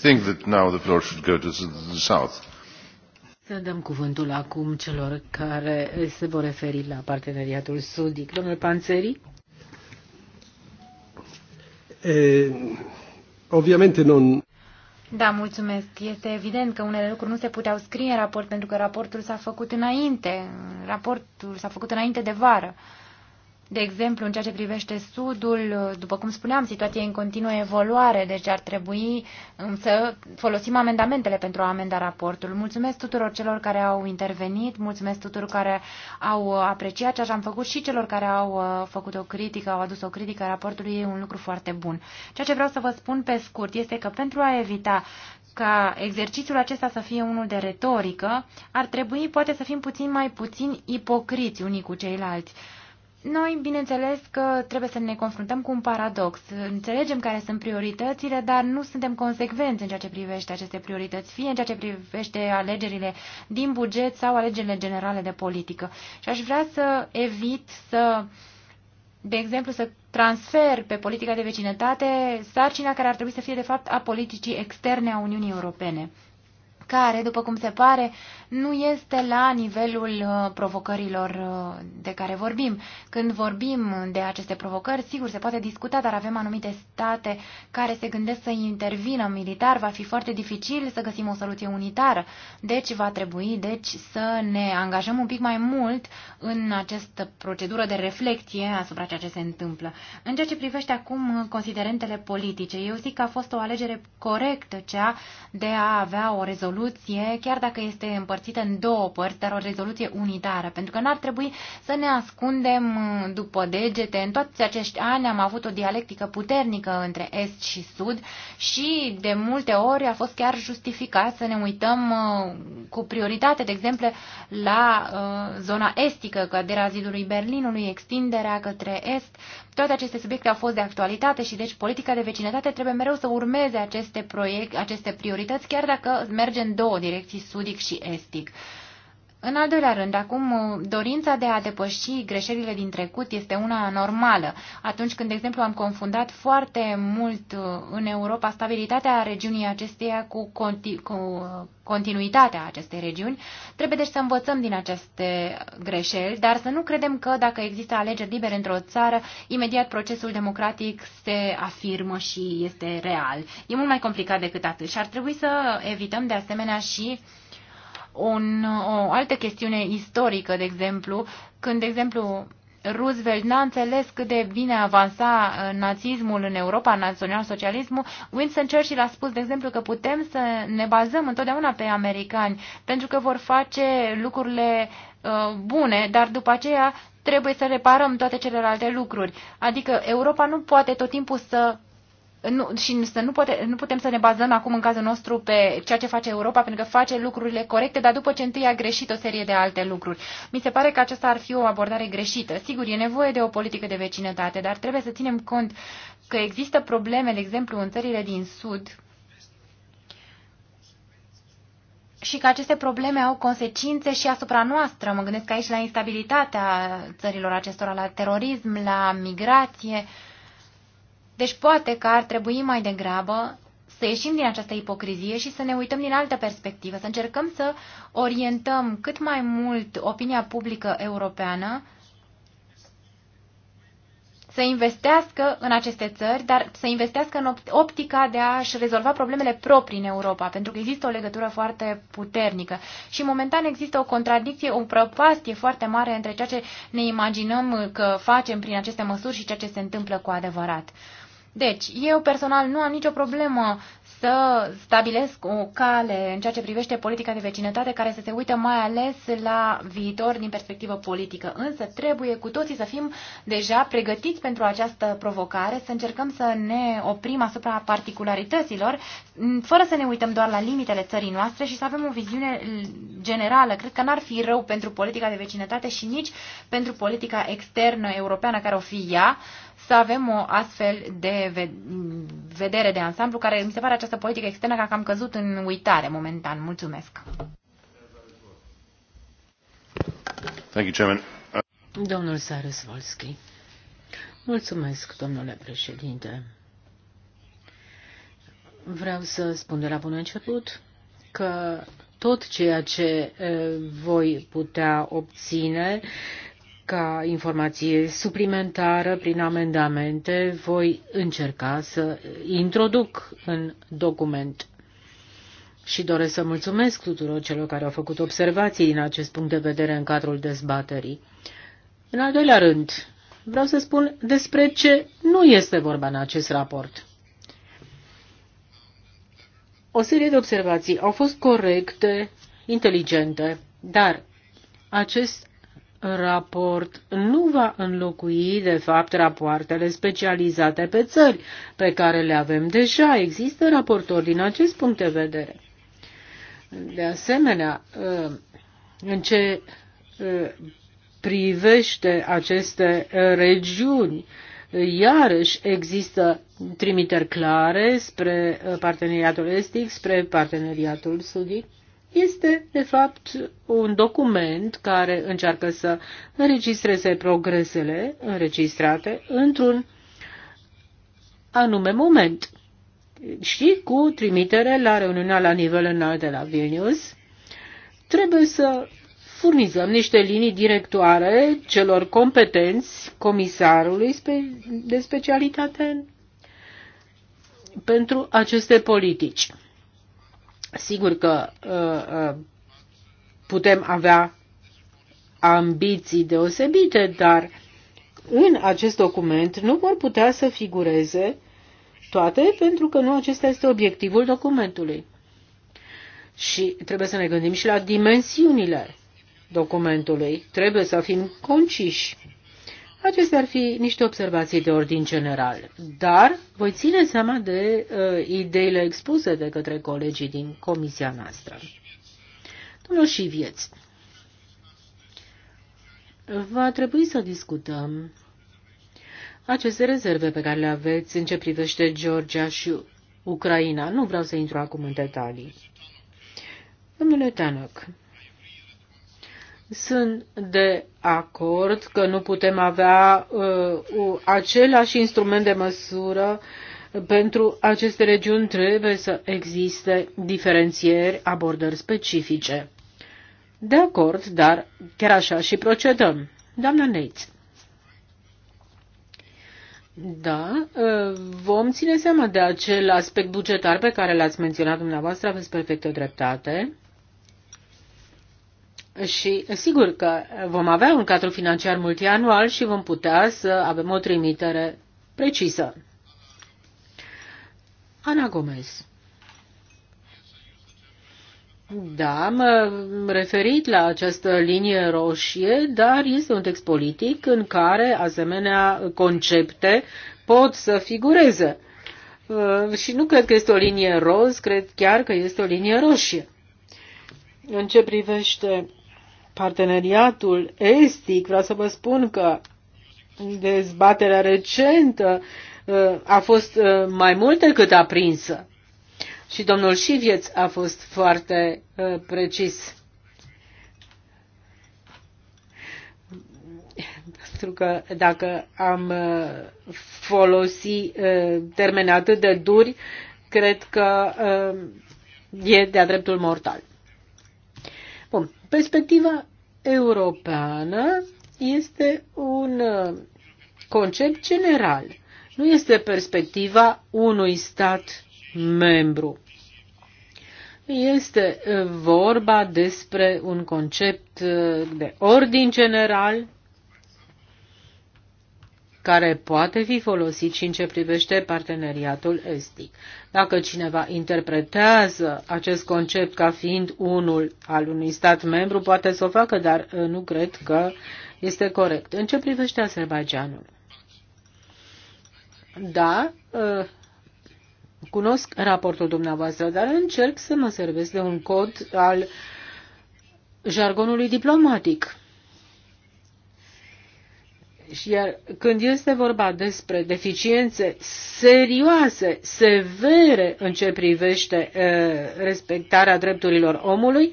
think that now the floor should go to the south. Să dăm cuvântul acum celor care se vor referi la parteneriatul sudic. Domnul Panțeri? obviamente non... Da, mulțumesc. Este evident că unele lucruri nu se puteau scrie în raport pentru că raportul s-a făcut înainte. Raportul s-a făcut înainte de vară. Uh, de exemplu, în ceea ce privește Sudul, după cum spuneam, situația e în continuă evoluare, deci ar trebui um, să folosim amendamentele pentru a amenda raportul. Mulțumesc tuturor celor care au intervenit, mulțumesc tuturor care au apreciat ce am făcut și celor care au uh, făcut o critică, au adus o critică raportului, e un lucru foarte bun. Ceea ce vreau să vă spun pe scurt este că pentru a evita ca exercițiul acesta să fie unul de retorică, ar trebui poate să fim puțin mai puțin ipocriți unii cu ceilalți. Noi, bineînțeles că trebuie să ne confruntăm cu un paradox. Înțelegem care sunt prioritățile, dar nu suntem consecvenți în ceea ce privește aceste priorități, fie în ceea ce privește alegerile din buget sau alegerile generale de politică. Și aș vrea să evit să, de exemplu, să transfer pe politica de vecinătate sarcina care ar trebui să fie, de fapt, a politicii externe a Uniunii Europene care, după cum se pare, nu este la nivelul uh, provocărilor uh, de care vorbim. Când vorbim de aceste provocări, sigur, se poate discuta, dar avem anumite state care se gândesc să intervină militar. Va fi foarte dificil să găsim o soluție unitară. Deci va trebui deci, să ne angajăm un pic mai mult în această procedură de reflexie asupra ceea ce se întâmplă. În ceea ce privește acum considerentele politice, eu zic că a fost o alegere corectă cea de a avea o rezoluție rezoluție, chiar dacă este împărțită în două părți, dar o rezoluție unitară, pentru că n-ar trebui să ne ascundem uh, după degete. În toți acești ani am avut o dialectică puternică între Est și Sud și de multe ori a fost chiar justificat să ne uităm uh, cu prioritate, de exemplu, la uh, zona estică, căderea zidului Berlinului, extinderea către Est, toate aceste subiecte au fost de actualitate și deci politica de vecinătate trebuie mereu să urmeze aceste, proiect, aceste priorități, chiar dacă merge în două direcții, sudic și estic. În al doilea rând, acum, uh, dorința de a depăși greșelile din trecut este una normală. Atunci când, de exemplu, am confundat foarte mult uh, în Europa stabilitatea regiunii acesteia cu, conti- cu uh, continuitatea acestei regiuni, trebuie deci să învățăm din aceste greșeli, dar să nu credem că dacă există alegeri libere într-o țară, imediat procesul democratic se afirmă și este real. E mult mai complicat decât atât și ar trebui să evităm de asemenea și uh, un, o altă chestiune istorică, de exemplu, când, de exemplu, Roosevelt n-a înțeles cât de bine avansa uh, nazismul în Europa, național-socialismul. Winston Churchill a spus, de exemplu, că putem să ne bazăm întotdeauna pe americani, pentru că vor face lucrurile uh, bune, dar după aceea trebuie să reparăm toate celelalte lucruri. Adică Europa nu poate tot timpul să nu, și să nu, pute, nu putem să ne bazăm acum în cazul nostru pe ceea ce face Europa, pentru că face lucrurile corecte, dar după ce întâi a greșit o serie de alte lucruri. Mi se pare că aceasta ar fi o abordare greșită. Sigur, e nevoie de o politică de vecinătate, dar trebuie să ținem cont că există probleme, de exemplu, în țările din Sud, și că aceste probleme au consecințe și asupra noastră. Mă gândesc aici la instabilitatea țărilor acestora, la terorism, la migrație. Uh, deci poate că ar trebui mai degrabă să ieșim din această ipocrizie și să ne uităm din altă perspectivă, să încercăm să orientăm cât mai mult opinia publică europeană să investească în aceste țări, dar să investească în optica de a-și rezolva problemele proprii în Europa, pentru că există o legătură foarte puternică. Și momentan există o contradicție, o prăpastie foarte mare între ceea ce ne imaginăm că facem prin aceste măsuri și ceea ce se întâmplă cu adevărat. Deci, eu personal nu am nicio problemă să stabilesc o cale în ceea ce privește politica de vecinătate care să se uită mai ales la viitor din perspectivă politică. Însă trebuie cu toții să fim deja pregătiți pentru această provocare, să încercăm să ne oprim asupra particularităților, mm, fără să ne uităm doar la limitele țării noastre și să avem o viziune generală. Cred că n-ar fi rău pentru politica de vecinătate și nici pentru politica externă europeană care o fi ea, să avem o astfel de vedere de ansamblu, care mi se pare această politică externă că a căzut în uitare momentan. Mulțumesc. Thank you, Chairman. Domnul Sarus Volski. Mulțumesc, domnule președinte. Vreau să spun de la bun început că tot ceea ce eh, voi putea obține ca informație suplimentară prin amendamente voi încerca să introduc în document. Și doresc să mulțumesc tuturor celor care au făcut observații din acest punct de vedere în cadrul dezbaterii. În al doilea rând, vreau să spun despre ce nu este vorba în acest raport. O serie de observații au fost corecte, inteligente, dar acest raport nu va înlocui, de fapt, rapoartele specializate pe țări, pe care le avem deja. Există raportori din acest punct de vedere. De asemenea, în ce ă, privește aceste ă, regiuni, iarăși există trimiteri clare spre ă, parteneriatul estic, spre parteneriatul sudic este, de fapt, un document care încearcă să înregistreze progresele înregistrate într-un anume moment și cu trimitere la reuniunea la nivel înalt de la Vilnius, trebuie să furnizăm niște linii directoare celor competenți comisarului de specialitate pentru aceste politici. Sigur că uh, uh, putem avea ambiții deosebite, dar în acest document nu vor putea să figureze toate, pentru că nu acesta este obiectivul documentului. Și trebuie să ne gândim și la dimensiunile documentului. Trebuie să fim conciși. Acestea ar fi niște observații de ordin general, dar voi ține seama de uh, ideile expuse de către colegii din comisia noastră. Domnul și vieți. Va trebui să discutăm aceste rezerve pe care le aveți în ce privește Georgia și Ucraina. Nu vreau să intru acum în detalii. Domnule Tanok, sunt de acord că nu putem avea uh, același instrument de măsură pentru aceste regiuni trebuie să existe diferențieri, abordări specifice. De acord, dar chiar așa și procedăm. Doamna Neitz. Da, uh, vom ține seama de acel aspect bugetar pe care l-ați menționat dumneavoastră, aveți perfectă dreptate. Și sigur că vom avea un cadru financiar multianual și vom putea să avem o trimitere precisă. Ana Gomez. Da, m-am uh, referit la această linie roșie, dar este un text politic în care asemenea concepte pot să figureze. Uh, și nu cred că este o linie roz, cred chiar că este o linie roșie. În ce privește parteneriatul estic, vreau să vă spun că dezbaterea recentă uh, a fost uh, mai mult decât aprinsă. Și domnul Șivieț a fost foarte uh, precis. Pentru că dacă am folosi termeni atât de duri, cred că e de-a dreptul mortal. Perspectiva europeană este un uh, concept general. Nu este perspectiva unui stat membru. Este uh, vorba despre un concept uh, de ordin general care poate fi folosit și în ce privește parteneriatul estic. Dacă cineva interpretează acest concept ca fiind unul al unui stat membru, poate să o facă, dar uh, nu cred că este corect. În ce privește Azerbaijanul? Da, uh, cunosc raportul dumneavoastră, dar încerc să mă servesc de un cod al jargonului diplomatic. Iar când este vorba despre deficiențe serioase, severe în ce privește respectarea drepturilor omului,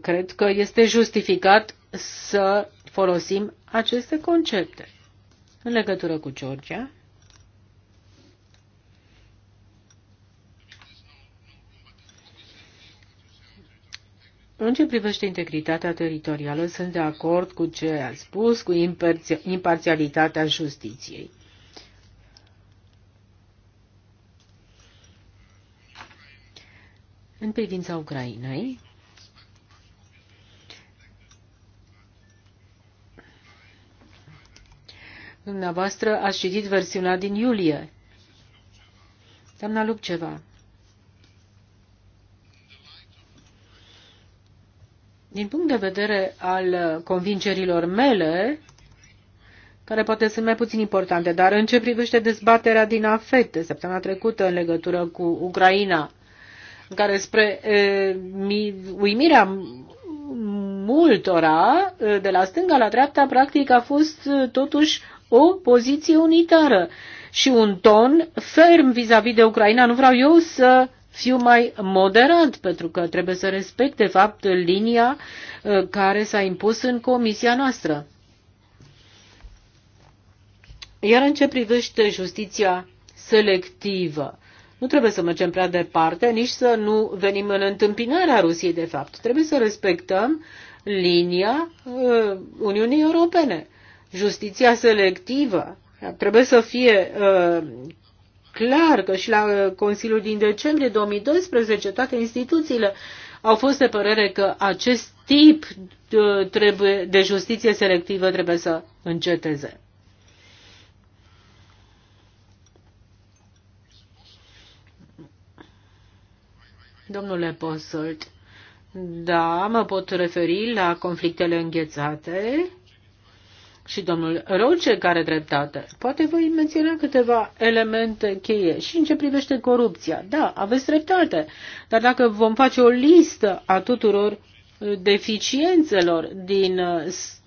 cred că este justificat să folosim aceste concepte. În legătură cu Georgia, În ce privește integritatea teritorială, sunt de acord cu ce a spus, cu imparțialitatea justiției. În privința Ucrainei, dumneavoastră ați citit versiunea din iulie. Doamna Lupceva, Din punct de vedere al convingerilor mele, care poate sunt mai puțin importante, dar în ce privește dezbaterea din afete săptămâna trecută în legătură cu Ucraina, în care spre e, mi, uimirea multora, de la stânga la dreapta, practic a fost totuși o poziție unitară și un ton ferm vis-a-vis -vis de Ucraina. Nu vreau eu să fiu mai moderat, pentru că trebuie să respect, de fapt, linia uh, care s-a impus în comisia noastră. Iar în ce privește justiția selectivă, nu trebuie să mergem prea departe, nici să nu venim în întâmpinarea Rusiei, de fapt. Trebuie să respectăm linia uh, Uniunii Europene. Justiția selectivă trebuie să fie uh, clar că și la Consiliul din decembrie 2012 toate instituțiile au fost de părere că acest tip uh, trebuie, de justiție selectivă trebuie să înceteze. Domnule Posolt, da, mă pot referi la conflictele înghețate și domnul Roger care dreptate. Poate voi menționa câteva elemente cheie și în ce privește corupția. Da, aveți dreptate, dar dacă vom face o listă a tuturor deficiențelor din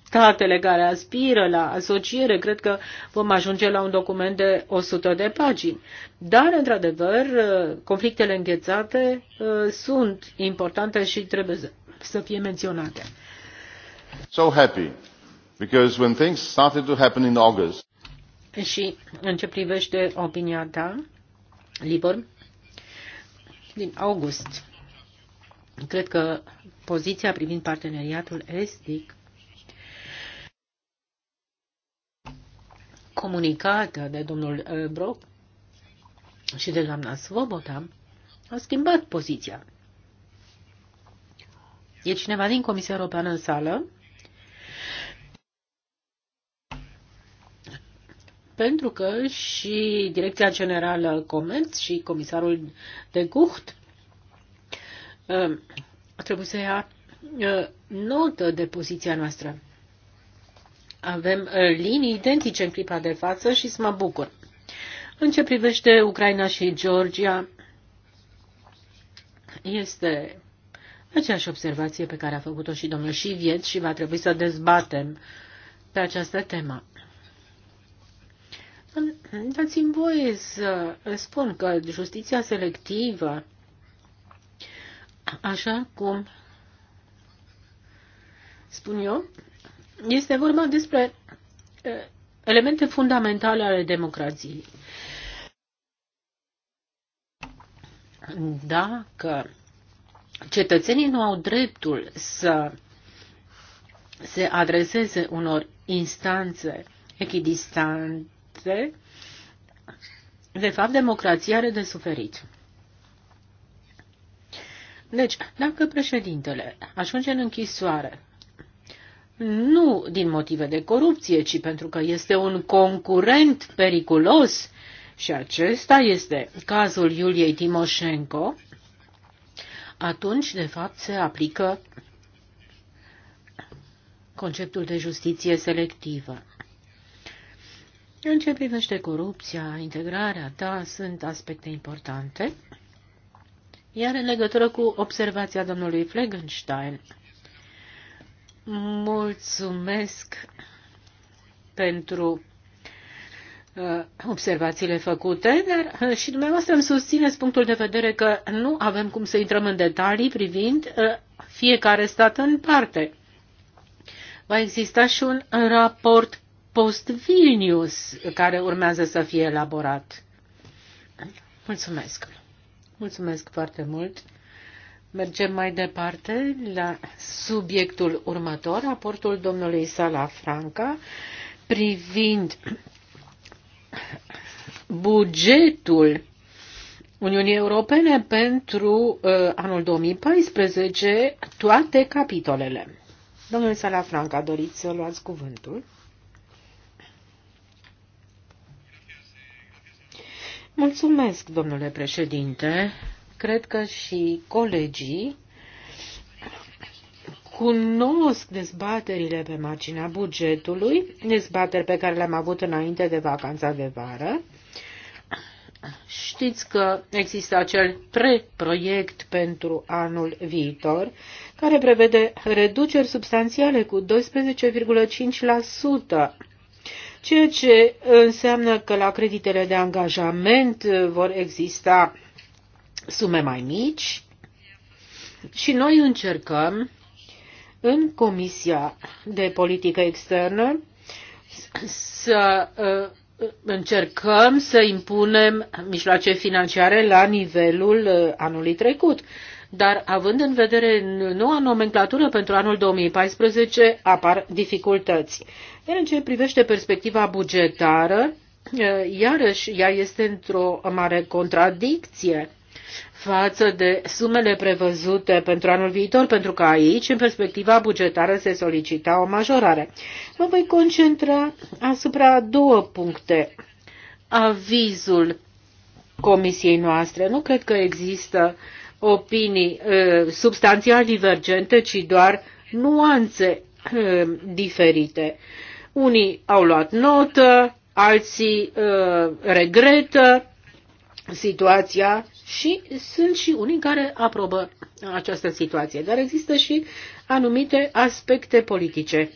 statele care aspiră la asociere, cred că vom ajunge la un document de 100 de pagini. Dar, într-adevăr, conflictele înghețate uh, sunt importante și trebuie să fie menționate. So happy Because when things started to happen in August, și în ce privește opinia ta, Libor, din august, cred că poziția privind parteneriatul estic comunicată de domnul uh, Brock și de doamna Svoboda a schimbat poziția. E cineva din Comisia Europeană în sală? pentru că și Direcția Generală Comerț și comisarul de Gucht um, trebuie să ia uh, notă de poziția noastră. Avem uh, linii identice în clipa de față și să mă bucur. În ce privește Ucraina și Georgia, este aceeași observație pe care a făcut-o și domnul Șiviet și va trebui să dezbatem pe această temă. Dați-mi voie să spun că justiția selectivă, așa cum spun eu, este vorba despre elemente fundamentale ale democrației. Dacă cetățenii nu au dreptul să se adreseze unor instanțe echidistante, proiecte, de fapt, democrația are de suferit. Deci, dacă președintele ajunge în închisoare, nu din motive de corupție, ci pentru că este un concurent periculos, și acesta este cazul Iuliei Timoșenco. atunci, de fapt, se aplică conceptul de justiție selectivă. În ce privește corupția, integrarea ta sunt aspecte importante. Iar în legătură cu observația domnului Flegenstein, mulțumesc pentru uh, observațiile făcute, dar uh, și dumneavoastră îmi susțineți punctul de vedere că nu avem cum să intrăm în detalii privind uh, fiecare stat în parte. Va exista și un raport post-Vilnius care urmează să fie elaborat. Mulțumesc! Mulțumesc foarte mult! Mergem mai departe la subiectul următor, raportul domnului Sala Franca privind bugetul Uniunii Europene pentru uh, anul 2014, toate capitolele. Domnul Salafranca, doriți să luați cuvântul? Mulțumesc, domnule președinte. Cred că și colegii cunosc dezbaterile pe marginea bugetului, dezbateri pe care le-am avut înainte de vacanța de vară. Știți că există acel preproiect pentru anul viitor, care prevede reduceri substanțiale cu 12,5% ceea ce înseamnă că la creditele de angajament vor exista sume mai mici și noi încercăm în Comisia de Politică Externă să uh, încercăm să impunem mijloace financiare la nivelul uh, anului trecut. Dar având în vedere noua nomenclatură pentru anul 2014, apar dificultăți. Iar în ce privește perspectiva bugetară, iarăși ea este într-o mare contradicție față de sumele prevăzute pentru anul viitor, pentru că aici, în perspectiva bugetară, se solicita o majorare. Mă voi concentra asupra două puncte. Avizul comisiei noastre. Nu cred că există opinii e, substanțial divergente, ci doar nuanțe e, diferite. Unii au luat notă, alții uh, regretă situația și sunt și unii care aprobă această situație. Dar există și anumite aspecte politice.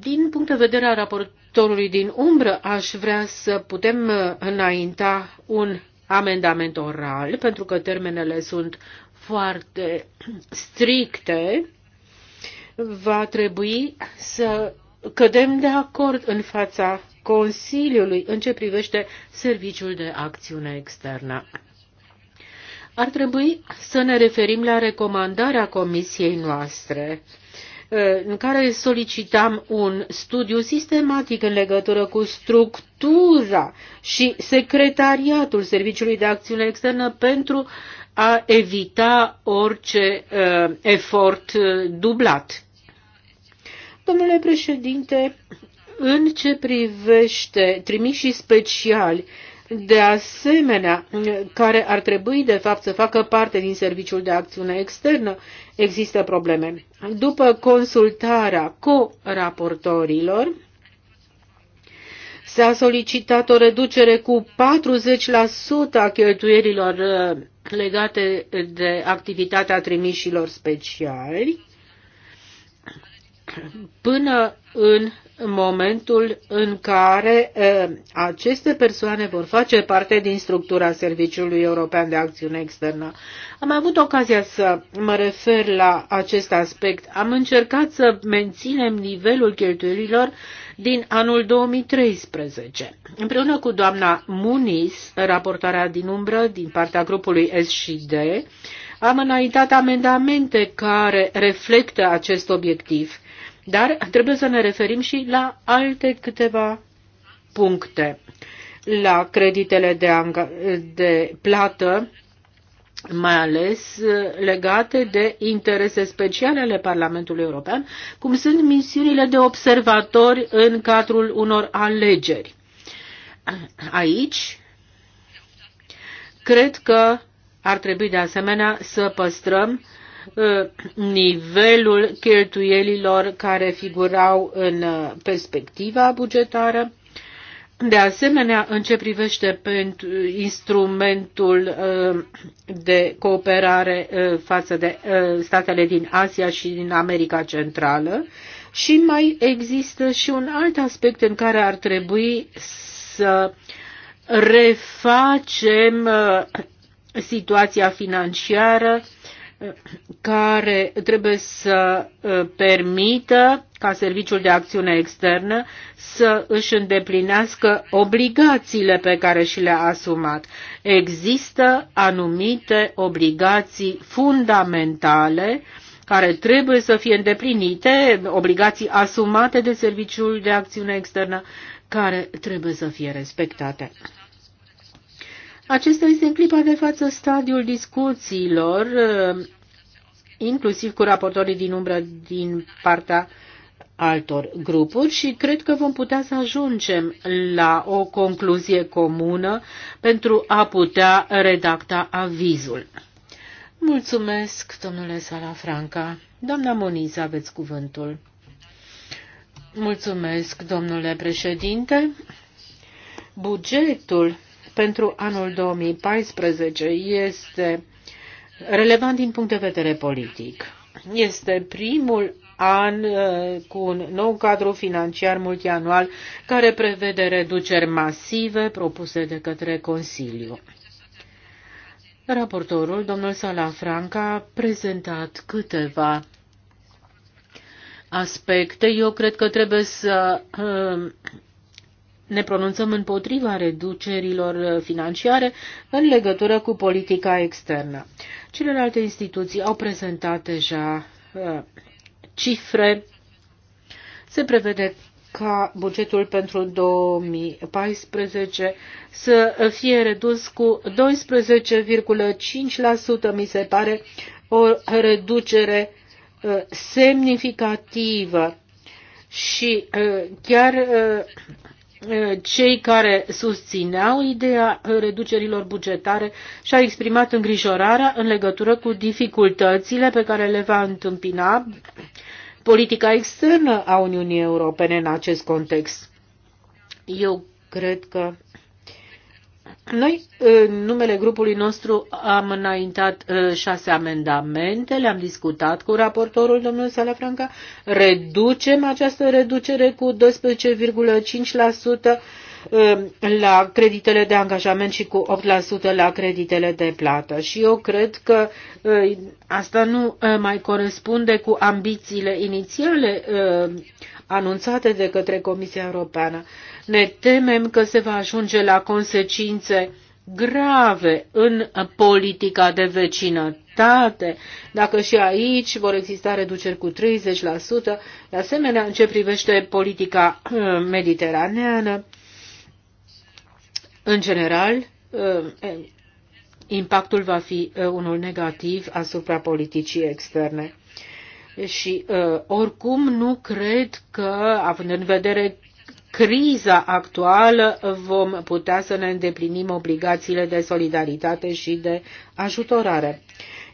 Din punct de vedere al raportorului din umbră, aș vrea să putem înainta un amendament oral, pentru că termenele sunt foarte stricte va trebui să cădem de acord în fața Consiliului în ce privește serviciul de acțiune externă. Ar trebui să ne referim la recomandarea comisiei noastre eh, în care solicitam un studiu sistematic în legătură cu structura și secretariatul Serviciului de Acțiune Externă pentru a evita orice uh, efort uh, dublat. Domnule președinte, în ce privește trimișii speciali, de asemenea, care ar trebui de fapt să facă parte din serviciul de acțiune externă, există probleme. După consultarea co-raportorilor, s-a solicitat o reducere cu 40% a cheltuierilor uh, legate de activitatea trimișilor speciali până în momentul în care aceste persoane vor face parte din structura Serviciului European de Acțiune Externă. Am avut ocazia să mă refer la acest aspect. Am încercat să menținem nivelul cheltuielilor din anul 2013. Împreună cu doamna Muniz, raportarea din umbră din partea grupului S și D, am înaintat amendamente care reflectă acest obiectiv dar trebuie să ne referim și la alte câteva puncte. La creditele de, de plată, mai ales uh, legate de interese speciale ale Parlamentului European, cum sunt misiunile de observatori în cadrul unor alegeri. Aici, cred că ar trebui de asemenea să păstrăm Ă, nivelul cheltuielilor care figurau în ă, perspectiva bugetară. De asemenea, în ce privește pentru instrumentul ă, de cooperare față de statele din Asia și din America Centrală, și mai există și un alt aspect în care ar trebui să refacem situația financiară care trebuie să uh, permită ca Serviciul de Acțiune Externă să își îndeplinească obligațiile pe care și le-a asumat. Există anumite obligații fundamentale care trebuie să fie îndeplinite, obligații asumate de Serviciul de Acțiune Externă, care trebuie să fie respectate. Acesta este în clipa de față stadiul discuțiilor, eh, inclusiv cu raportorii din umbră din partea altor grupuri și cred că vom putea să ajungem la o concluzie comună pentru a putea redacta avizul. Mulțumesc, domnule Salafranca. Doamna Moniza, aveți cuvântul. Mulțumesc, domnule președinte. Bugetul pentru anul 2014 este relevant din punct de vedere politic. Este primul an uh, cu un nou cadru financiar multianual care prevede reduceri masive propuse de către Consiliu. Raportorul, domnul Salafranca, a prezentat câteva aspecte. Eu cred că trebuie să uh, ne pronunțăm împotriva reducerilor financiare în legătură cu politica externă. Celelalte instituții au prezentat deja uh, cifre. Se prevede ca bugetul pentru 2014 să fie redus cu 12,5%, mi se pare o reducere uh, semnificativă și uh, chiar Eh, cei care susțineau ideea eh, reducerilor bugetare și-a exprimat îngrijorarea în legătură cu dificultățile pe care le va întâmpina politica externă a Uniunii Europene în acest context. Eu cred că noi, în numele grupului nostru, am înaintat uh, șase amendamente, le-am discutat cu raportorul, domnul Salafranca. Reducem această reducere cu 12,5% uh, la creditele de angajament și cu 8% la creditele de plată. Și eu cred că uh, asta nu mai corespunde cu ambițiile inițiale anunțate de către Comisia Europeană. Ne temem că se va ajunge la consecințe grave în politica de vecinătate, dacă și aici vor exista reduceri cu 30%, de asemenea în ce privește politica eh, mediteraneană, în general, eh, impactul va fi eh, unul negativ asupra politicii externe și uh, oricum nu cred că, având în vedere criza actuală, vom putea să ne îndeplinim obligațiile de solidaritate și de ajutorare.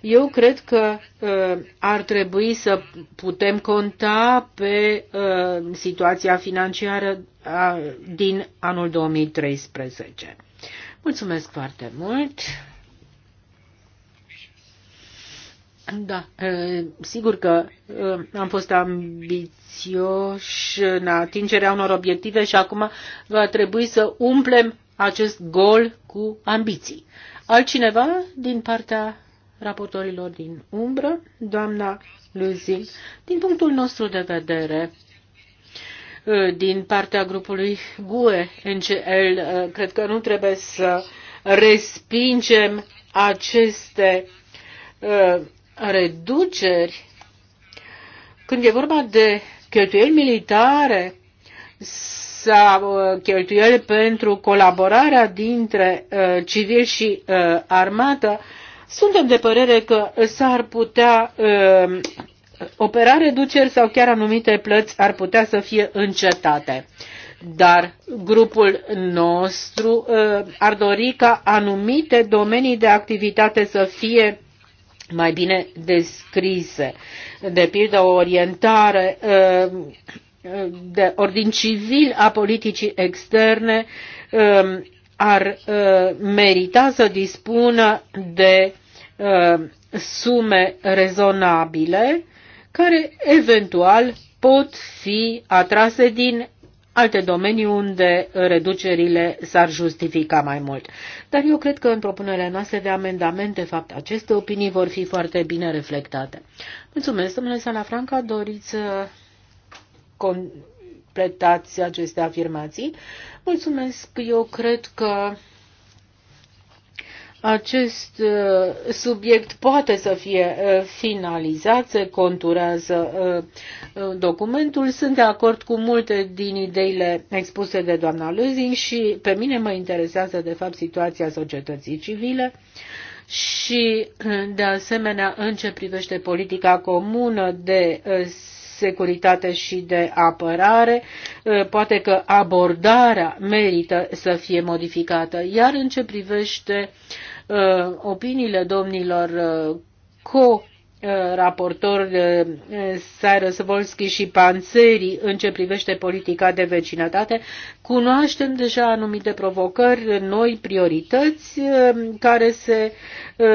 Eu cred că uh, ar trebui să putem conta pe uh, situația financiară a, din anul 2013. Mulțumesc foarte mult! Da, sigur că am fost ambițioși în atingerea unor obiective și acum va trebui să umplem acest gol cu ambiții. Altcineva din partea raportorilor din umbră, doamna Luzin, din punctul nostru de vedere, din partea grupului GUE NCL, cred că nu trebuie să respingem aceste reduceri, când e vorba de cheltuieli militare sau uh, cheltuieli pentru colaborarea dintre uh, civil și uh, armată, suntem de părere că s-ar putea opera reduceri sau chiar anumite plăți ar putea să fie încetate. Dar grupul nostru ar dori ca anumite domenii de activitate să fie mai bine descrise. De pildă, o orientare uh, de ordin civil a politicii externe um, ar uh, merita să dispună de uh, sume rezonabile care eventual pot fi atrase din alte domenii unde reducerile s-ar justifica mai mult. Dar eu cred că în propunerea noastră de amendament, de fapt, aceste opinii vor fi foarte bine reflectate. Mulțumesc, domnule Salafranca, doriți să completați aceste afirmații. Mulțumesc, eu cred că acest uh, subiect poate să fie uh, finalizat, se conturează uh, documentul. Sunt de acord cu multe din ideile expuse de doamna Lözing și pe mine mă interesează de fapt situația societății civile și de asemenea în ce privește politica comună de securitate și de apărare, poate că abordarea merită să fie modificată. Iar în ce privește Uh, opiniile domnilor uh, co uh, raportor Cyrus Volski și Panzeri în ce privește politica de vecinătate, cunoaștem deja anumite provocări, noi priorități care se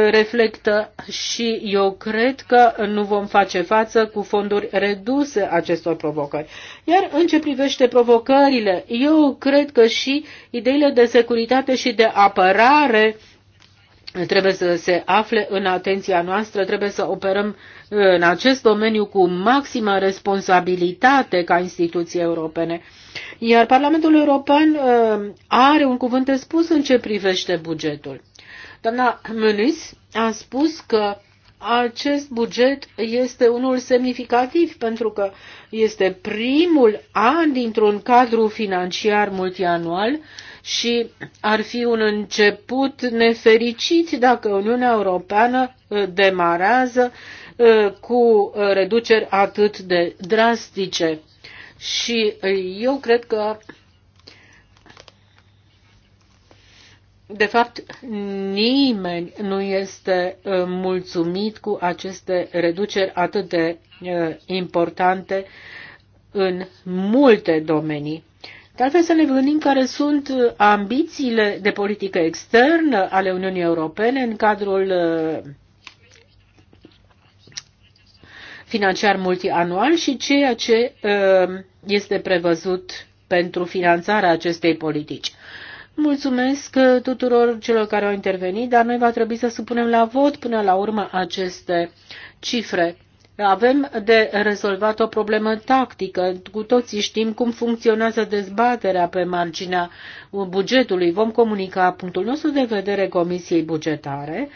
reflectă și eu cred că nu vom face față cu fonduri reduse acestor provocări. Iar în ce privește provocările, eu cred că și ideile de securitate și de apărare uh, trebuie să se afle în atenția noastră, trebuie să operăm uh, în acest domeniu cu maximă responsabilitate ca instituții europene. Iar Parlamentul European uh, are un cuvânt de spus în ce privește bugetul. Doamna Muniz a spus că acest buget este unul semnificativ pentru că este primul an dintr-un cadru financiar multianual și ar fi un început nefericit dacă Uniunea Europeană uh, demarează uh, cu uh, reduceri atât de drastice. Și eu cred că de fapt, nimeni nu este uh, mulțumit cu aceste reduceri atât de uh, importante în multe domenii. De altfel să ne gândim care sunt uh, ambițiile de politică externă ale Uniunii Europene în cadrul financiar multianual și ceea ce este prevăzut pentru finanțarea acestei politici. Mulțumesc uh, tuturor celor care au intervenit, dar noi va trebui să supunem la vot până la urmă aceste cifre. Avem de rezolvat o problemă tactică. Cu toții știm cum funcționează dezbaterea pe marginea bugetului. Vom comunica punctul nostru de vedere Comisiei Bugetare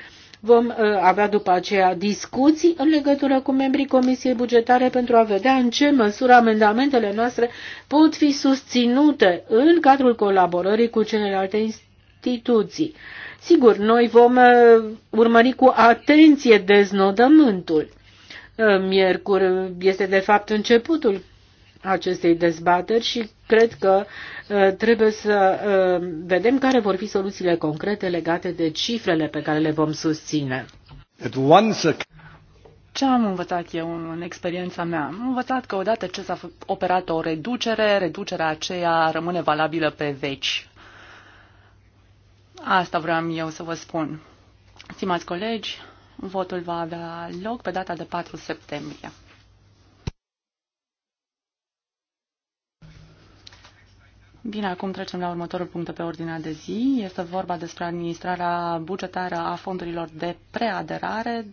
Vom uh, avea după aceea discuții în legătură cu membrii Comisiei Bugetare pentru a vedea în ce măsură amendamentele noastre pot fi susținute în cadrul colaborării cu celelalte instituții. Sigur, noi vom uh, urmări cu atenție deznodământul. Uh, miercuri este de fapt începutul acestei dezbateri și cred că uh, trebuie să uh, vedem care vor fi soluțiile concrete legate de cifrele pe care le vom susține. Ce am învățat eu în experiența mea? Am învățat că odată ce s-a operat o reducere, reducerea aceea rămâne valabilă pe veci. Asta vreau eu să vă spun. Stimați colegi, votul va avea loc pe data de 4 septembrie. Bine, acum trecem la următorul punct pe ordinea de zi. Este vorba despre administrarea bugetară a fondurilor de preaderare.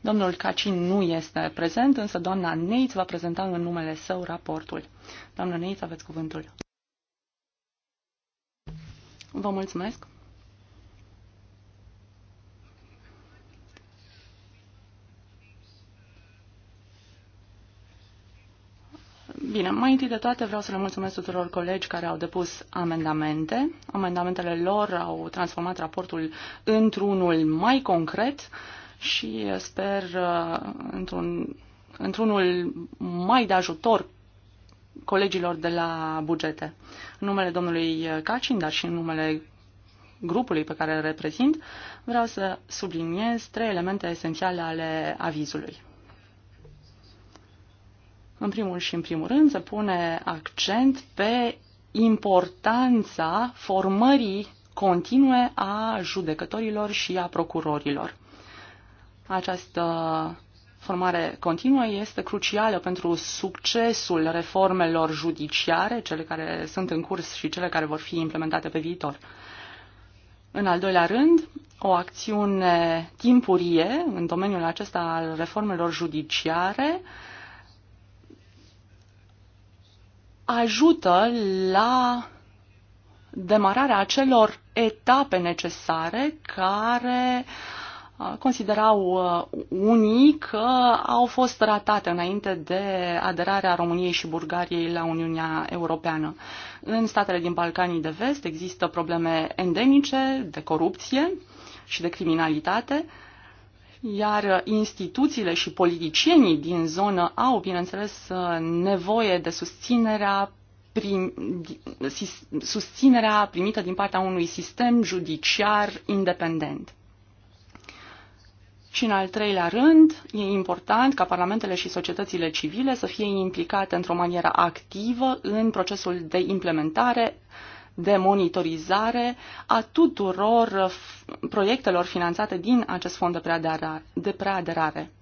Domnul Cacin nu este prezent, însă doamna Neitz va prezenta în numele său raportul. Doamna Neitz, aveți cuvântul. Vă mulțumesc. Bine, mai întâi de toate vreau să le mulțumesc tuturor colegi care au depus amendamente. Amendamentele lor au transformat raportul într-unul mai concret și sper uh, într-un, într-unul mai de ajutor colegilor de la bugete. În numele domnului Cacin, dar și în numele grupului pe care îl reprezint, vreau să subliniez trei elemente esențiale ale avizului în primul și în primul rând, se pune accent pe importanța formării continue a judecătorilor și a procurorilor. Această formare continuă este crucială pentru succesul reformelor judiciare, cele care sunt în curs și cele care vor fi implementate pe viitor. În al doilea rând, o acțiune timpurie în domeniul acesta al reformelor judiciare uh, ajută la demararea acelor etape necesare care uh, considerau uh, unii că au fost ratate înainte de aderarea României și Bulgariei la Uniunea Europeană. În statele din Balcanii de Vest există probleme endemice de corupție și de criminalitate, iar uh, instituțiile și politicienii din zonă au, bineînțeles, uh, nevoie de susținerea prim, susținerea primită din partea unui sistem judiciar independent. Și în al treilea rând, e important ca parlamentele și societățile civile să fie implicate într-o manieră activă în procesul de implementare uh, de monitorizare a tuturor proiectelor finanțate din acest fond de preaderare.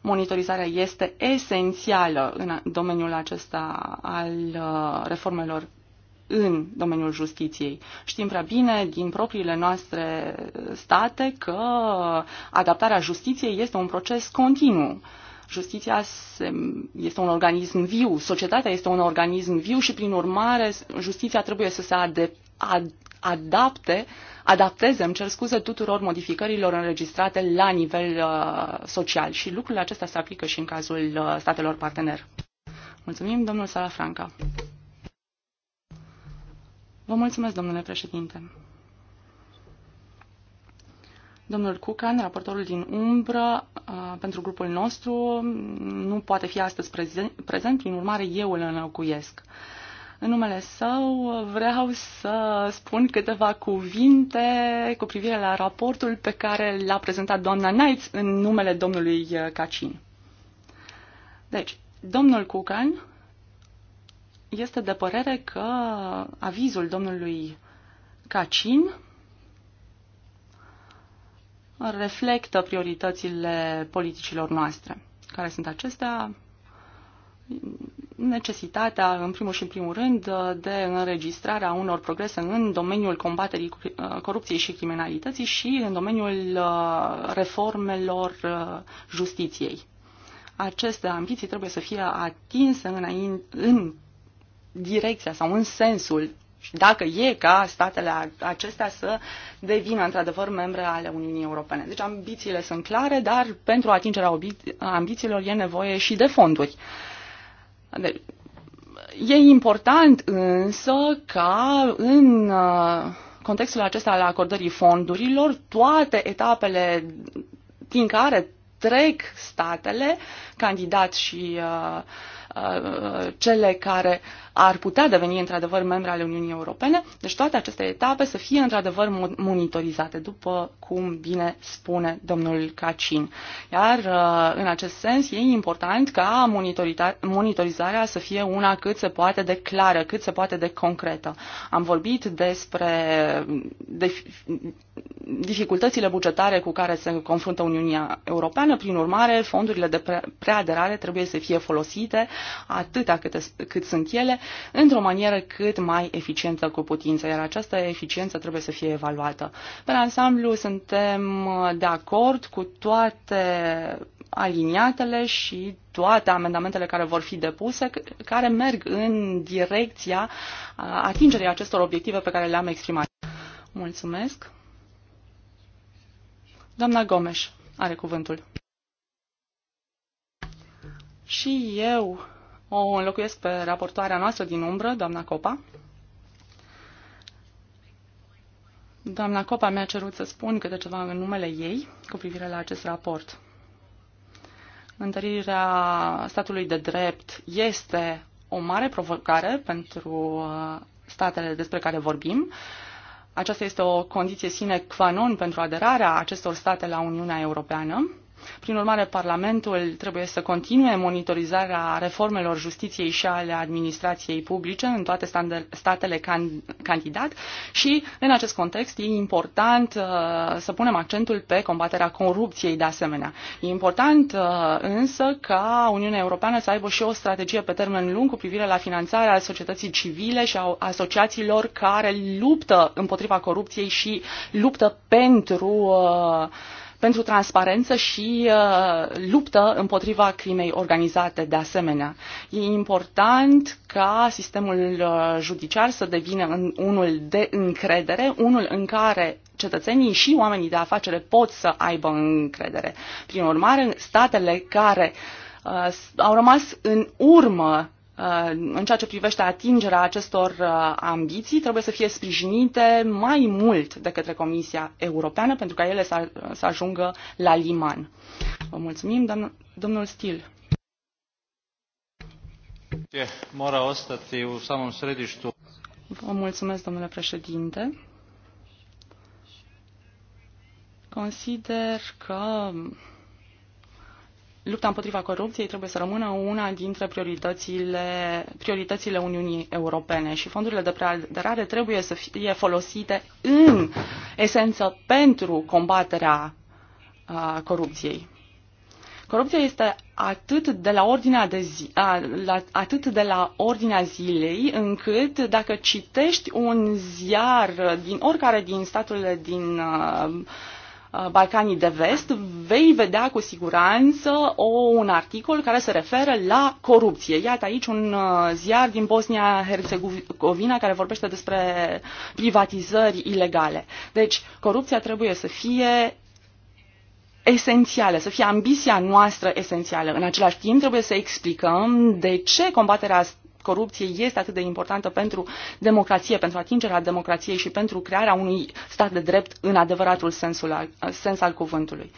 Monitorizarea este esențială în domeniul acesta al uh, reformelor în domeniul justiției. Știm prea bine din propriile noastre state că adaptarea justiției este un proces continuu Justiția se, este un organism viu, societatea este un organism viu și, prin urmare, justiția trebuie să se ade, ad, adapte, adapteze, îmi cer scuze, tuturor modificărilor înregistrate la nivel uh, social. Și lucrul acesta se aplică și în cazul uh, statelor partener. Mulțumim, domnul Salafranca. Vă mulțumesc, domnule președinte. Domnul Cucan, raportorul din umbră uh, pentru grupul nostru, nu poate fi astăzi prezent, prin urmare eu îl înlocuiesc. În numele său vreau să spun câteva cuvinte cu privire la raportul pe care l-a prezentat doamna Knight în numele domnului uh, Cacin. Deci, domnul Cucan este de părere că avizul domnului Cacin reflectă prioritățile politicilor noastre. Care sunt acestea? necesitatea, în primul și în primul rând, de înregistrarea unor progrese în domeniul combaterii uh, corupției și criminalității și în domeniul uh, reformelor uh, justiției. Aceste ambiții trebuie să fie atinse înainte, în direcția sau în sensul și dacă e ca statele acestea să devină într-adevăr membre ale Uniunii Europene. Deci ambițiile sunt clare, dar pentru atingerea ambițiilor e nevoie și de fonduri. Deci, e important însă ca în uh, contextul acesta al acordării fondurilor, toate etapele din care trec statele, candidat și uh, uh, cele care uh, ar putea deveni într-adevăr membre ale Uniunii Europene, deci toate aceste etape să fie într-adevăr monitorizate, după cum bine spune domnul Cacin. Iar uh, în acest sens e important ca monitorizarea să fie una cât se poate de clară, cât se poate de concretă. Am vorbit despre mm, de, dificultățile bugetare cu care se confruntă Uniunea Europeană, prin urmare fondurile de preaderare trebuie să fie folosite atâta cât sunt ele într-o manieră cât mai eficientă cu putință, iar această eficiență trebuie să fie evaluată. Pe ansamblu suntem de acord cu toate aliniatele și toate amendamentele care vor fi depuse, care merg în direcția atingerii acestor obiective pe care le-am exprimat. Mulțumesc. Doamna Gomes are cuvântul. Și eu o înlocuiesc pe raportoarea noastră din umbră, doamna Copa. Doamna Copa mi-a cerut să spun câte ceva în numele ei cu privire la acest raport. Întărirea statului de drept este o mare provocare pentru uh, statele despre care vorbim. Aceasta este o condiție sine qua non pentru aderarea acestor state la Uniunea Europeană. Prin urmare, Parlamentul trebuie să continue monitorizarea reformelor justiției și ale administrației publice în toate statele can- candidat și, în acest context, e important uh, să punem accentul pe combaterea corupției de asemenea. E important uh, însă ca Uniunea Europeană să aibă și o strategie pe termen lung cu privire la finanțarea societății civile și a asociațiilor care luptă împotriva corupției și luptă pentru uh, pentru transparență și uh, luptă împotriva crimei organizate de asemenea. E important ca sistemul uh, judiciar să devină unul de încredere, unul în care cetățenii și oamenii de afacere pot să aibă încredere. Prin urmare, statele care uh, au rămas în urmă Uh, în ceea ce privește atingerea acestor uh, ambiții trebuie să fie sprijinite mai mult de către Comisia Europeană pentru ca ele să, uh, să ajungă la liman. Vă mulțumim, domnul Stil. Vă mulțumesc, domnule președinte. Consider că lupta împotriva corupției trebuie să rămână una dintre prioritățile, prioritățile Uniunii Europene și fondurile de preaderare trebuie să fie folosite în esență pentru combaterea uh, corupției. Corupția este atât de la ordinea, de zi, a, la, atât de la ordinea zilei, încât dacă citești un ziar din oricare din statele din uh, Uh, Balcanii de Vest, vei vedea cu siguranță o, un articol care se referă la corupție. Iată aici un uh, ziar din Bosnia-Herzegovina care vorbește despre privatizări ilegale. Deci, corupția trebuie să fie esențială, să fie ambiția noastră esențială. În același timp, trebuie să explicăm de ce combaterea corupției este atât de importantă pentru democrație, pentru atingerea democrației și pentru crearea unui stat de drept în adevăratul sensul, sens al cuvântului.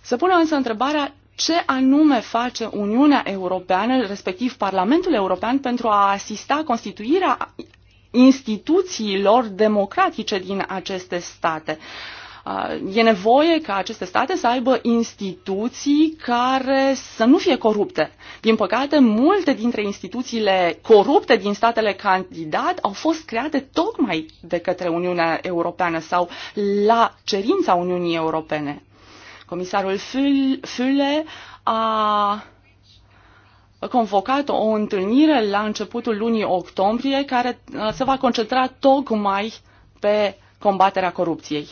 Se pune însă întrebarea ce anume face Uniunea Europeană, respectiv Parlamentul European, pentru a asista constituirea instituțiilor democratice din aceste state. Uh, E nevoie ca aceste state să aibă instituții care să nu fie corupte. Din păcate, multe dintre instituțiile corupte din statele candidat au fost create tocmai de către Uniunea Europeană sau la cerința Uniunii Europene. Comisarul Füle a convocat o întâlnire la începutul lunii octombrie care uh, se va concentra tocmai pe combaterea corupției.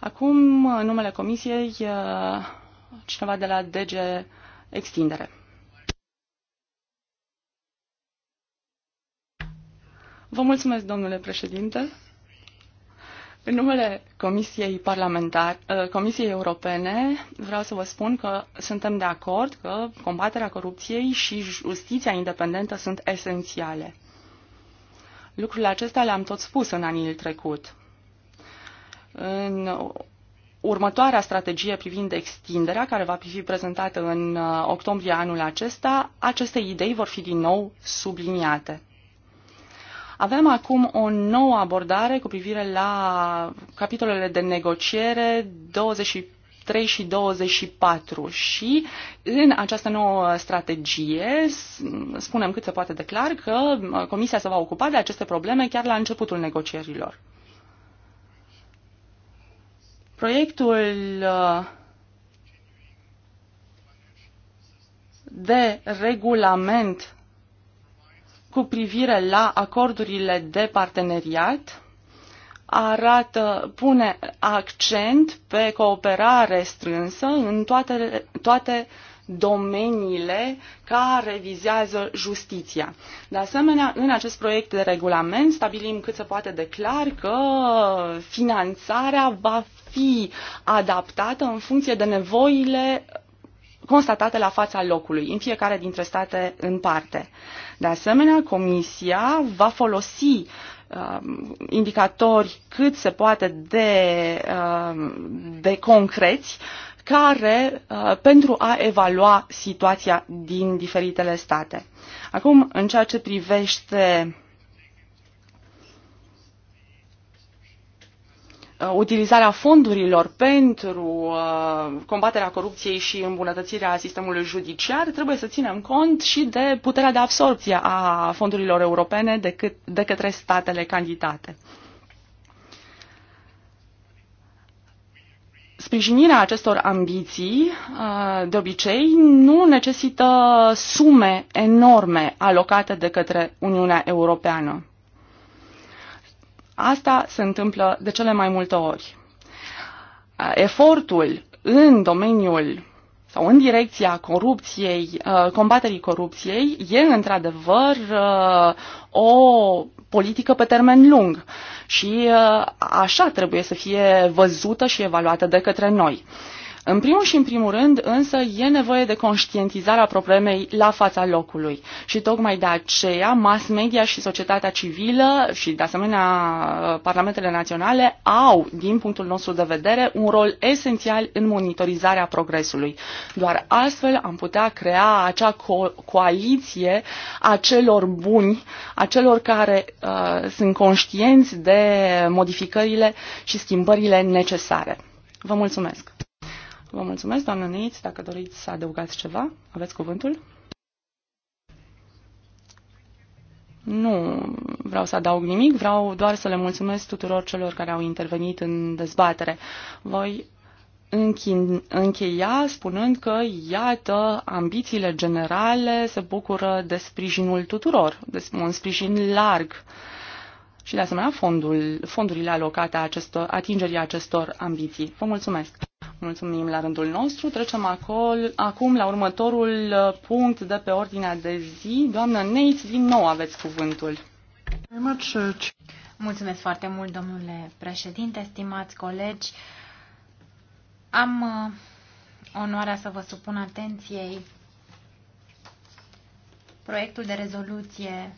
Acum, în numele Comisiei, uh, cineva de la DG Extindere. Vă mulțumesc, domnule președinte. În numele Comisiei, parlamentar, uh, Comisiei Europene vreau să vă spun că suntem de acord că combaterea corupției și justiția independentă sunt esențiale. Lucrurile acestea le-am tot spus în anii trecut în următoarea strategie privind extinderea, care va fi prezentată în uh, octombrie anul acesta, aceste idei vor fi din nou subliniate. Avem acum o nouă abordare cu privire la capitolele de negociere 23 și 24 și în această nouă strategie spunem cât se poate declar că uh, Comisia se va ocupa de aceste probleme chiar la începutul negocierilor. Proiectul uh, de regulament cu privire la acordurile de parteneriat arată, pune accent pe cooperare strânsă în toate, toate domeniile care vizează justiția. De asemenea, în acest proiect de regulament stabilim cât se poate declar că finanțarea va fi adaptată în funcție de nevoile constatate la fața locului, în fiecare dintre state în parte. De asemenea, Comisia va folosi um, indicatori cât se poate de, um, de concreți care uh, pentru a evalua situația din diferitele state. Acum, în ceea ce privește uh, Uh, utilizarea fondurilor pentru uh, combaterea corupției și îmbunătățirea sistemului judiciar, trebuie să ținem cont și de puterea de absorpție a fondurilor europene cât, de către statele candidate. sprijinirea acestor ambiții, uh, de obicei, nu necesită sume enorme alocate de către Uniunea Europeană. Asta se întâmplă de cele mai multe ori. Efortul în domeniul sau în direcția corupției, combaterii corupției, e într-adevăr o politică pe termen lung și așa trebuie să fie văzută și evaluată de către noi. În primul și în primul rând, însă, e nevoie de conștientizarea problemei la fața locului. Și tocmai de aceea, mass media și societatea civilă și, de asemenea, parlamentele naționale au, din punctul nostru de vedere, un rol esențial în monitorizarea progresului. Doar astfel am putea crea acea co- coaliție a celor buni, a celor care uh, sunt conștienți de modificările și schimbările necesare. Vă mulțumesc! Vă mulțumesc, doamnă Neitz. Dacă doriți să adăugați ceva, aveți cuvântul? Nu vreau să adaug nimic, vreau doar să le mulțumesc tuturor celor care au intervenit în dezbatere. Voi încheia spunând că, iată, ambițiile generale se bucură de sprijinul tuturor, de un sprijin larg și, de asemenea, fondul, fondurile alocate acestor, atingerii acestor ambiții. Vă mulțumesc! Mulțumim la rândul nostru. Trecem acolo, acum la următorul uh, punct de pe ordinea de zi. Doamnă Neitz, din nou aveți cuvântul. Uh, Mulțumesc foarte mult, domnule președinte, stimați colegi. Am uh, onoarea să vă supun atenției proiectul de rezoluție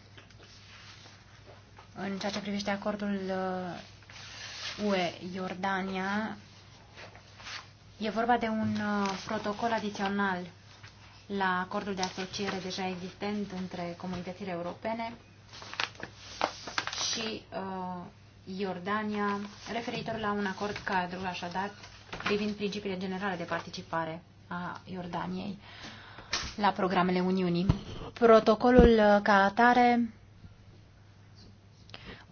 în ceea ce privește acordul UE-Iordania E vorba de un uh, protocol adițional la acordul de asociere deja existent între comunitățile europene și uh, Iordania, referitor la un acord cadru, așadar, privind principiile generale de participare a Iordaniei la programele Uniunii. Protocolul uh, ca atare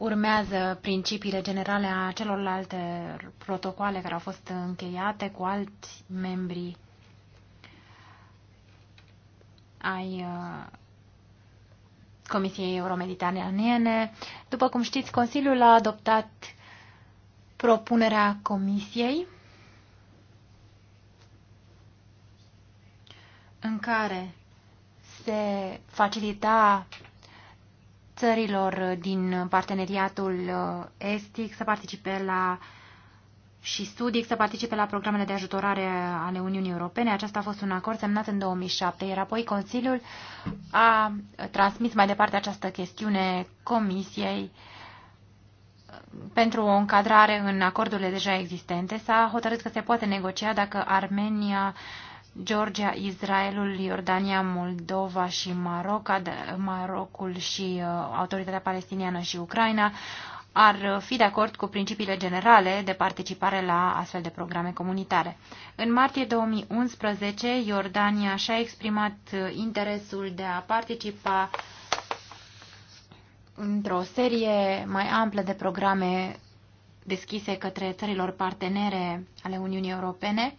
urmează principiile generale a celorlalte protocoale care au fost încheiate cu alți membri ai uh, Comisiei Euromediteraneene. După cum știți, Consiliul a adoptat propunerea Comisiei în care se facilita țărilor din parteneriatul uh, estic să participe la și studii, să participe la programele de ajutorare ale Uniunii Europene. Aceasta a fost un acord semnat în 2007, iar apoi Consiliul a transmis mai departe această chestiune Comisiei uh, pentru o încadrare în acordurile deja existente. S-a hotărât că se poate negocia dacă Armenia uh, Georgia, Israelul, Iordania, Moldova și Maroc, Marocul și uh, Autoritatea Palestiniană și Ucraina ar fi de acord cu principiile generale de participare la astfel de programe comunitare. În martie 2011, Iordania și-a exprimat uh, interesul de a participa într-o serie mai amplă de programe deschise către țărilor partenere ale Uniunii Europene,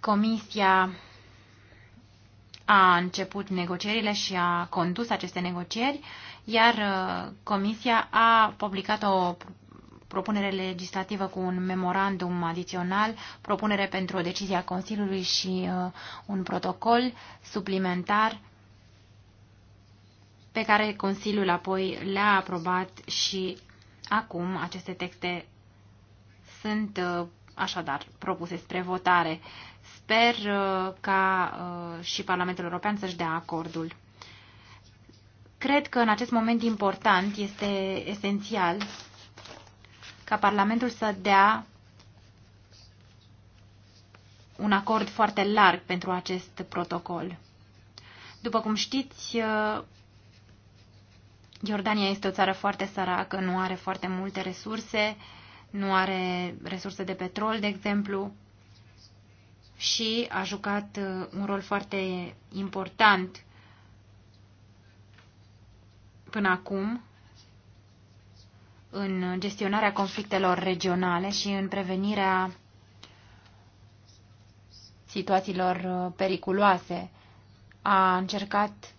Comisia a început negocierile și a condus aceste negocieri, iar uh, Comisia a publicat o propunere legislativă cu un memorandum adițional, propunere pentru o decizie a Consiliului și uh, un protocol suplimentar pe care Consiliul apoi le-a aprobat și acum aceste texte sunt uh, așadar propuse spre votare. Sper uh, ca uh, și Parlamentul European să-și dea acordul. Cred că în acest moment important este esențial ca Parlamentul să dea un acord foarte larg pentru acest protocol. După cum știți, uh, Iordania este o țară foarte săracă, nu are foarte multe resurse, nu are resurse de petrol, de exemplu, și a jucat uh, un rol foarte important până acum în gestionarea conflictelor regionale și în prevenirea situațiilor uh, periculoase. A încercat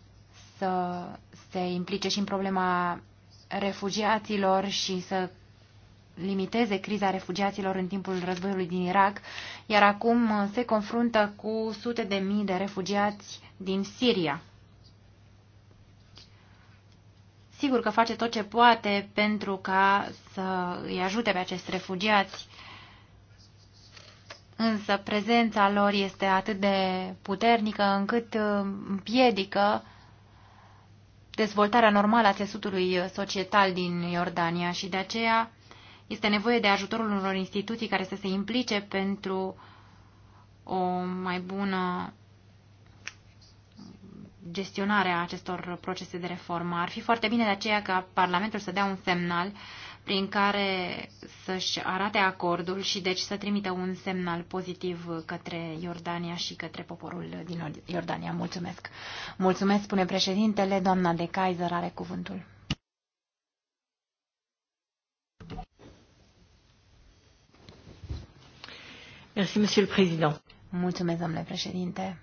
să se implice și în problema refugiaților și să limiteze criza refugiaților în timpul războiului din Irak, iar acum uh, se confruntă cu sute de mii de refugiați din Siria. Sigur că face tot ce poate pentru ca să îi ajute pe acești refugiați, însă prezența lor este atât de puternică încât uh, împiedică dezvoltarea normală a țesutului societal din Iordania și de aceea este nevoie de ajutorul unor instituții care să se implice pentru o mai bună gestionare a acestor procese de reformă. Ar fi foarte bine de aceea ca Parlamentul să dea un semnal prin care să-și arate acordul și deci să trimită un semnal pozitiv către Iordania și către poporul din Iordania. Mulțumesc. Mulțumesc, spune președintele. Doamna de Kaiser are cuvântul. Mulțumesc, domnule președinte.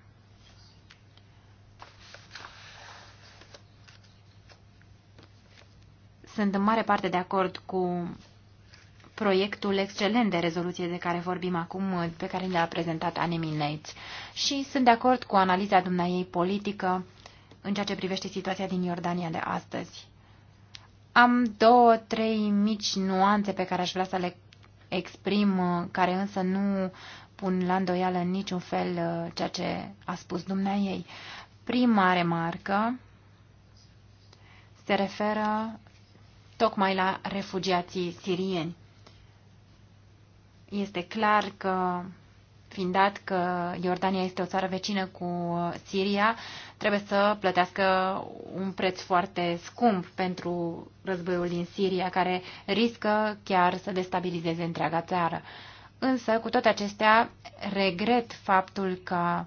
Sunt în mare parte de acord cu proiectul excelent de rezoluție de care vorbim acum, pe care ne-a prezentat Annemie Nates. Și sunt de acord cu analiza dumneai politică în ceea ce privește situația din Iordania de astăzi. Am două, trei mici nuanțe pe care aș vrea să le exprim, uh, care însă nu pun la îndoială în niciun fel uh, ceea ce a spus dumnea ei. Prima remarcă se referă tocmai la refugiații sirieni. Este clar că fiind dat că Iordania este o țară vecină cu Siria, trebuie să plătească un preț foarte scump pentru războiul din Siria, care riscă chiar să destabilizeze întreaga țară. Însă, cu toate acestea, regret faptul că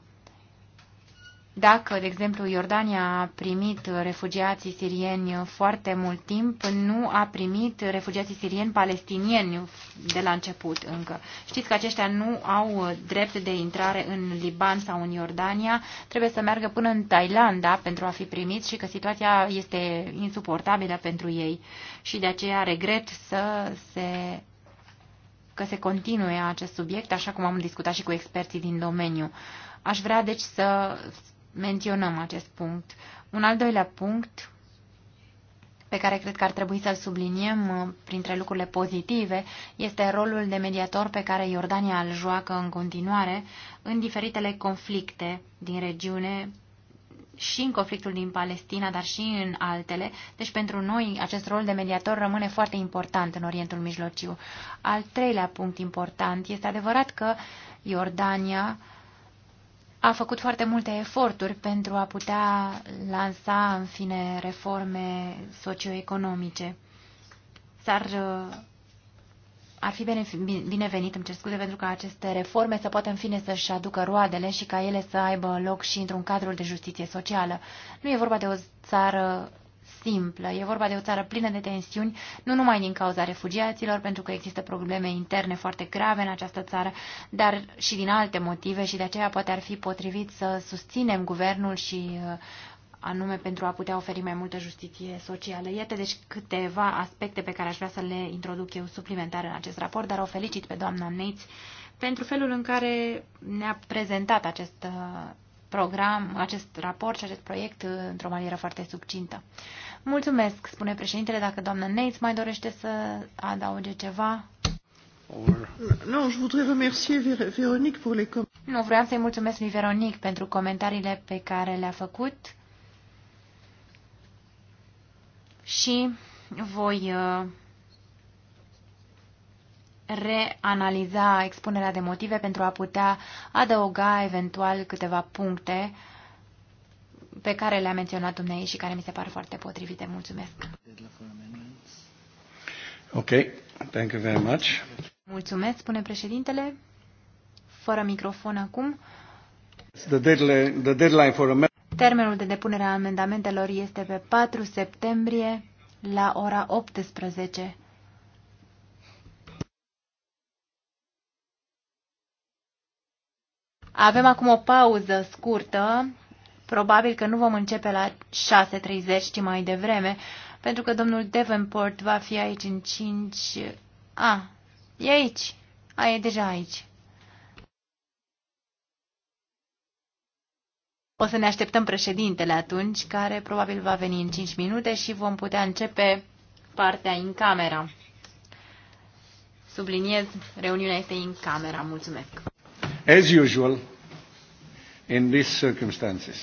dacă, de exemplu, Iordania a primit refugiații sirieni foarte mult timp, nu a primit refugiații sirieni palestinieni de la început încă. Știți că aceștia nu au drept de intrare în Liban sau în Iordania, trebuie să meargă până în Thailanda pentru a fi primiți și că situația este insuportabilă pentru ei și de aceea regret să se că se continue acest subiect, așa cum am discutat și cu experții din domeniu. Aș vrea, deci, să menționăm acest punct. Un al doilea punct pe care cred că ar trebui să-l subliniem uh, printre lucrurile pozitive este rolul de mediator pe care Iordania îl joacă în continuare în diferitele conflicte din regiune și în conflictul din Palestina, dar și în altele. Deci pentru noi acest rol de mediator rămâne foarte important în Orientul Mijlociu. Al treilea punct important este adevărat că Iordania uh, a făcut foarte multe eforturi pentru a putea lansa, în fine, reforme socioeconomice. S-ar uh, ar fi binevenit, îmi cer scuze, pentru ca aceste reforme să poată în fine să-și aducă roadele și ca ele să aibă loc și într-un cadru de justiție socială. Nu e vorba de o țară simplă. E vorba de o țară plină de tensiuni, nu numai din cauza refugiaților, pentru că există probleme interne foarte grave în această țară, dar și din alte motive și de aceea poate ar fi potrivit să susținem guvernul și uh, anume pentru a putea oferi mai multă justiție socială. Iată deci câteva aspecte pe care aș vrea să le introduc eu suplimentar în acest raport, dar o felicit pe doamna Neitz pentru felul în care ne-a prezentat acest uh, program, acest raport și acest proiect uh, într-o manieră foarte subcintă. Mulțumesc, spune președintele, dacă doamna Neitz mai dorește să adauge ceva. Nu, vreau să-i mulțumesc lui Veronic pentru comentariile pe care le-a făcut și voi uh, reanaliza expunerea de motive pentru a putea adăuga eventual câteva puncte pe care le-a menționat dumneai și care mi se par foarte potrivite. Mulțumesc! Ok, thank you very much. Mulțumesc, spune președintele. Fără microfon acum. The deadline, the deadline for Termenul de depunere a amendamentelor este pe 4 septembrie la ora 18. Avem acum o pauză scurtă. Probabil că nu vom începe la 6.30, ci mai devreme, pentru că domnul Davenport va fi aici în 5... A, e aici. A, e deja aici. O să ne așteptăm președintele atunci, care probabil va veni în 5 minute și vom putea începe partea în camera. Subliniez, reuniunea este în camera. Mulțumesc! as usual in these circumstances.